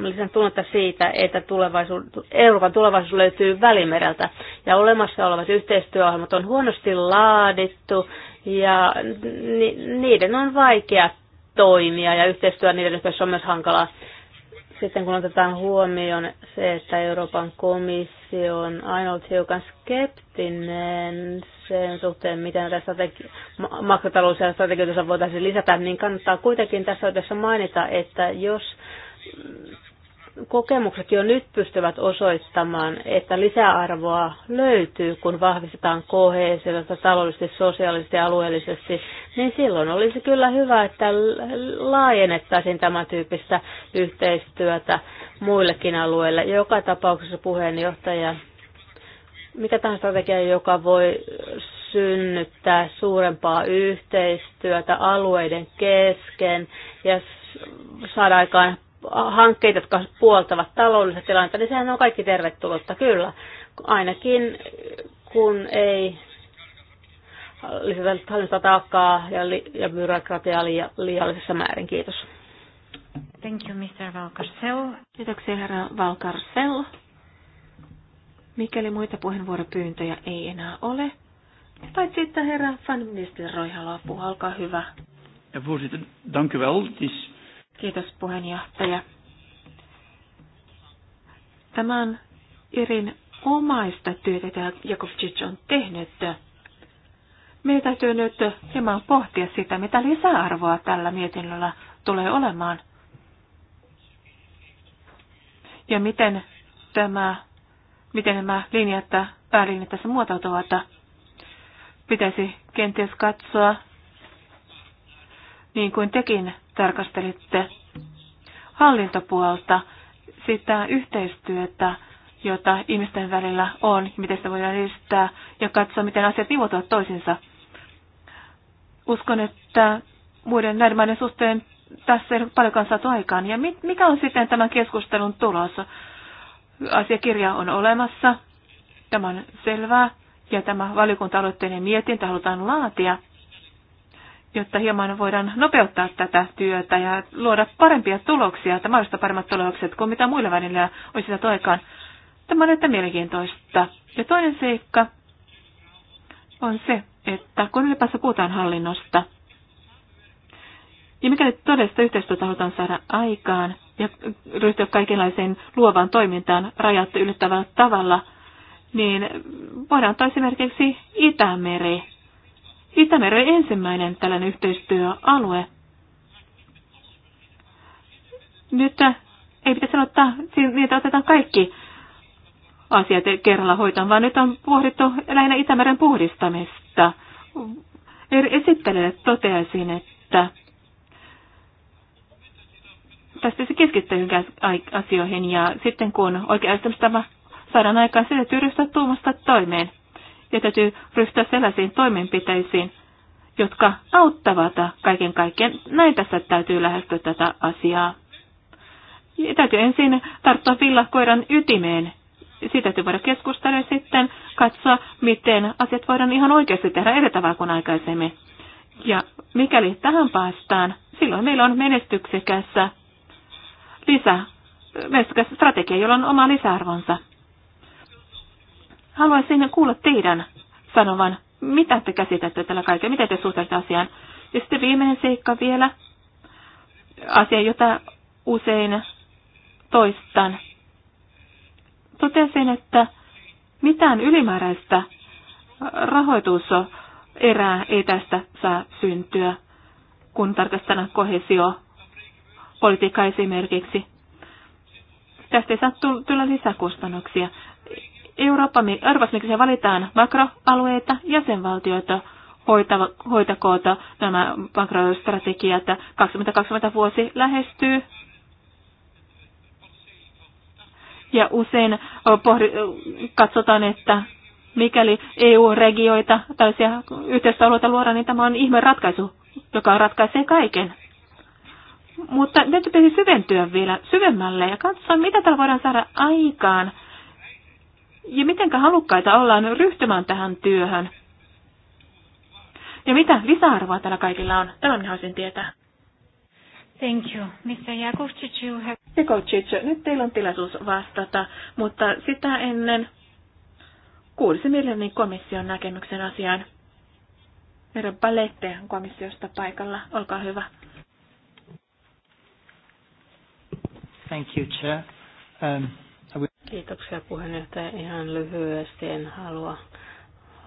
lisän tunnetta siitä, että tulevaisuus, Euroopan tulevaisuus löytyy Välimereltä. Ja olemassa olevat yhteistyöohjelmat on huonosti laadittu ja niiden on vaikea toimia ja yhteistyö niiden yhteydessä on myös hankalaa. Sitten kun otetaan huomioon se, että Euroopan komissio on ainoa hiukan skeptinen sen suhteen, miten näitä strategi- ja strategioita voitaisiin lisätä, niin kannattaa kuitenkin tässä oikeassa mainita, että jos kokemukset jo nyt pystyvät osoittamaan, että lisäarvoa löytyy, kun vahvistetaan koheesiota taloudellisesti, sosiaalisesti ja alueellisesti, niin silloin olisi kyllä hyvä, että laajennettaisiin tämän tyyppistä yhteistyötä muillekin alueille. Joka tapauksessa puheenjohtaja, mikä tahansa strategia, joka voi synnyttää suurempaa yhteistyötä alueiden kesken ja saada aikaan hankkeita, jotka puoltavat taloudellista tilannetta, niin sehän on kaikki tervetullutta, kyllä. Ainakin kun ei lisätä hallinnosta taakkaa ja, li- ja byrokratiaa liia- liiallisessa määrin. Kiitos. Thank you, Mr. Valkarsel. Kiitoksia, herra Valkarsel. Mikäli muita puheenvuoropyyntöjä ei enää ole, paitsi että herra Van Nistelrooy haluaa puhua, olkaa hyvä. Ja voorzitter, dank u wel. Het is Kiitos puheenjohtaja. Tämä on Irin omaista työtä, jota Cic on tehnyt. Meidän täytyy nyt hieman pohtia sitä, mitä lisäarvoa tällä mietinnöllä tulee olemaan. Ja miten, tämä, miten nämä linjat, päälinjat tässä muotoutuvat. Pitäisi kenties katsoa niin kuin tekin tarkastelitte hallintopuolta, sitä yhteistyötä, jota ihmisten välillä on, miten sitä voidaan edistää ja katsoa, miten asiat nivoutuvat toisinsa. Uskon, että muiden näiden maiden suhteen tässä ei ole paljonkaan saatu aikaan. Ja mikä on sitten tämän keskustelun tulos? Asiakirja on olemassa, tämä on selvää, ja tämä valiokunta-aloitteinen mietintä halutaan laatia – jotta hieman voidaan nopeuttaa tätä työtä ja luoda parempia tuloksia, että mahdollista paremmat tulokset kuin mitä muilla välillä olisi saatu aikaan. Tämä on että mielenkiintoista. Ja toinen seikka on se, että kun ylipäänsä puhutaan hallinnosta, ja mikäli todellista yhteistyötä halutaan saada aikaan ja ryhtyä kaikenlaiseen luovaan toimintaan rajat ylittävällä tavalla, niin voidaan ottaa esimerkiksi Itämeri Itämeren ensimmäinen tällainen yhteistyöalue. Nyt äh, ei pitäisi ottaa, niitä otetaan kaikki asiat kerralla hoitaan, vaan nyt on pohdittu lähinnä Itämeren puhdistamista. Er- Esittelijät toteaisin, että tästä se keskittyy asioihin ja sitten kun oikeastaan tämä saadaan aikaan, se täytyy tuomasta toimeen ja täytyy ryhtyä sellaisiin toimenpiteisiin, jotka auttavat kaiken kaikkiaan. Näin tässä täytyy lähestyä tätä asiaa. Ja täytyy ensin tarttua villakoiran ytimeen. Siitä täytyy voida keskustella ja sitten katsoa, miten asiat voidaan ihan oikeasti tehdä eri tavalla kuin aikaisemmin. Ja mikäli tähän päästään, silloin meillä on menestyksekässä lisä, menestykkäs strategia, jolla on oma lisäarvonsa. Haluaisin kuulla teidän sanovan, mitä te käsitätte tällä kaikella, miten te suhtaudutte asiaan. Ja sitten viimeinen seikka vielä, asia, jota usein toistan. Totesin, että mitään ylimääräistä rahoituserää ei tästä saa syntyä, kun tarkastellaan politiikka esimerkiksi. Tästä ei saa tulla lisäkustannuksia. Eurooppa, Euroopassa miksi valitaan makroalueita, jäsenvaltioita hoitava, hoitakoota nämä makrostrategiat. 2020 vuosi lähestyy. Ja usein pohdi, katsotaan, että mikäli EU-regioita, tällaisia yhteistä alueita luodaan, niin tämä on ihme ratkaisu, joka ratkaisee kaiken. Mutta nyt pitäisi syventyä vielä syvemmälle ja katsoa, mitä täällä voidaan saada aikaan – ja mitenkä halukkaita ollaan ryhtymään tähän työhön. Ja mitä lisäarvoa tällä kaikilla on? Tämä minä haluaisin tietää. Thank you. Mr. Jakovcic, you have... Jakovcic, nyt teillä on tilaisuus vastata, mutta sitä ennen kuulisin mielelläni komission näkemyksen asiaan. Herra Balette on komissiosta paikalla. Olkaa hyvä. Thank you, Chair. Um, Kiitoksia puheenjohtaja. Ihan lyhyesti en halua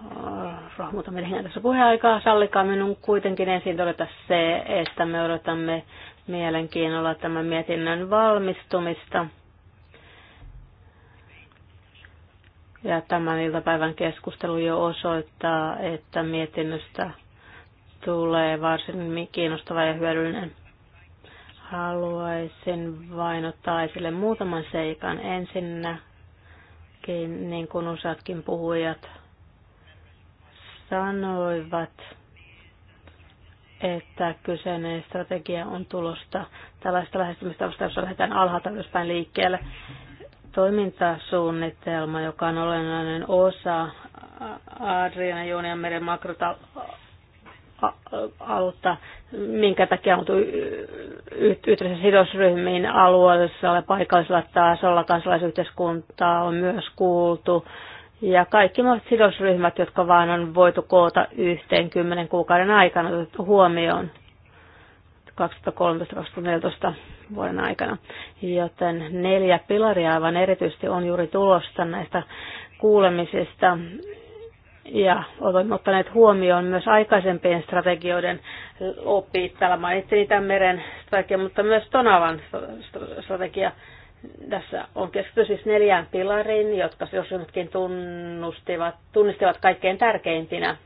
äh, rohmuta meidän tässä puheaikaa. Sallikaa minun kuitenkin ensin todeta se, että me odotamme mielenkiinnolla tämän mietinnön valmistumista. Ja tämän iltapäivän keskustelu jo osoittaa, että mietinnöstä tulee varsin kiinnostava ja hyödyllinen. Haluaisin vain ottaa esille muutaman seikan. Ensinnäkin, niin kuin useatkin puhujat sanoivat, että kyseinen strategia on tulosta tällaista lähestymistavasta, jossa lähdetään alhaalta ylöspäin liikkeelle. Toimintasuunnitelma, joka on olennainen osa Adrian meren makrota alusta, minkä takia on yhteydessä sidosryhmiin alueellisella ja paikallisella tasolla kansalaisyhteiskuntaa on myös kuultu. Ja kaikki mahdolliset sidosryhmät, jotka vaan on voitu koota yhteen kymmenen kuukauden aikana otettu huomioon 2013-2014 vuoden aikana. Joten neljä pilaria aivan erityisesti on juuri tulosta näistä kuulemisista ja olemme ottaneet huomioon myös aikaisempien strategioiden opit. Täällä mainitsin Itämeren strategia, mutta myös Tonavan strategia. Tässä on keskitty siis neljään pilariin, jotka sosiaalitkin tunnustivat, tunnistivat kaikkein tärkeimpinä.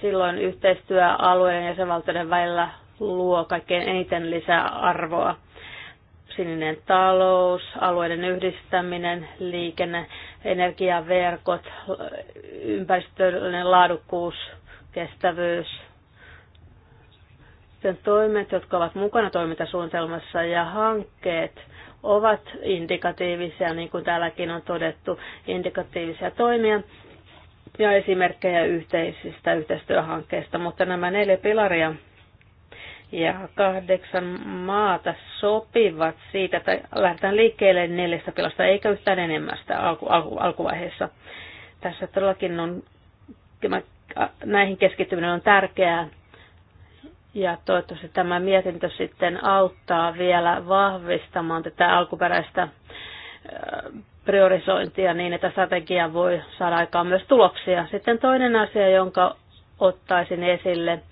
Silloin yhteistyö alueen ja jäsenvaltioiden välillä luo kaikkein eniten lisää arvoa sininen talous, alueiden yhdistäminen, liikenne, energiaverkot, ympäristöllinen laadukkuus, kestävyys, sen toimet, jotka ovat mukana toimintasuunnitelmassa ja hankkeet ovat indikatiivisia, niin kuin täälläkin on todettu, indikatiivisia toimia ja esimerkkejä yhteisistä yhteistyöhankkeista, mutta nämä neljä pilaria ja kahdeksan maata sopivat siitä, että lähdetään liikkeelle neljästä pilasta eikä yhtään enemmästä alku, alku, alkuvaiheessa. Tässä todellakin on, näihin keskittyminen on tärkeää ja toivottavasti tämä mietintö sitten auttaa vielä vahvistamaan tätä alkuperäistä priorisointia niin, että strategia voi saada aikaan myös tuloksia. Sitten toinen asia, jonka ottaisin esille –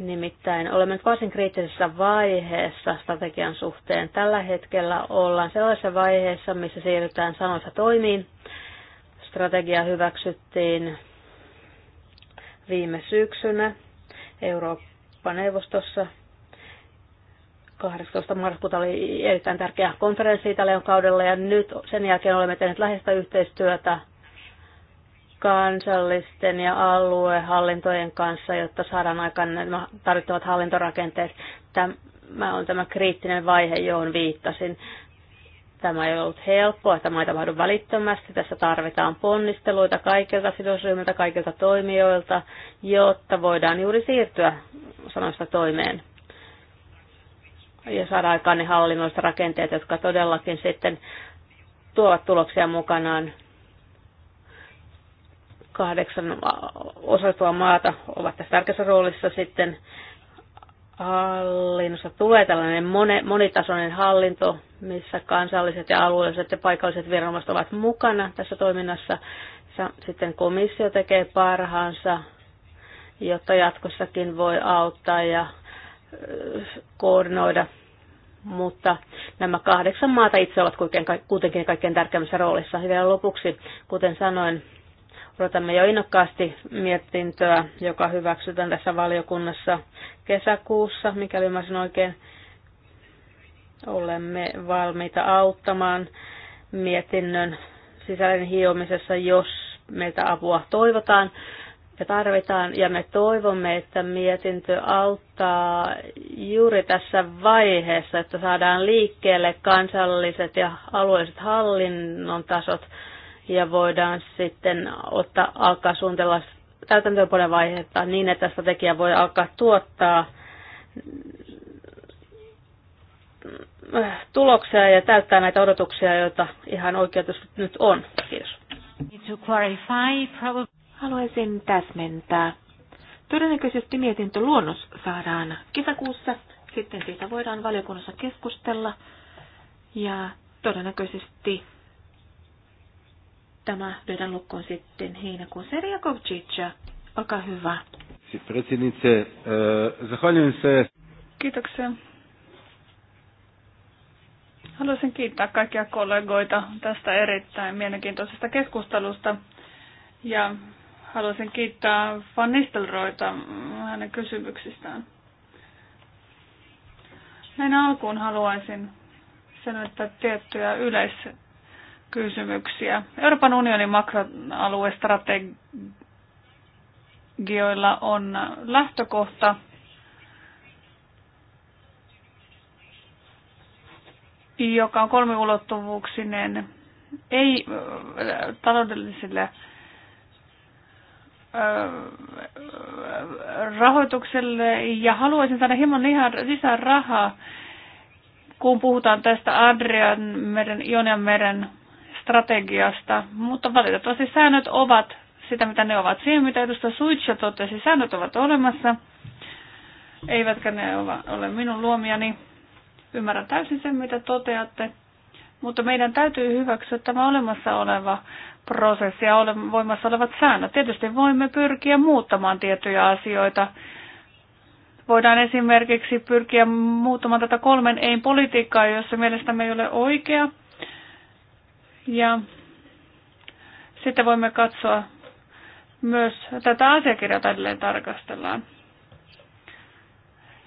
Nimittäin olemme nyt varsin kriittisessä vaiheessa strategian suhteen. Tällä hetkellä ollaan sellaisessa vaiheessa, missä siirrytään sanoista toimiin. Strategia hyväksyttiin viime syksynä Eurooppa-neuvostossa. 18. marraskuuta oli erittäin tärkeä konferenssi Italian kaudella ja nyt sen jälkeen olemme tehneet läheistä yhteistyötä kansallisten ja aluehallintojen kanssa, jotta saadaan aikaan nämä no, tarvittavat hallintorakenteet. Tämä on tämä kriittinen vaihe, johon viittasin. Tämä ei ollut helppoa, että maita tapahdu välittömästi. Tässä tarvitaan ponnisteluita kaikilta sidosryhmiltä, kaikilta toimijoilta, jotta voidaan juuri siirtyä sanoista toimeen ja saada aikaan ne hallinnolliset rakenteet, jotka todellakin sitten tuovat tuloksia mukanaan kahdeksan osallistuvaa maata ovat tässä tärkeässä roolissa sitten hallinnossa tulee tällainen monitasoinen hallinto, missä kansalliset ja alueelliset ja paikalliset viranomaiset ovat mukana tässä toiminnassa. Sitten komissio tekee parhaansa, jotta jatkossakin voi auttaa ja koordinoida. Mutta nämä kahdeksan maata itse ovat kuitenkin kaikkein tärkeimmässä roolissa. Ja vielä lopuksi, kuten sanoin, odotamme jo innokkaasti mietintöä, joka hyväksytään tässä valiokunnassa kesäkuussa, mikäli sen oikein. Olemme valmiita auttamaan mietinnön sisällön hiomisessa, jos meitä apua toivotaan ja tarvitaan. Ja me toivomme, että mietintö auttaa juuri tässä vaiheessa, että saadaan liikkeelle kansalliset ja alueelliset hallinnon tasot – ja voidaan sitten ottaa, alkaa suunnitella täytäntöönpanon vaihetta niin, että strategia voi alkaa tuottaa tuloksia ja täyttää näitä odotuksia, joita ihan oikeutus nyt on. Kiitos. Haluaisin täsmentää. Todennäköisesti mietintöluonnos saadaan kesäkuussa. Sitten siitä voidaan valiokunnassa keskustella ja todennäköisesti tämä lyödään lukkoon sitten heinäkuun. Eli Jakovčića, olkaa hyvä. E, se. Kiitoksia. Haluaisin kiittää kaikkia kollegoita tästä erittäin mielenkiintoisesta keskustelusta. Ja haluaisin kiittää Van Nistelroita hänen kysymyksistään. Näin alkuun haluaisin sanoa tiettyjä yleis- kysymyksiä. Euroopan unionin makroaluestrategioilla on lähtökohta joka on kolmiulottuvuuksinen, ei taloudellisille rahoitukselle ja haluaisin saada hieman lisää rahaa, kun puhutaan tästä Adrian meren, Ionian meren strategiasta, mutta valitettavasti säännöt ovat sitä, mitä ne ovat. Siihen, mitä edustaja Suitsa totesi, säännöt ovat olemassa, eivätkä ne ole minun luomiani. Ymmärrän täysin sen, mitä toteatte, mutta meidän täytyy hyväksyä tämä olemassa oleva prosessi ja ole, voimassa olevat säännöt. Tietysti voimme pyrkiä muuttamaan tiettyjä asioita. Voidaan esimerkiksi pyrkiä muuttamaan tätä kolmen ei-politiikkaa, jossa mielestämme ei ole oikea – ja sitten voimme katsoa myös tätä asiakirjaa tälleen tarkastellaan.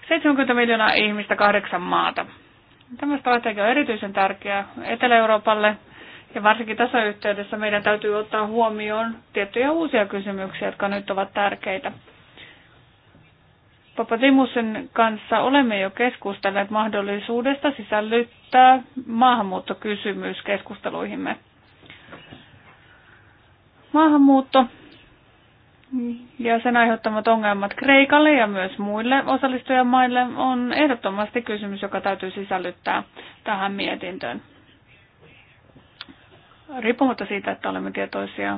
70 miljoonaa ihmistä, kahdeksan maata. Tämä strategia on erityisen tärkeä Etelä-Euroopalle ja varsinkin tässä yhteydessä meidän täytyy ottaa huomioon tiettyjä uusia kysymyksiä, jotka nyt ovat tärkeitä. Papadimusen kanssa olemme jo keskustelleet mahdollisuudesta sisällyttää maahanmuuttokysymys keskusteluihimme. Maahanmuutto ja sen aiheuttamat ongelmat Kreikalle ja myös muille osallistujamaille on ehdottomasti kysymys, joka täytyy sisällyttää tähän mietintöön. Riippumatta siitä, että olemme tietoisia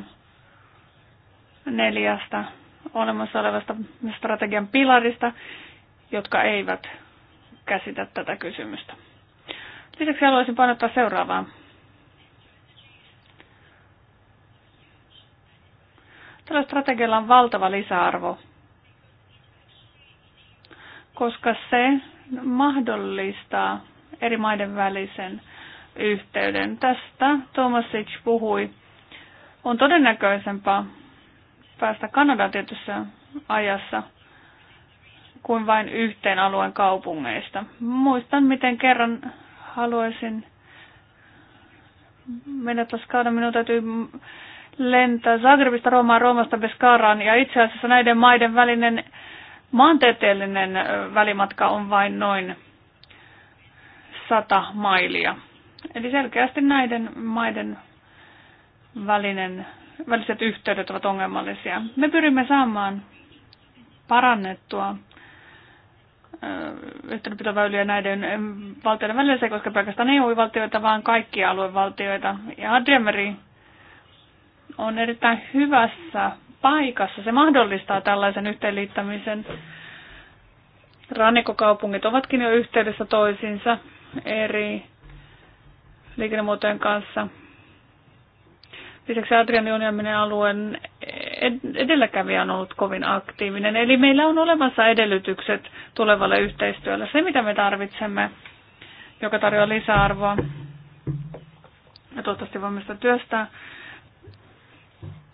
neljästä olemassa olevasta strategian pilarista, jotka eivät käsitä tätä kysymystä. Lisäksi haluaisin painottaa seuraavaa. Tällä strategialla on valtava lisäarvo, koska se mahdollistaa eri maiden välisen yhteyden. Tästä Tomasic puhui. On todennäköisempää, päästä Kanadaan tietyssä ajassa kuin vain yhteen alueen kaupungeista. Muistan, miten kerran haluaisin mennä kauden. Minun täytyy lentää Zagrebista Roomaan, Roomasta Beskaraan. Ja itse asiassa näiden maiden välinen maantieteellinen välimatka on vain noin 100 mailia. Eli selkeästi näiden maiden välinen väliset yhteydet ovat ongelmallisia. Me pyrimme saamaan parannettua yhteydenpitoväyliä näiden valtioiden välillä. Se ei koske pelkästään EU-valtioita, vaan kaikkia aluevaltioita. Ja Adriameri on erittäin hyvässä paikassa. Se mahdollistaa tällaisen yhteenliittämisen. Rannikkokaupungit ovatkin jo yhteydessä toisiinsa eri liikennemuotojen kanssa. Lisäksi Adrian Unionin alueen edelläkävijä on ollut kovin aktiivinen. Eli meillä on olemassa edellytykset tulevalle yhteistyölle. Se, mitä me tarvitsemme, joka tarjoaa lisäarvoa, ja toivottavasti voimme sitä työstää,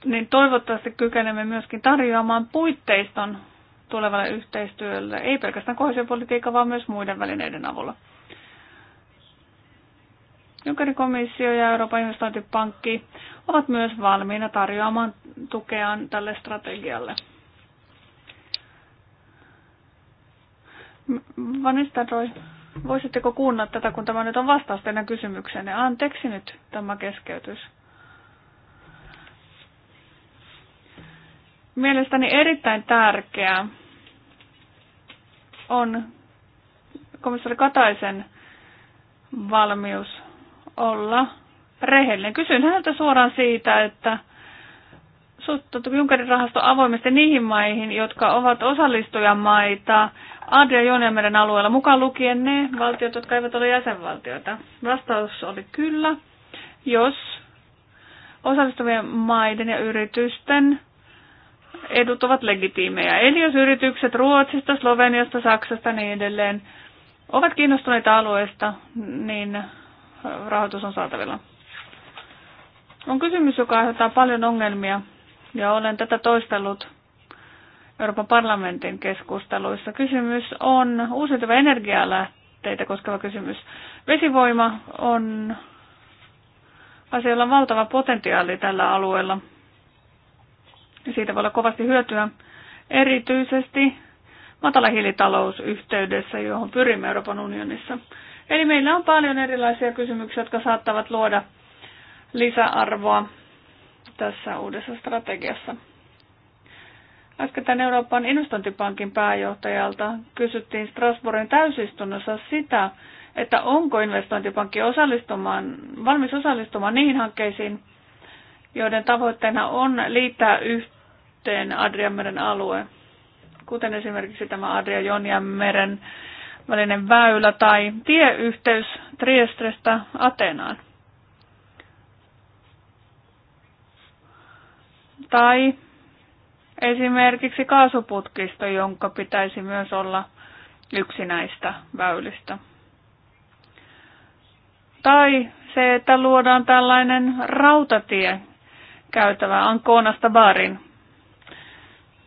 niin toivottavasti kykenemme myöskin tarjoamaan puitteiston tulevalle yhteistyölle, ei pelkästään kohdallisen vaan myös muiden välineiden avulla. Junckerin komissio ja Euroopan investointipankki ovat myös valmiina tarjoamaan tukeaan tälle strategialle. Roy, voisitteko kuunnella tätä, kun tämä nyt on vastaus teidän kysymykseenne? Anteeksi nyt tämä keskeytys. Mielestäni erittäin tärkeää on komissaari Kataisen valmius olla rehellinen. Kysyn häneltä suoraan siitä, että suhtautu Junckerin rahasto avoimesti niihin maihin, jotka ovat osallistujamaita Adria Jonemeren alueella, mukaan lukien ne valtiot, jotka eivät ole jäsenvaltioita? Vastaus oli kyllä, jos osallistuvien maiden ja yritysten edut ovat legitiimejä. Eli jos yritykset Ruotsista, Sloveniasta, Saksasta ja niin edelleen ovat kiinnostuneita alueesta, niin rahoitus on saatavilla. On kysymys, joka aiheuttaa paljon ongelmia, ja olen tätä toistellut Euroopan parlamentin keskusteluissa. Kysymys on uusiutuva energialähteitä koskeva kysymys. Vesivoima on asialla on valtava potentiaali tällä alueella. Siitä voi olla kovasti hyötyä, erityisesti matalahilitalousyhteydessä, johon pyrimme Euroopan unionissa. Eli meillä on paljon erilaisia kysymyksiä, jotka saattavat luoda lisäarvoa tässä uudessa strategiassa. Äsken Euroopan investointipankin pääjohtajalta kysyttiin Strasbourgin täysistunnossa sitä, että onko investointipankki osallistumaan, valmis osallistumaan niihin hankkeisiin, joiden tavoitteena on liittää yhteen Adrianmeren alue, kuten esimerkiksi tämä Adria-Jonjanmeren välinen väylä tai tieyhteys Triestestä Atenaan. Tai esimerkiksi kaasuputkisto, jonka pitäisi myös olla yksi näistä väylistä. Tai se, että luodaan tällainen rautatie käytävä Ankoonasta baarin.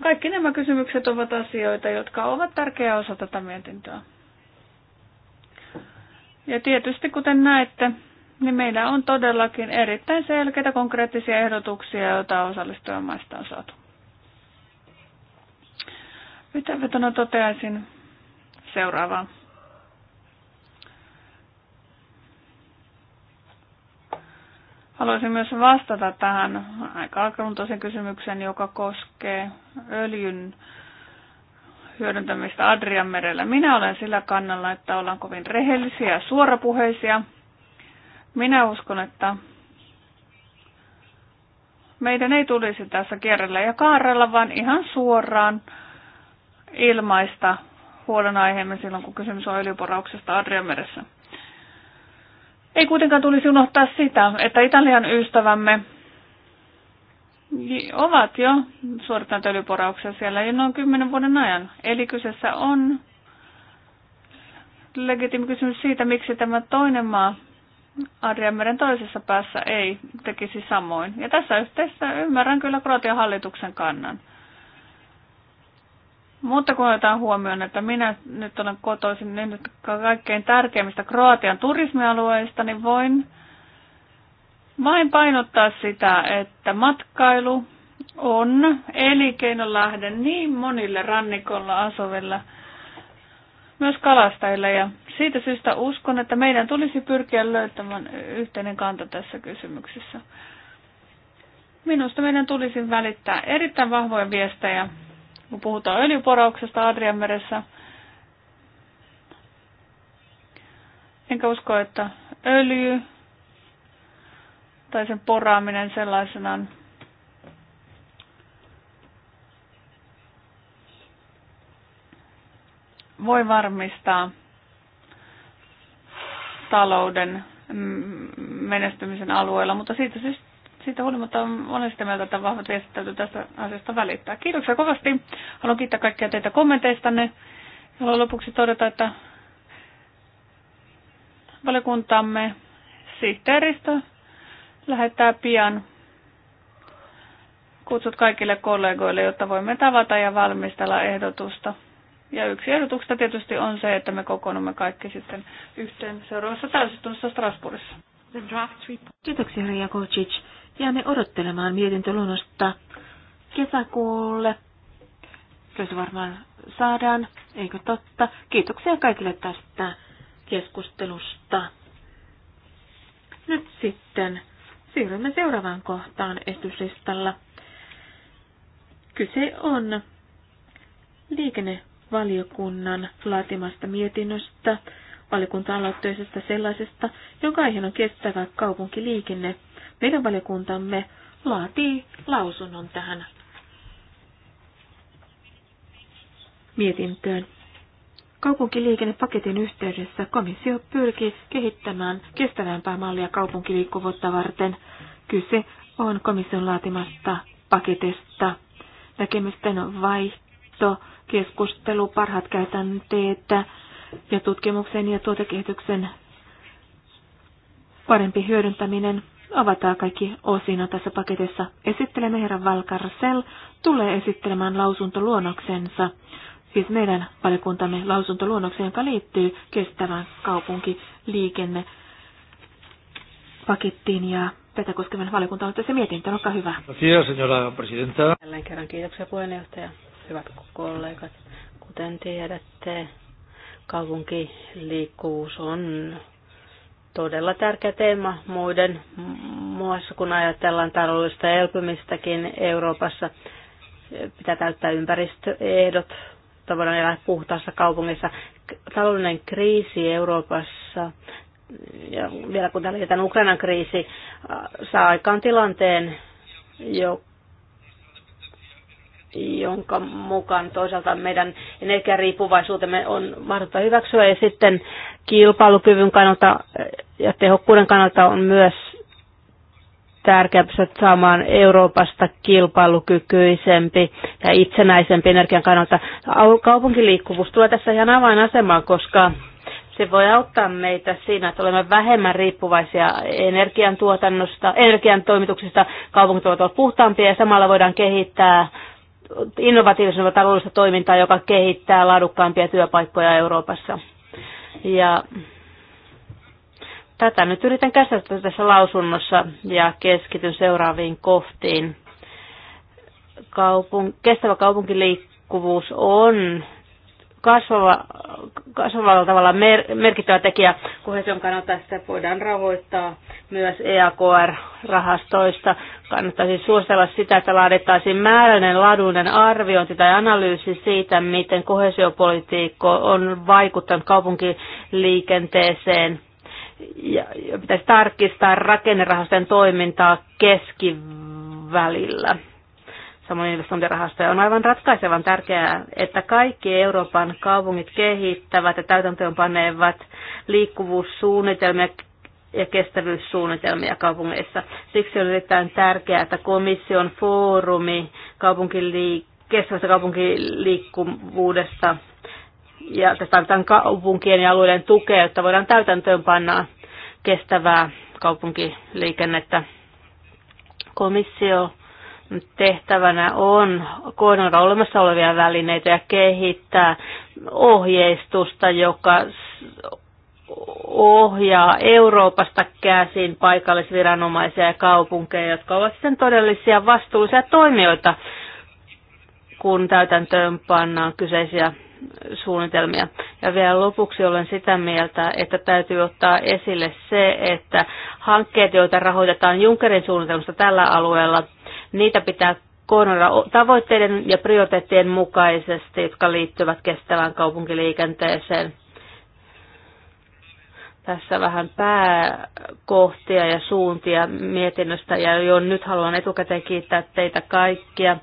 Kaikki nämä kysymykset ovat asioita, jotka ovat tärkeä osa tätä mietintöä. Ja tietysti kuten näette, niin meillä on todellakin erittäin selkeitä konkreettisia ehdotuksia, joita osallistujamaista on saatu. Yhteenvetona toteaisin seuraavaa. Haluaisin myös vastata tähän aika alkanut tosi kysymykseen, joka koskee öljyn hyödyntämistä Adrian merellä. Minä olen sillä kannalla, että ollaan kovin rehellisiä ja suorapuheisia. Minä uskon, että meidän ei tulisi tässä kierrellä ja kaarella, vaan ihan suoraan ilmaista huolenaiheemme silloin, kun kysymys on öljyporauksesta meressä. Ei kuitenkaan tulisi unohtaa sitä, että Italian ystävämme ovat jo suorittaneet öljyporauksia siellä jo noin kymmenen vuoden ajan. Eli kyseessä on legitiimi kysymys siitä, miksi tämä toinen maa Adrianmeren toisessa päässä ei tekisi samoin. Ja tässä yhteydessä ymmärrän kyllä Kroatian hallituksen kannan. Mutta kun otetaan huomioon, että minä nyt olen kotoisin niin nyt kaikkein tärkeimmistä Kroatian turismialueista, niin voin vain painottaa sitä, että matkailu on elinkeinolähde niin monille rannikolla asuvilla, myös kalastajille. Ja siitä syystä uskon, että meidän tulisi pyrkiä löytämään yhteinen kanta tässä kysymyksessä. Minusta meidän tulisi välittää erittäin vahvoja viestejä, kun puhutaan öljyporauksesta Adrianmeressä. Enkä usko, että öljy tai sen poraaminen sellaisenaan. voi varmistaa talouden menestymisen alueella, mutta siitä, siis, siitä huolimatta olen sitä mieltä, että vahvat viestit täytyy tästä asiasta välittää. Kiitoksia kovasti. Haluan kiittää kaikkia teitä kommenteistanne. Haluan lopuksi todeta, että valiokuntamme sihteeristö lähettää pian kutsut kaikille kollegoille, jotta voimme tavata ja valmistella ehdotusta. Ja yksi ehdotuksesta tietysti on se, että me kokoonnumme kaikki sitten yhteen seuraavassa täysistunnossa Strasbourgissa. Kiitoksia, Raja Kocic. Jäämme odottelemaan mietintöluonnosta kesäkuulle. Kyllä se varmaan saadaan, eikö totta? Kiitoksia kaikille tästä keskustelusta. Nyt sitten Siirrymme seuraavaan kohtaan esityslistalla. Kyse on liikennevaliokunnan laatimasta mietinnöstä, valikunta aloitteisesta sellaisesta, jonka aiheena on kestävä kaupunkiliikenne. Meidän valiokuntamme laatii lausunnon tähän mietintöön. Kaupunkiliikennepaketin yhteydessä komissio pyrkii kehittämään kestävämpää mallia kaupunkiliikkuvuutta varten. Kyse on komission laatimasta paketista. Näkemysten vaihto, keskustelu, parhaat käytänteet ja tutkimuksen ja tuotekehityksen parempi hyödyntäminen avataan kaikki osina tässä paketissa. Esittelemme herra Valkarsel tulee esittelemään lausuntoluonnoksensa siis meidän valiokuntamme lausuntoluonnokseen, joka liittyy kestävän kaupunkiliikenne pakettiin ja tätä koskevan valiokunta on tässä mietintö. Olkaa hyvä. Kiitos, señora presidenta. Jälleen kerran kiitoksia puheenjohtaja. Hyvät kollegat, kuten tiedätte, kaupunkiliikkuvuus on todella tärkeä teema muiden muassa, kun ajatellaan taloudellista elpymistäkin Euroopassa. Pitää täyttää ympäristöehdot, tavallaan elää puhtaassa kaupungissa. Taloudellinen kriisi Euroopassa ja vielä kun täällä tämän Ukrainan kriisi äh, saa aikaan tilanteen, jo, jonka mukaan toisaalta meidän energiariippuvaisuutemme on mahdollista hyväksyä ja sitten kilpailukyvyn kannalta äh, ja tehokkuuden kannalta on myös tärkeää pystyä saamaan Euroopasta kilpailukykyisempi ja itsenäisempi energian kannalta. Kaupunkiliikkuvuus tulee tässä ihan avainasemaan, koska se voi auttaa meitä siinä, että olemme vähemmän riippuvaisia energiantuotannosta, energiantoimituksista, kaupungit voivat olla puhtaampia ja samalla voidaan kehittää innovatiivisempaa taloudellista toimintaa, joka kehittää laadukkaampia työpaikkoja Euroopassa. Ja Tätä nyt yritän käsitellä tässä lausunnossa ja keskityn seuraaviin kohtiin. Kaupun, kestävä kaupunkiliikkuvuus on kasvava, kasvavalla tavalla mer, merkittävä tekijä kohesion kannalta. Sitä voidaan rahoittaa myös EAKR-rahastoista. Kannattaisi suositella sitä, että laadittaisiin määräinen laadullinen arviointi tai analyysi siitä, miten kohesiopolitiikko on vaikuttanut kaupunkiliikenteeseen – ja, ja pitäisi tarkistaa rakennerahastojen toimintaa keskivälillä. Samoin investointirahastoja on aivan ratkaisevan tärkeää, että kaikki Euroopan kaupungit kehittävät ja täytäntöönpanevat liikkuvuussuunnitelmia ja kestävyyssuunnitelmia kaupungeissa. Siksi on erittäin tärkeää, että komission foorumi kaupunkiliik- kestävästä kaupunkiliikkuvuudesta ja tarvitaan kaupunkien ja alueiden tukea, jotta voidaan täytäntöönpannaa kestävää kaupunkiliikennettä. Komissio tehtävänä on koordinoida olemassa olevia välineitä ja kehittää ohjeistusta, joka ohjaa Euroopasta käsin paikallisviranomaisia ja kaupunkeja, jotka ovat sitten todellisia vastuullisia toimijoita, kun täytäntöön pannaan kyseisiä suunnitelmia. Ja vielä lopuksi olen sitä mieltä, että täytyy ottaa esille se, että hankkeet, joita rahoitetaan Junckerin suunnitelmasta tällä alueella, niitä pitää koordinoida tavoitteiden ja prioriteettien mukaisesti, jotka liittyvät kestävään kaupunkiliikenteeseen. Tässä vähän pääkohtia ja suuntia mietinnöstä ja jo nyt haluan etukäteen kiittää teitä kaikkia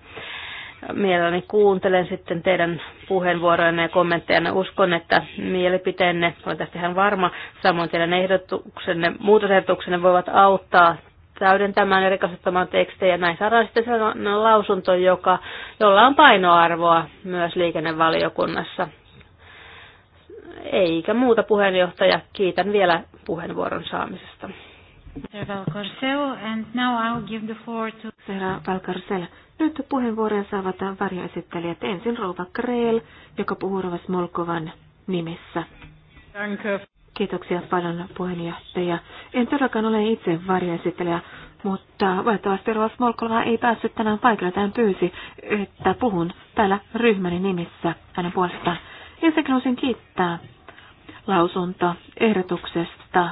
Mielelläni kuuntelen sitten teidän puheenvuorojenne ja kommenttejanne. Uskon, että mielipiteenne, olen tästä ihan varma, samoin teidän ehdotuksenne, muutosehdotuksenne voivat auttaa täydentämään ja rikastuttamaan tekstejä. Näin saadaan sitten sellainen lausunto, joka, jolla on painoarvoa myös liikennevaliokunnassa. Eikä muuta puheenjohtaja. Kiitän vielä puheenvuoron saamisesta. Herra Valkarsel, nyt puheenvuoroja saavat varjoesittelijät. Ensin Rouva Kreel, joka puhuu Rouva Smolkovan nimissä. Kiitoksia paljon puheenjohtaja. En todellakaan ole itse varjoesittelijä, mutta valitettavasti Rouva Smolkova ei päässyt tänään paikalle. Hän pyysi, että puhun täällä ryhmäni nimissä hänen puolestaan. Ensinnäkin haluaisin kiittää lausuntoehdotuksesta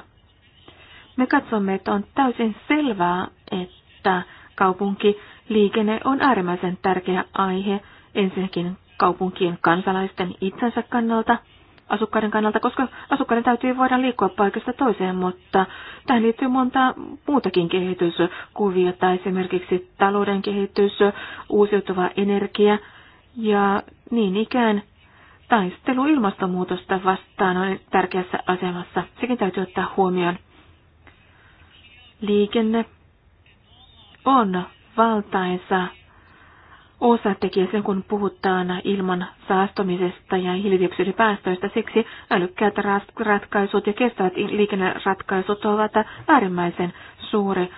me katsomme, että on täysin selvää, että kaupunkiliikenne on äärimmäisen tärkeä aihe ensinnäkin kaupunkien kansalaisten itsensä kannalta, asukkaiden kannalta, koska asukkaiden täytyy voida liikkua paikasta toiseen, mutta tähän liittyy monta muutakin kehityskuvia, tai esimerkiksi talouden kehitys, uusiutuva energia ja niin ikään taistelu ilmastonmuutosta vastaan on tärkeässä asemassa. Sekin täytyy ottaa huomioon liikenne on valtaisa osatekijä sen, kun puhutaan ilman saastumisesta ja hiilidioksidipäästöistä. Siksi älykkäät ratkaisut ja kestävät liikenneratkaisut ovat äärimmäisen suuri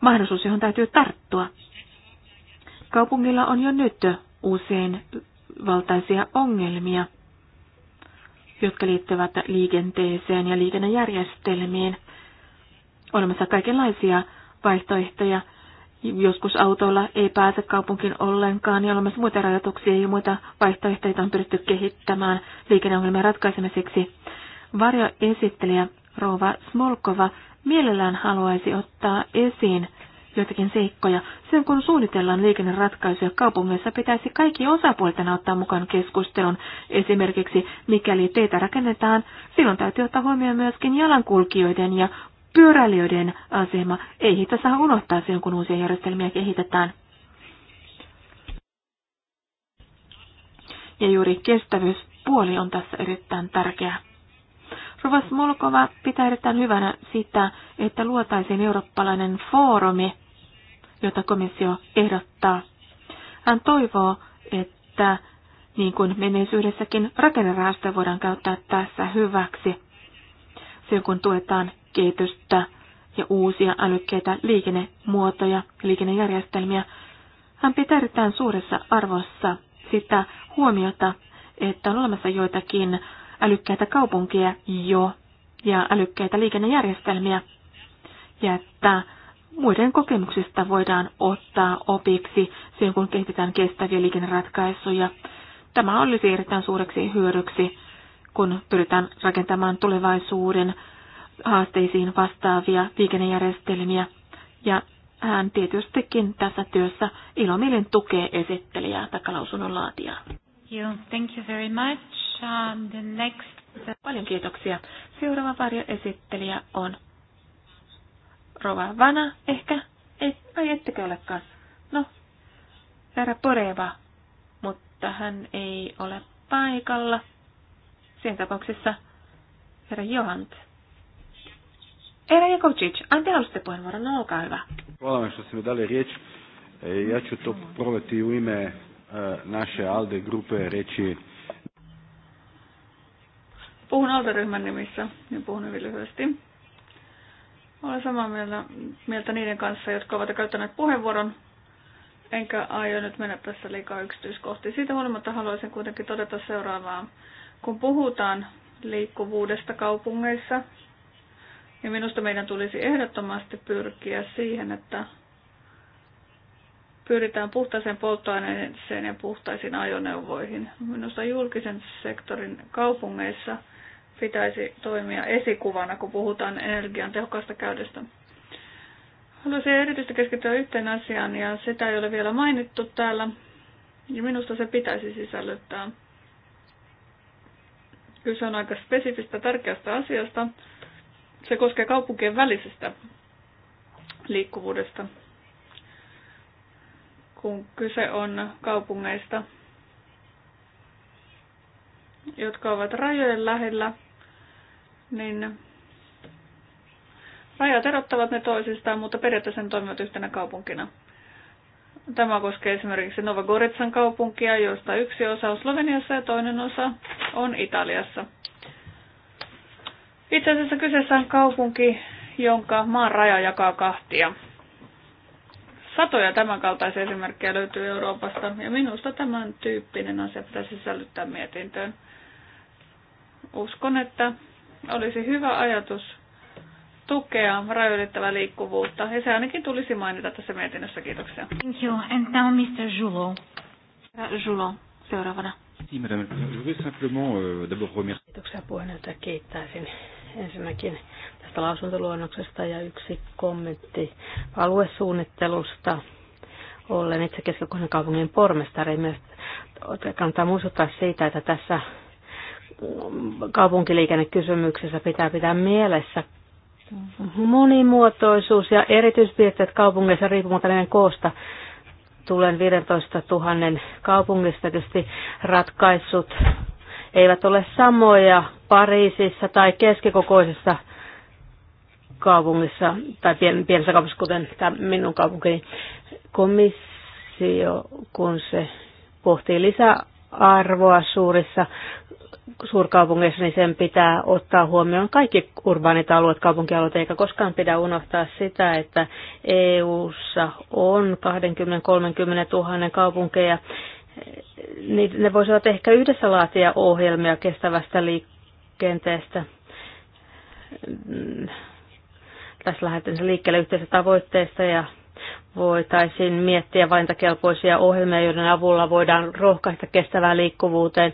mahdollisuus, johon täytyy tarttua. Kaupungilla on jo nyt usein valtaisia ongelmia, jotka liittyvät liikenteeseen ja liikennejärjestelmiin olemassa kaikenlaisia vaihtoehtoja. Joskus autoilla ei pääse kaupunkiin ollenkaan, niin olemassa muita rajoituksia ja muita vaihtoehtoja on pyritty kehittämään liikenneongelmien ratkaisemiseksi. Varjoesittelijä Rova Smolkova mielellään haluaisi ottaa esiin joitakin seikkoja. Sen kun suunnitellaan liikenneratkaisuja kaupungeissa, pitäisi kaikki osapuolten ottaa mukaan keskustelun. Esimerkiksi mikäli teitä rakennetaan, silloin täytyy ottaa huomioon myöskin jalankulkijoiden ja pyöräilijöiden asema. Ei heitä saa unohtaa silloin, kun uusia järjestelmiä kehitetään. Ja juuri kestävyyspuoli on tässä erittäin tärkeä. Rovas Molkova pitää erittäin hyvänä sitä, että luotaisiin eurooppalainen foorumi, jota komissio ehdottaa. Hän toivoo, että niin kuin menneisyydessäkin rakennerahastoja voidaan käyttää tässä hyväksi, silloin kun tuetaan kehitystä ja uusia älykkeitä liikennemuotoja liikennejärjestelmiä. Hän pitää erittäin suuressa arvossa sitä huomiota, että on olemassa joitakin älykkäitä kaupunkia jo ja älykkäitä liikennejärjestelmiä, ja että muiden kokemuksista voidaan ottaa opiksi siihen, kun kehitetään kestäviä liikenneratkaisuja. Tämä olisi erittäin suureksi hyödyksi, kun pyritään rakentamaan tulevaisuuden haasteisiin vastaavia liikennejärjestelmiä ja hän tietystikin tässä työssä ilomielin tukee esittelijää tai lausunnon laatijaa. Thank you very much. Um, the next... Paljon kiitoksia. Seuraava varjoesittelijä on Rova Vana, ehkä? Et, ai ettekö olekaan? No, herra Poreva, mutta hän ei ole paikalla. Siinä tapauksessa herra Johant Era Jakovčić, anti halusitte puheenvuoron, no, olkaa hyvä. Hvala što ste mi dali riječ. E, ja ću to provati u ime e, naše ALDE grupe reći. Puhun ALDE-ryhmän nimissä ja puhun hyvin lyhyesti. Olen samaa mieltä, mieltä niiden kanssa, jotka ovat käyttäneet puheenvuoron. Enkä aio nyt mennä tässä liikaa yksityiskohtiin. Siitä huolimatta haluaisin kuitenkin todeta seuraavaa. Kun puhutaan liikkuvuudesta kaupungeissa, niin minusta meidän tulisi ehdottomasti pyrkiä siihen, että pyritään puhtaaseen polttoaineeseen ja puhtaisiin ajoneuvoihin. Minusta julkisen sektorin kaupungeissa pitäisi toimia esikuvana, kun puhutaan energian tehokkaasta käytöstä. Haluaisin erityisesti keskittyä yhteen asiaan, ja sitä ei ole vielä mainittu täällä. Ja minusta se pitäisi sisällyttää. Kyse on aika spesifistä tärkeästä asiasta, se koskee kaupunkien välisestä liikkuvuudesta, kun kyse on kaupungeista, jotka ovat rajojen lähellä, niin rajat erottavat ne toisistaan, mutta periaatteessa ne toimivat yhtenä kaupunkina. Tämä koskee esimerkiksi Novogoritsan kaupunkia, josta yksi osa on Sloveniassa ja toinen osa on Italiassa. Itse asiassa kyseessä on kaupunki, jonka maan raja jakaa kahtia. Satoja tämänkaltaisia esimerkkejä löytyy Euroopasta ja minusta tämän tyyppinen asia pitäisi sisällyttää mietintöön. Uskon, että olisi hyvä ajatus tukea rajoitettavaa liikkuvuutta ja se ainakin tulisi mainita tässä mietinnössä. Kiitoksia. Thank you. And now Mr. Joulot. Joulot. seuraavana. Euh, Kiitoksia puheenjohtaja. Kiittäisin ensinnäkin tästä lausuntoluonnoksesta ja yksi kommentti aluesuunnittelusta. Olen itse keskikohdan kaupungin pormestari. Myös kannattaa muistuttaa siitä, että tässä kaupunkiliikennekysymyksessä pitää pitää mielessä monimuotoisuus ja erityispiirteet kaupungeissa riippumatta niiden koosta. Tulen 15 000 kaupungista tietysti ratkaisut eivät ole samoja Pariisissa tai keskikokoisessa kaupungissa tai pien, pienessä kaupungissa, kuten tämä minun kaupunkini, komissio, kun se pohtii lisäarvoa suurissa suurkaupungeissa, niin sen pitää ottaa huomioon kaikki urbaanit alueet, kaupunkialueet, eikä koskaan pidä unohtaa sitä, että EU-ssa on 20-30 000 kaupunkeja, niin ne voisivat ehkä yhdessä laatia ohjelmia kestävästä liikkeestä kenteestä tässä lähdetään liikkeelle yhteisestä tavoitteesta ja voitaisiin miettiä valintakelpoisia ohjelmia, joiden avulla voidaan rohkaista kestävään liikkuvuuteen.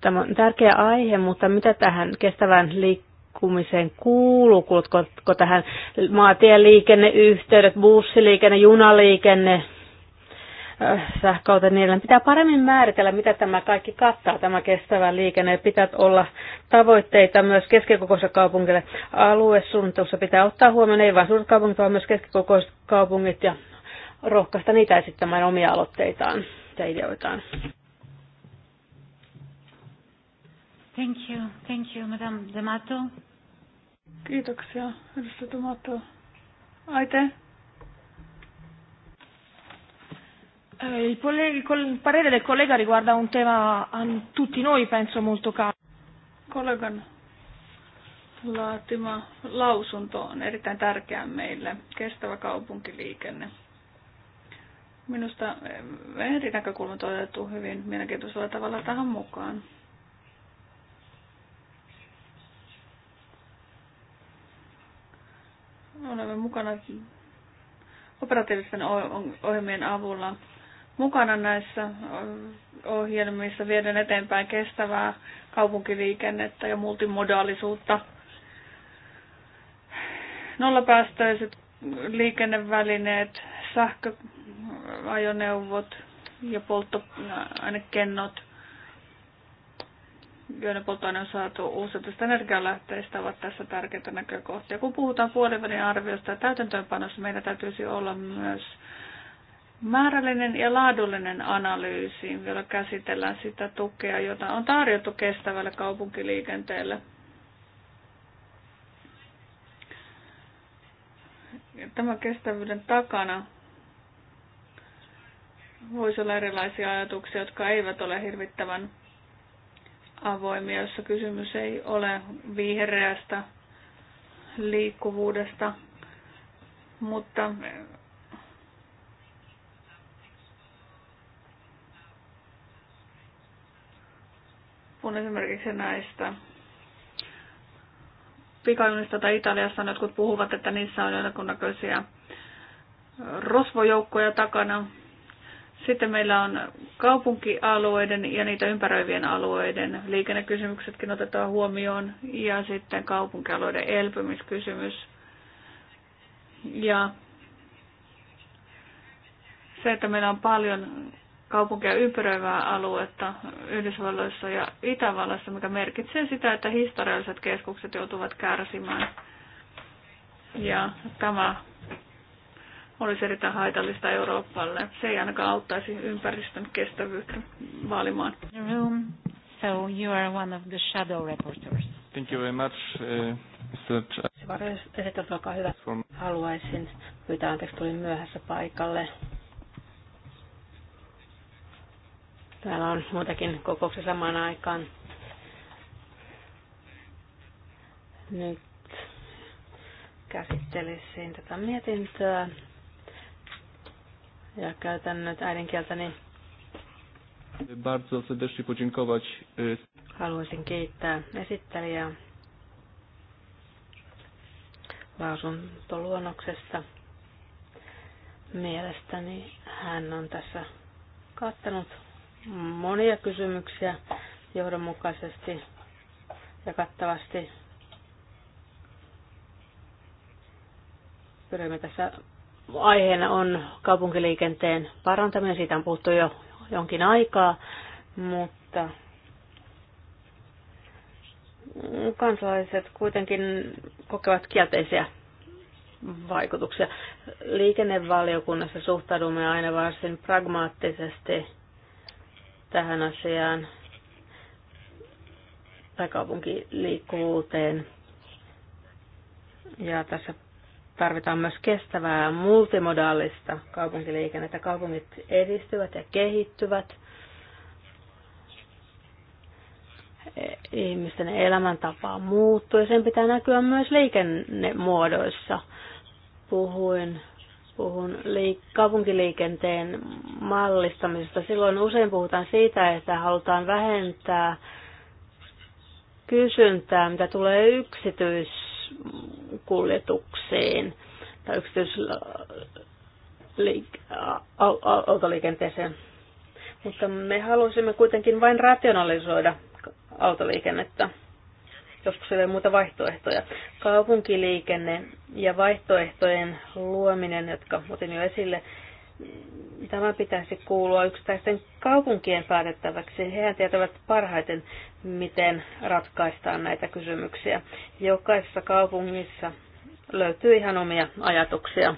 Tämä on tärkeä aihe, mutta mitä tähän kestävään liikkumiseen kuuluu? Kuulutko tähän maatien liikenne, yhteydet, bussiliikenne, junaliikenne, Äh, sähköautoja, niillä pitää paremmin määritellä, mitä tämä kaikki kattaa, tämä kestävä liikenne. Pitää olla tavoitteita myös keskikokoisille kaupungille. Aluesuunnittelussa pitää ottaa huomioon ei vain suuret kaupungit, vaan myös keskikokoiset kaupungit ja rohkaista niitä esittämään omia aloitteitaan ja ideoitaan. Thank you. Thank you, Madame D'Amato. Kiitoksia, edustaja D'Amato. Aite. Eh, il, il parere del collega riguarda un tema a tutti noi penso molto caro. Kollegan laatima lausunto on erittäin tärkeä meille, kestävä kaupunkiliikenne. Minusta eri eh, näkökulmat on otettu hyvin mielenkiintoisella tavalla tähän mukaan. Olemme mukana operatiivisten ohjelmien avulla mukana näissä ohjelmissa, viedään eteenpäin kestävää kaupunkiliikennettä ja multimodaalisuutta. Nollapäästöiset liikennevälineet, sähköajoneuvot ja polttoainekennot, joiden polttoaine on saatu uusiutuvista energialähteistä, ovat tässä tärkeitä näkökohtia. Kun puhutaan puolivälin arviosta ja täytäntöönpanossa, meidän täytyisi olla myös Määrällinen ja laadullinen analyysi, jolla käsitellään sitä tukea, jota on tarjottu kestävälle kaupunkiliikenteelle. Tämä kestävyyden takana voisi olla erilaisia ajatuksia, jotka eivät ole hirvittävän avoimia, jossa kysymys ei ole vihreästä liikkuvuudesta, mutta kun esimerkiksi näistä pikajunista tai Italiassa jotkut puhuvat, että niissä on jonkunnäköisiä rosvojoukkoja takana. Sitten meillä on kaupunkialueiden ja niitä ympäröivien alueiden liikennekysymyksetkin otetaan huomioon ja sitten kaupunkialueiden elpymiskysymys. Ja se, että meillä on paljon kaupunkia ympäröivää aluetta Yhdysvalloissa ja Itävallassa, mikä merkitsee sitä, että historialliset keskukset joutuvat kärsimään. Ja tämä olisi erittäin haitallista Euroopalle. Se ei ainakaan auttaisi ympäristön kestävyyttä vaalimaan. Room. So you are one of the shadow reporters. Thank you very much. Uh, Mr. Esittely, olkaa hyvä. Haluaisin pyytää anteeksi, tulin myöhässä paikalle Täällä on muutakin kokouksia samaan aikaan. Nyt käsittelisin tätä mietintöä ja käytän nyt äidinkieltäni. Bardzo serdecznie podziękować. Haluaisin kiittää esittelijää lausuntoluonnoksesta. Mielestäni hän on tässä kattanut monia kysymyksiä johdonmukaisesti ja kattavasti. Pyrimme tässä aiheena on kaupunkiliikenteen parantaminen. Siitä on puhuttu jo jonkin aikaa, mutta kansalaiset kuitenkin kokevat kielteisiä vaikutuksia. Liikennevaliokunnassa suhtaudumme aina varsin pragmaattisesti tähän asiaan kaupunkiliikkuvuuteen. Ja tässä tarvitaan myös kestävää multimodaalista kaupunkiliikennettä. Kaupungit edistyvät ja kehittyvät. Ihmisten elämäntapa muuttuu ja sen pitää näkyä myös liikennemuodoissa. Puhuin puhun kaupunkiliikenteen mallistamisesta. Silloin usein puhutaan siitä, että halutaan vähentää kysyntää, mitä tulee yksityiskuljetuksiin tai yksityisautoliikenteeseen. Mutta me halusimme kuitenkin vain rationalisoida autoliikennettä joskus ei ole muuta vaihtoehtoja. Kaupunkiliikenne ja vaihtoehtojen luominen, jotka otin jo esille, tämä pitäisi kuulua yksittäisten kaupunkien päätettäväksi. Hehän tietävät parhaiten, miten ratkaistaan näitä kysymyksiä. Jokaisessa kaupungissa löytyy ihan omia ajatuksia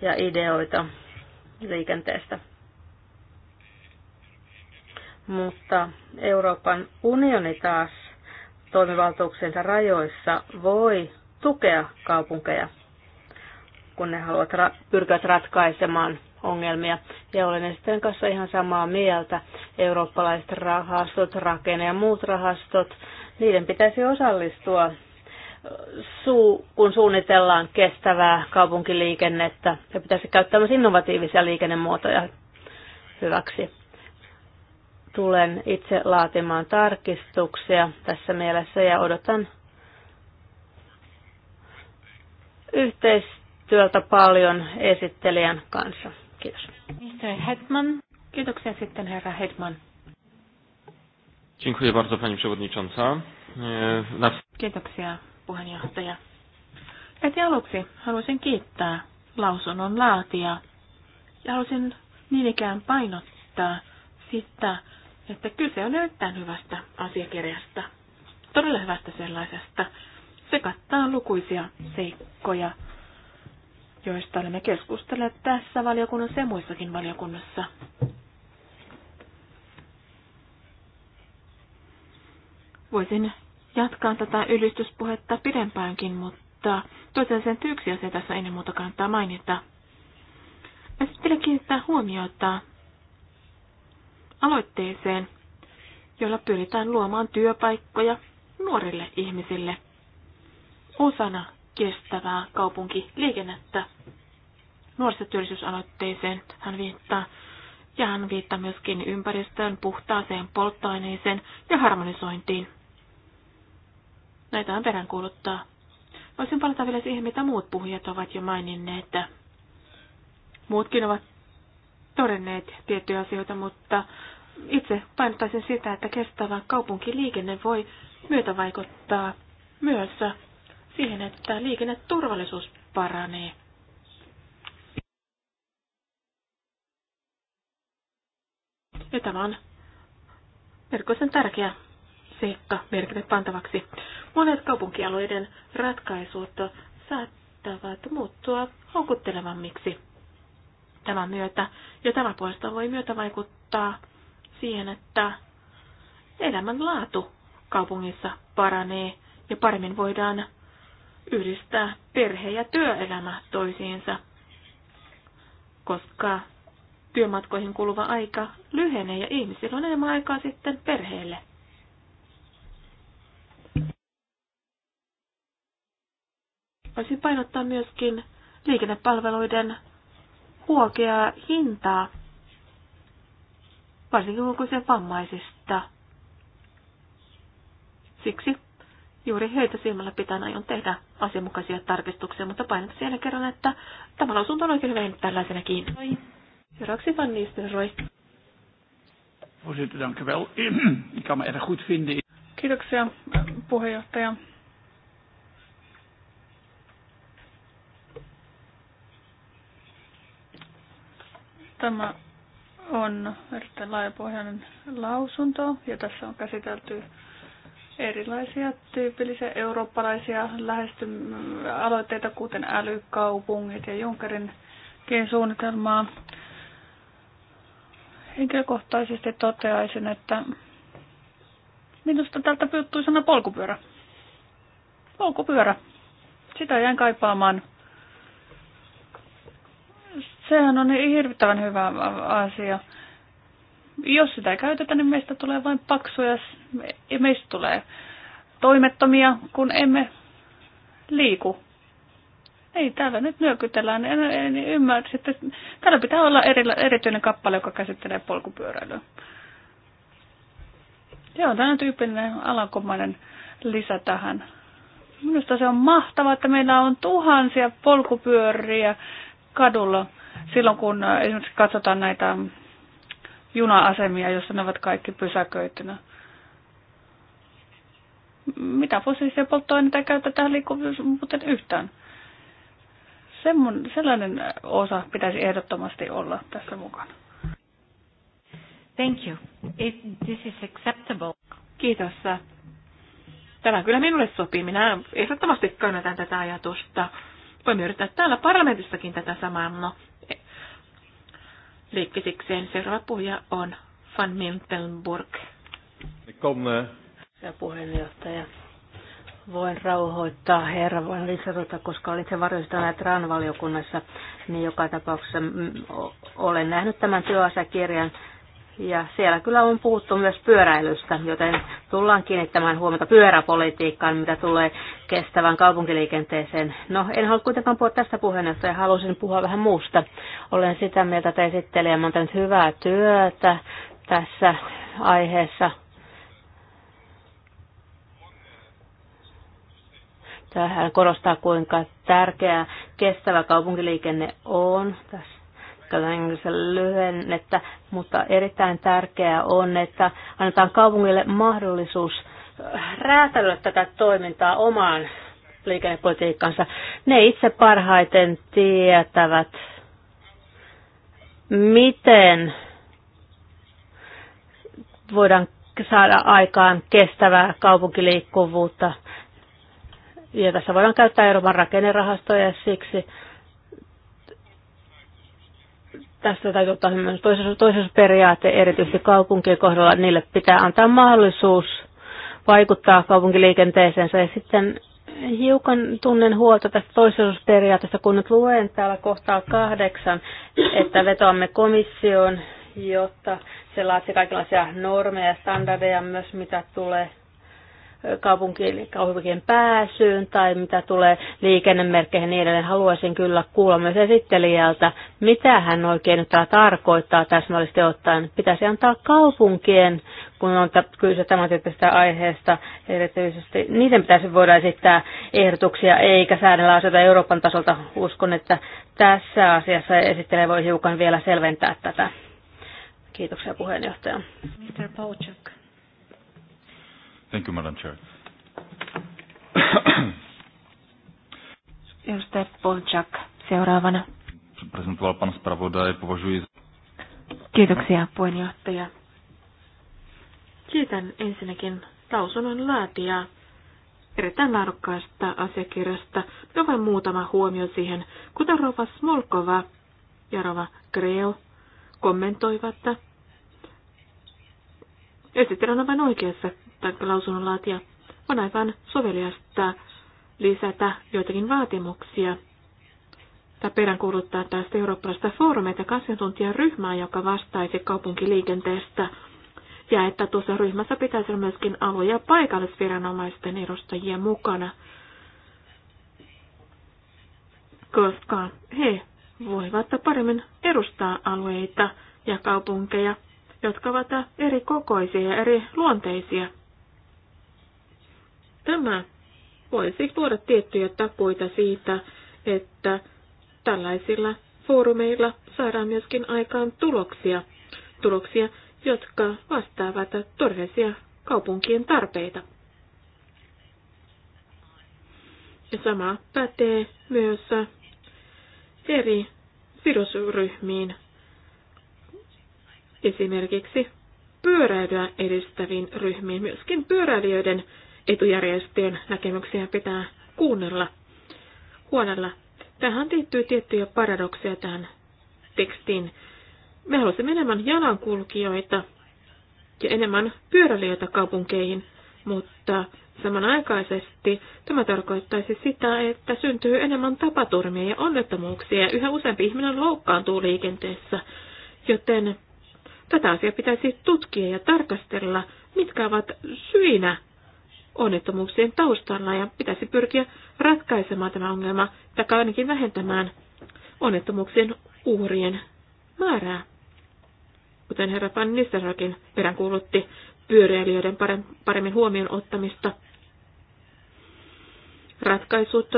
ja ideoita liikenteestä. Mutta Euroopan unioni taas toimivaltuuksensa rajoissa voi tukea kaupunkeja, kun ne haluavat ra- pyrkivät ratkaisemaan ongelmia. Ja olen esittäjän kanssa ihan samaa mieltä. Eurooppalaiset rahastot, rakenne ja muut rahastot, niiden pitäisi osallistua, kun suunnitellaan kestävää kaupunkiliikennettä. Ja pitäisi käyttää myös innovatiivisia liikennemuotoja hyväksi. Tulen itse laatimaan tarkistuksia tässä mielessä ja odotan yhteistyöltä paljon esittelijän kanssa. Kiitos. Mr. Hetman. Kiitoksia sitten herra Hetman. Dziękuję bardzo pani przewodnicząca. E, Kiitoksia puheenjohtaja. Heti aluksi haluaisin kiittää lausunnon laatia ja haluaisin niin ikään painottaa sitä, että kyse on erittäin hyvästä asiakirjasta, todella hyvästä sellaisesta. Se kattaa lukuisia seikkoja, joista olemme keskustelleet tässä valiokunnassa ja muissakin valiokunnassa. Voisin jatkaa tätä ylistyspuhetta pidempäänkin, mutta toisen sen yksi asia tässä ennen muuta kannattaa mainita. Mä sitten kiinnittää huomiota aloitteeseen, jolla pyritään luomaan työpaikkoja nuorille ihmisille osana kestävää kaupunkiliikennettä. Nuorisotyöllisyysaloitteeseen hän viittaa ja hän viittaa myöskin ympäristöön, puhtaaseen polttoaineeseen ja harmonisointiin. Näitä on peräänkuuluttaa. Voisin palata vielä siihen, mitä muut puhujat ovat jo maininneet. Muutkin ovat todenneet tiettyjä asioita, mutta itse painottaisin sitä, että kestävä kaupunkiliikenne voi vaikuttaa myös siihen, että liikenneturvallisuus paranee. Ja tämä on melkoisen tärkeä seikka merkille pantavaksi. Monet kaupunkialueiden ratkaisut saattavat muuttua houkuttelevammiksi tämän myötä. Ja tämä puolestaan voi myötä vaikuttaa siihen, että elämän laatu kaupungissa paranee ja paremmin voidaan yhdistää perhe- ja työelämä toisiinsa, koska työmatkoihin kuluva aika lyhenee ja ihmisillä on enemmän aikaa sitten perheelle. Voisin painottaa myöskin liikennepalveluiden huokeaa hintaa, varsinkin kun se vammaisista. Siksi juuri heitä silmällä pitää aion tehdä asianmukaisia tarkistuksia, mutta painot siellä kerran, että tämä lausunto on oikein hyvä tällaisena kiinni. Seuraavaksi Van Nistelrooy. Voorzitter, dank u wel. goed vinden. Kiitoksia, puheenjohtaja. Tämä on erittäin laajapohjainen lausunto ja tässä on käsitelty erilaisia tyypillisiä eurooppalaisia lähestymäaloitteita, aloitteita, kuten älykaupungit ja Junckerin suunnitelmaa. Henkilökohtaisesti toteaisin, että minusta tältä puuttuu sana polkupyörä. Polkupyörä. Sitä jäin kaipaamaan. Sehän on hirvittävän hyvä asia. Jos sitä ei käytetä, niin meistä tulee vain paksuja ja meistä tulee toimettomia, kun emme liiku. Ei, täällä nyt nyökytellään, en, en ymmärrä. Sitten, täällä pitää olla eri, erityinen kappale, joka käsittelee polkupyöräilyä. Se on tämmöinen tyypillinen alankomainen lisä tähän. Minusta se on mahtavaa, että meillä on tuhansia polkupyöriä kadulla silloin kun äh, esimerkiksi katsotaan näitä juna-asemia, joissa ne ovat kaikki pysäköitynä. Mitä fossiilisia polttoaineita käytetään käytä muuten yhtään. semmon sellainen osa pitäisi ehdottomasti olla tässä mukana. Thank you. If this is acceptable. Kiitos. Tämä kyllä minulle sopii. Minä ehdottomasti kannatan tätä ajatusta. Voimme yrittää täällä parlamentissakin tätä samaa. No, liikkisikseen. Seuraava puhuja on Van Miltenburg. Ja puheenjohtaja, voin rauhoittaa herra voin lisätä, koska olin se varjoistajana TRAN-valiokunnassa, niin joka tapauksessa mm, olen nähnyt tämän työasiakirjan ja siellä kyllä on puhuttu myös pyöräilystä, joten tullaan kiinnittämään huomiota pyöräpolitiikkaan, mitä tulee kestävään kaupunkiliikenteeseen. No, en halua kuitenkaan puhua tästä puheenjohtaja, halusin puhua vähän muusta. Olen sitä mieltä, että esittelijä on tehnyt hyvää työtä tässä aiheessa. Tähän korostaa, kuinka tärkeää kestävä kaupunkiliikenne on. Tässä englanninkielisen lyhennettä, mutta erittäin tärkeää on, että annetaan kaupungille mahdollisuus äh, räätälöidä tätä toimintaa omaan liikennepolitiikkansa. Ne itse parhaiten tietävät, miten voidaan saada aikaan kestävää kaupunkiliikkuvuutta. Ja tässä voidaan käyttää Euroopan rakennerahastoja siksi tässä täytyy ottaa myös toisessa periaate, erityisesti kaupunkien kohdalla. Niille pitää antaa mahdollisuus vaikuttaa kaupunkiliikenteeseensä. Ja sitten hiukan tunnen huolta tästä toisuusperiaatteesta, kun nyt luen täällä kohtaa kahdeksan, että vetoamme komissioon, jotta se laatsi kaikenlaisia normeja ja standardeja myös, mitä tulee kaupunkien, kaupunkien pääsyyn tai mitä tulee liikennemerkkeihin niin edelleen. Haluaisin kyllä kuulla myös esittelijältä, mitä hän oikein nyt tarkoittaa täsmällisesti ottaen. Pitäisi antaa kaupunkien, kun on kyse tämän tyyppisestä aiheesta erityisesti, niiden pitäisi voida esittää ehdotuksia eikä säädellä asioita Euroopan tasolta. Uskon, että tässä asiassa esittelijä voi hiukan vielä selventää tätä. Kiitoksia puheenjohtaja. Mr. Polchuk. Thank you, Madam Chair. Edustaja Polčák seuraavana. Presentoval pan zpravodaj, považuji... Kiitoksia, puheenjohtaja. Kiitän ensinnäkin lausunnon laatijaa erittäin laadukkaasta asiakirjasta, ja vain muutama huomio siihen, kuten Rova Smolkova ja Rova Greo kommentoivat, että esittelen vain oikeassa tai lausunnonlaatia, on aivan soveliasta lisätä joitakin vaatimuksia tai peräänkuuluttaa tästä eurooppalaista foorumeita ja asiantuntijaryhmää, joka vastaisi kaupunkiliikenteestä. Ja että tuossa ryhmässä pitäisi olla myöskin alue- ja paikallisviranomaisten edustajia mukana, koska he voivat paremmin edustaa alueita ja kaupunkeja, jotka ovat eri kokoisia ja eri luonteisia Tämä voisi luoda tiettyjä takuita siitä, että tällaisilla foorumeilla saadaan myöskin aikaan tuloksia, tuloksia, jotka vastaavat todellisia kaupunkien tarpeita. Ja sama pätee myös eri sidosryhmiin, esimerkiksi pyöräilyä edistäviin ryhmiin, myöskin pyöräilijöiden etujärjestöjen näkemyksiä pitää kuunnella huolella. Tähän liittyy tiettyjä paradokseja tähän tekstiin. Me haluaisimme enemmän jalankulkijoita ja enemmän pyöräilijöitä kaupunkeihin, mutta samanaikaisesti tämä tarkoittaisi sitä, että syntyy enemmän tapaturmia ja onnettomuuksia ja yhä useampi ihminen loukkaantuu liikenteessä, joten tätä asiaa pitäisi tutkia ja tarkastella, mitkä ovat syinä onnettomuuksien taustalla ja pitäisi pyrkiä ratkaisemaan tämä ongelma tai ainakin vähentämään onnettomuuksien uhrien määrää. Kuten herra Van Nistelrooykin peräänkuulutti pyöräilijöiden paremmin huomioon ottamista. Ratkaisut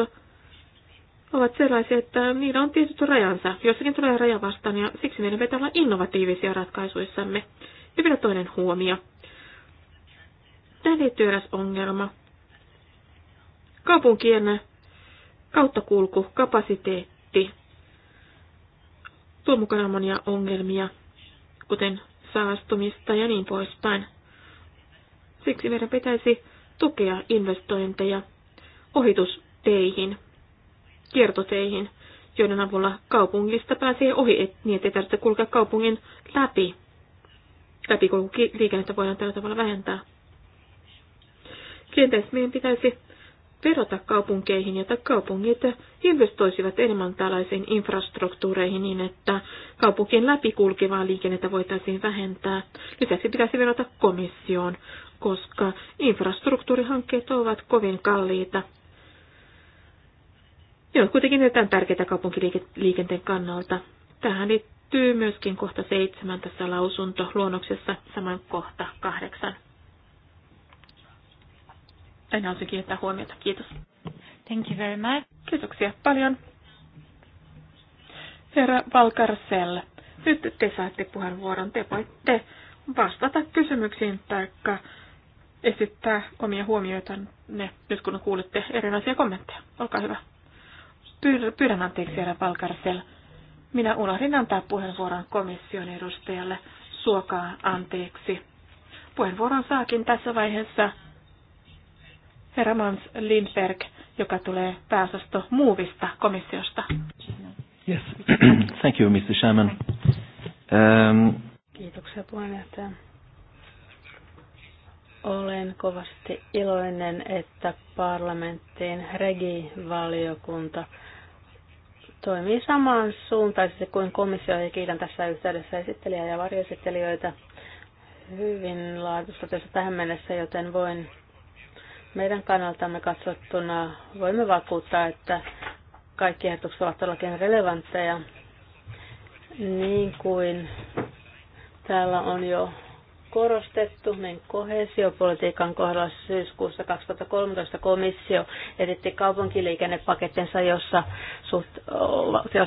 ovat sellaisia, että niillä on tietyt rajansa. Jossakin tulee raja vastaan ja siksi meidän pitää olla innovatiivisia ratkaisuissamme. Ja vielä toinen huomio. Tähän liittyy eräs ongelma. Kaupunkien kauttakulku, kapasiteetti tuo mukana monia ongelmia, kuten saastumista ja niin poispäin. Siksi meidän pitäisi tukea investointeja ohitusteihin, kiertoteihin, joiden avulla kaupungista pääsee ohi, et, niin ettei tarvitse kulkea kaupungin läpi. Läpikulkuliikennettä voidaan tällä tavalla vähentää. Kenties meidän pitäisi verota kaupunkeihin, jotta kaupungit investoisivat enemmän tällaisiin infrastruktuureihin niin, että kaupunkien läpi kulkevaa liikennettä voitaisiin vähentää. Lisäksi pitäisi verota komissioon, koska infrastruktuurihankkeet ovat kovin kalliita. Ne ovat kuitenkin erittäin tärkeitä kaupunkiliikenteen kannalta. Tähän liittyy myöskin kohta seitsemän tässä lausuntoluonnoksessa, saman kohta kahdeksan en halusin kiittää huomiota. Kiitos. Thank you very much. Kiitoksia paljon. Herra Valkarsell, nyt te saatte puheenvuoron. Te voitte vastata kysymyksiin tai esittää omia ne, nyt kun kuulitte erilaisia kommentteja. Olkaa hyvä. Pyydän anteeksi, herra Valkarsell. Minä unohdin antaa puheenvuoron komission edustajalle. Suokaa anteeksi. Puheenvuoron saakin tässä vaiheessa herra Mans Lindberg, joka tulee pääosasto muuvista komissiosta. Yes. Thank you, Mr. Chairman. Um, Kiitoksia puheenjohtaja. Olen kovasti iloinen, että parlamenttiin regivaliokunta toimii samaan suuntaisesti kuin komissio ja kiitän tässä yhteydessä esittelijä ja varjoesittelijöitä hyvin laadusta tässä tähän mennessä, joten voin meidän kannaltamme katsottuna voimme vakuuttaa, että kaikki ehdotukset ovat todellakin relevantteja, niin kuin täällä on jo korostettu, niin kohesiopolitiikan kohdalla syyskuussa 2013 komissio esitti kaupunkiliikennepakettinsa, jossa suht,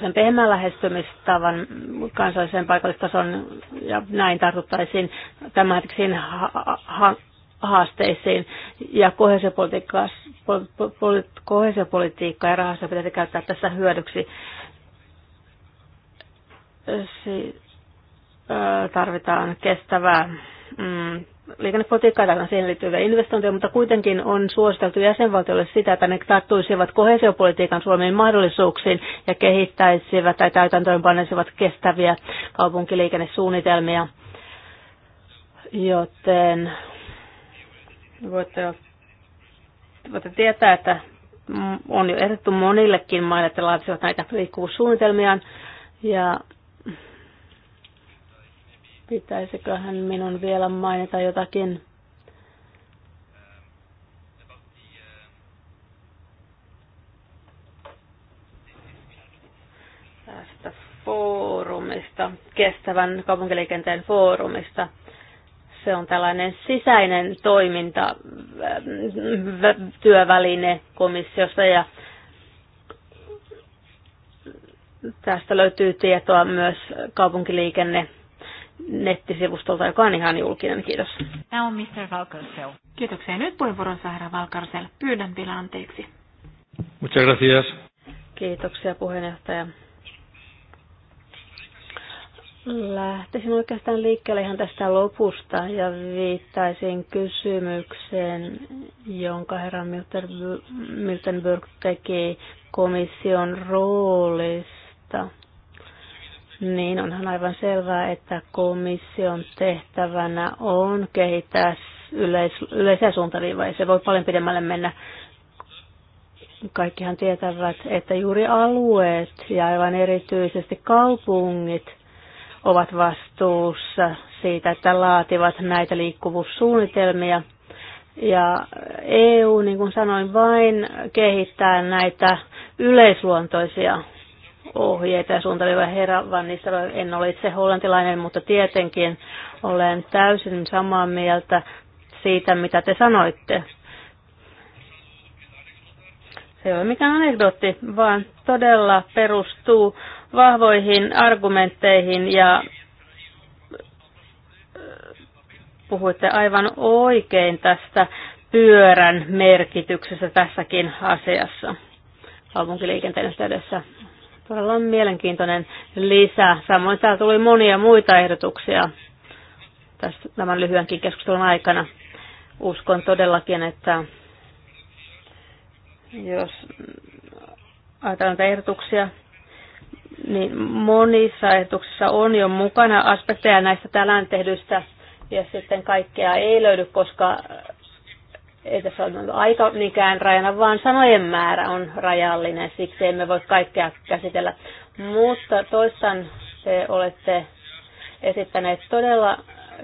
sen pehmeän lähestymistavan kansalliseen paikallistason ja näin tartuttaisiin tämänhetkisiin ha- ha- haasteisiin ja kohesiopolitiikka ja rahasta pitäisi käyttää tässä hyödyksi. Si- tarvitaan kestävää mm, liikennepolitiikkaa, tarvitaan siihen liittyviä investointeja, mutta kuitenkin on suositeltu jäsenvaltioille sitä, että ne tarttuisivat kohesiopolitiikan Suomen mahdollisuuksiin ja kehittäisivät tai täytäntöönpanisivat kestäviä kaupunkiliikennesuunnitelmia. Joten Voitte, voitte tietää, että on jo ehdottu monillekin maille, että laatisivat näitä liikkuvuussuunnitelmia. Ja pitäisiköhän minun vielä mainita jotakin tästä foorumista, kestävän kaupunkiliikenteen foorumista. Se on tällainen sisäinen toiminta, työväline komissiossa ja tästä löytyy tietoa myös kaupunkiliikenne nettisivustolta, joka on ihan julkinen. Kiitos. Tämä on Mr. Valkarsel. Kiitoksia. Nyt puheenvuoron saa herra Valkarsel. Pyydän vielä anteeksi. Muchas gracias. Kiitoksia puheenjohtaja. Lähtisin oikeastaan liikkeelle ihan tästä lopusta ja viittaisin kysymykseen, jonka herra Miltenburg teki komission roolista. Niin onhan aivan selvää, että komission tehtävänä on kehittää yleis- yleisiä suuntaviivoja. Se voi paljon pidemmälle mennä. Kaikkihan tietävät, että juuri alueet ja aivan erityisesti kaupungit – ovat vastuussa siitä, että laativat näitä liikkuvuussuunnitelmia. Ja EU, niin kuin sanoin, vain kehittää näitä yleisluontoisia ohjeita ja suuntaviiva herra vaan Nistelrooy. En ole itse hollantilainen, mutta tietenkin olen täysin samaa mieltä siitä, mitä te sanoitte. Se ei ole mikään anekdootti, vaan todella perustuu vahvoihin argumentteihin ja äh, puhuitte aivan oikein tästä pyörän merkityksestä tässäkin asiassa kaupunkiliikenteen yhteydessä. Todella on mielenkiintoinen lisä. Samoin täällä tuli monia muita ehdotuksia tässä tämän lyhyenkin keskustelun aikana. Uskon todellakin, että jos ajatellaan näitä ehdotuksia, niin monissa ajatuksissa on jo mukana aspekteja näistä tänään tehdyistä ja sitten kaikkea ei löydy, koska ei tässä ole aika mikään rajana, vaan sanojen määrä on rajallinen, siksi emme voi kaikkea käsitellä. Mutta toistan te olette esittäneet todella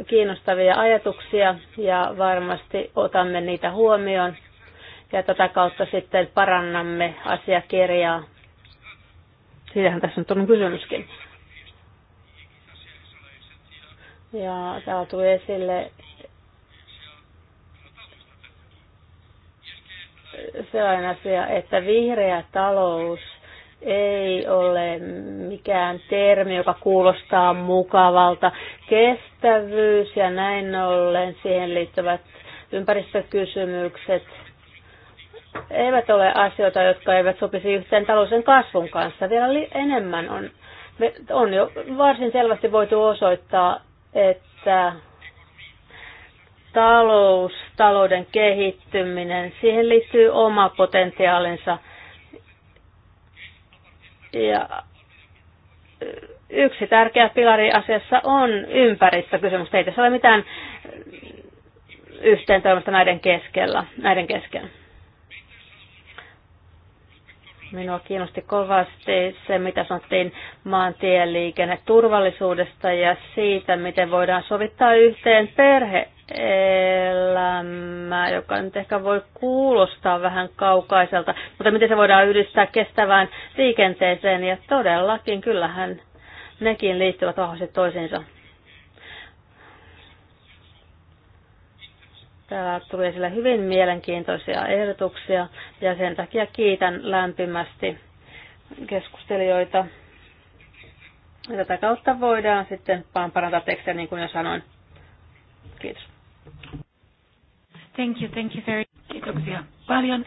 kiinnostavia ajatuksia ja varmasti otamme niitä huomioon ja tätä kautta sitten parannamme asiakirjaa Siitähän tässä nyt on kysymyskin. Ja täällä tuli esille sellainen asia, että vihreä talous ei ole mikään termi, joka kuulostaa mukavalta. Kestävyys ja näin ollen siihen liittyvät ympäristökysymykset – eivät ole asioita, jotka eivät sopisi yhteen talousen kasvun kanssa. Vielä enemmän on, on jo varsin selvästi voitu osoittaa, että talous, talouden kehittyminen, siihen liittyy oma potentiaalinsa. Ja äh, yksi tärkeä pilari asiassa on ympäristökysymys. Ei tässä ole mitään yhteen näiden keskellä, näiden kesken. Minua kiinnosti kovasti se, mitä sanottiin turvallisuudesta ja siitä, miten voidaan sovittaa yhteen perheelämää, joka nyt ehkä voi kuulostaa vähän kaukaiselta, mutta miten se voidaan yhdistää kestävään liikenteeseen ja todellakin kyllähän nekin liittyvät vahvasti toisiinsa. Täällä tuli esille hyvin mielenkiintoisia ehdotuksia ja sen takia kiitän lämpimästi keskustelijoita. Ja tätä kautta voidaan sitten vaan parantaa tekstejä, niin kuin jo sanoin. Kiitos. Thank you, thank you very Kiitoksia paljon.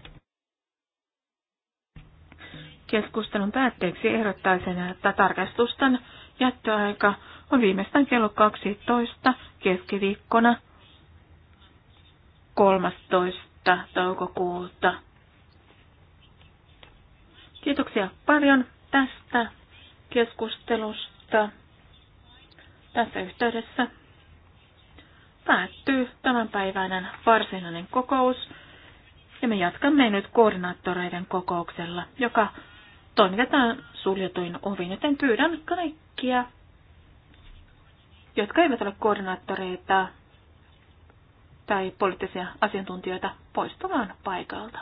Keskustelun päätteeksi ehdottaisin, että tarkastusten jättöaika on viimeistään kello 12 keskiviikkona 13. toukokuuta. Kiitoksia paljon tästä keskustelusta. Tässä yhteydessä päättyy tämänpäiväinen varsinainen kokous ja me jatkamme nyt koordinaattoreiden kokouksella, joka toimitetaan suljetuin ovin, joten pyydän kaikkia, jotka eivät ole koordinaattoreita, tai poliittisia asiantuntijoita poistumaan paikalta.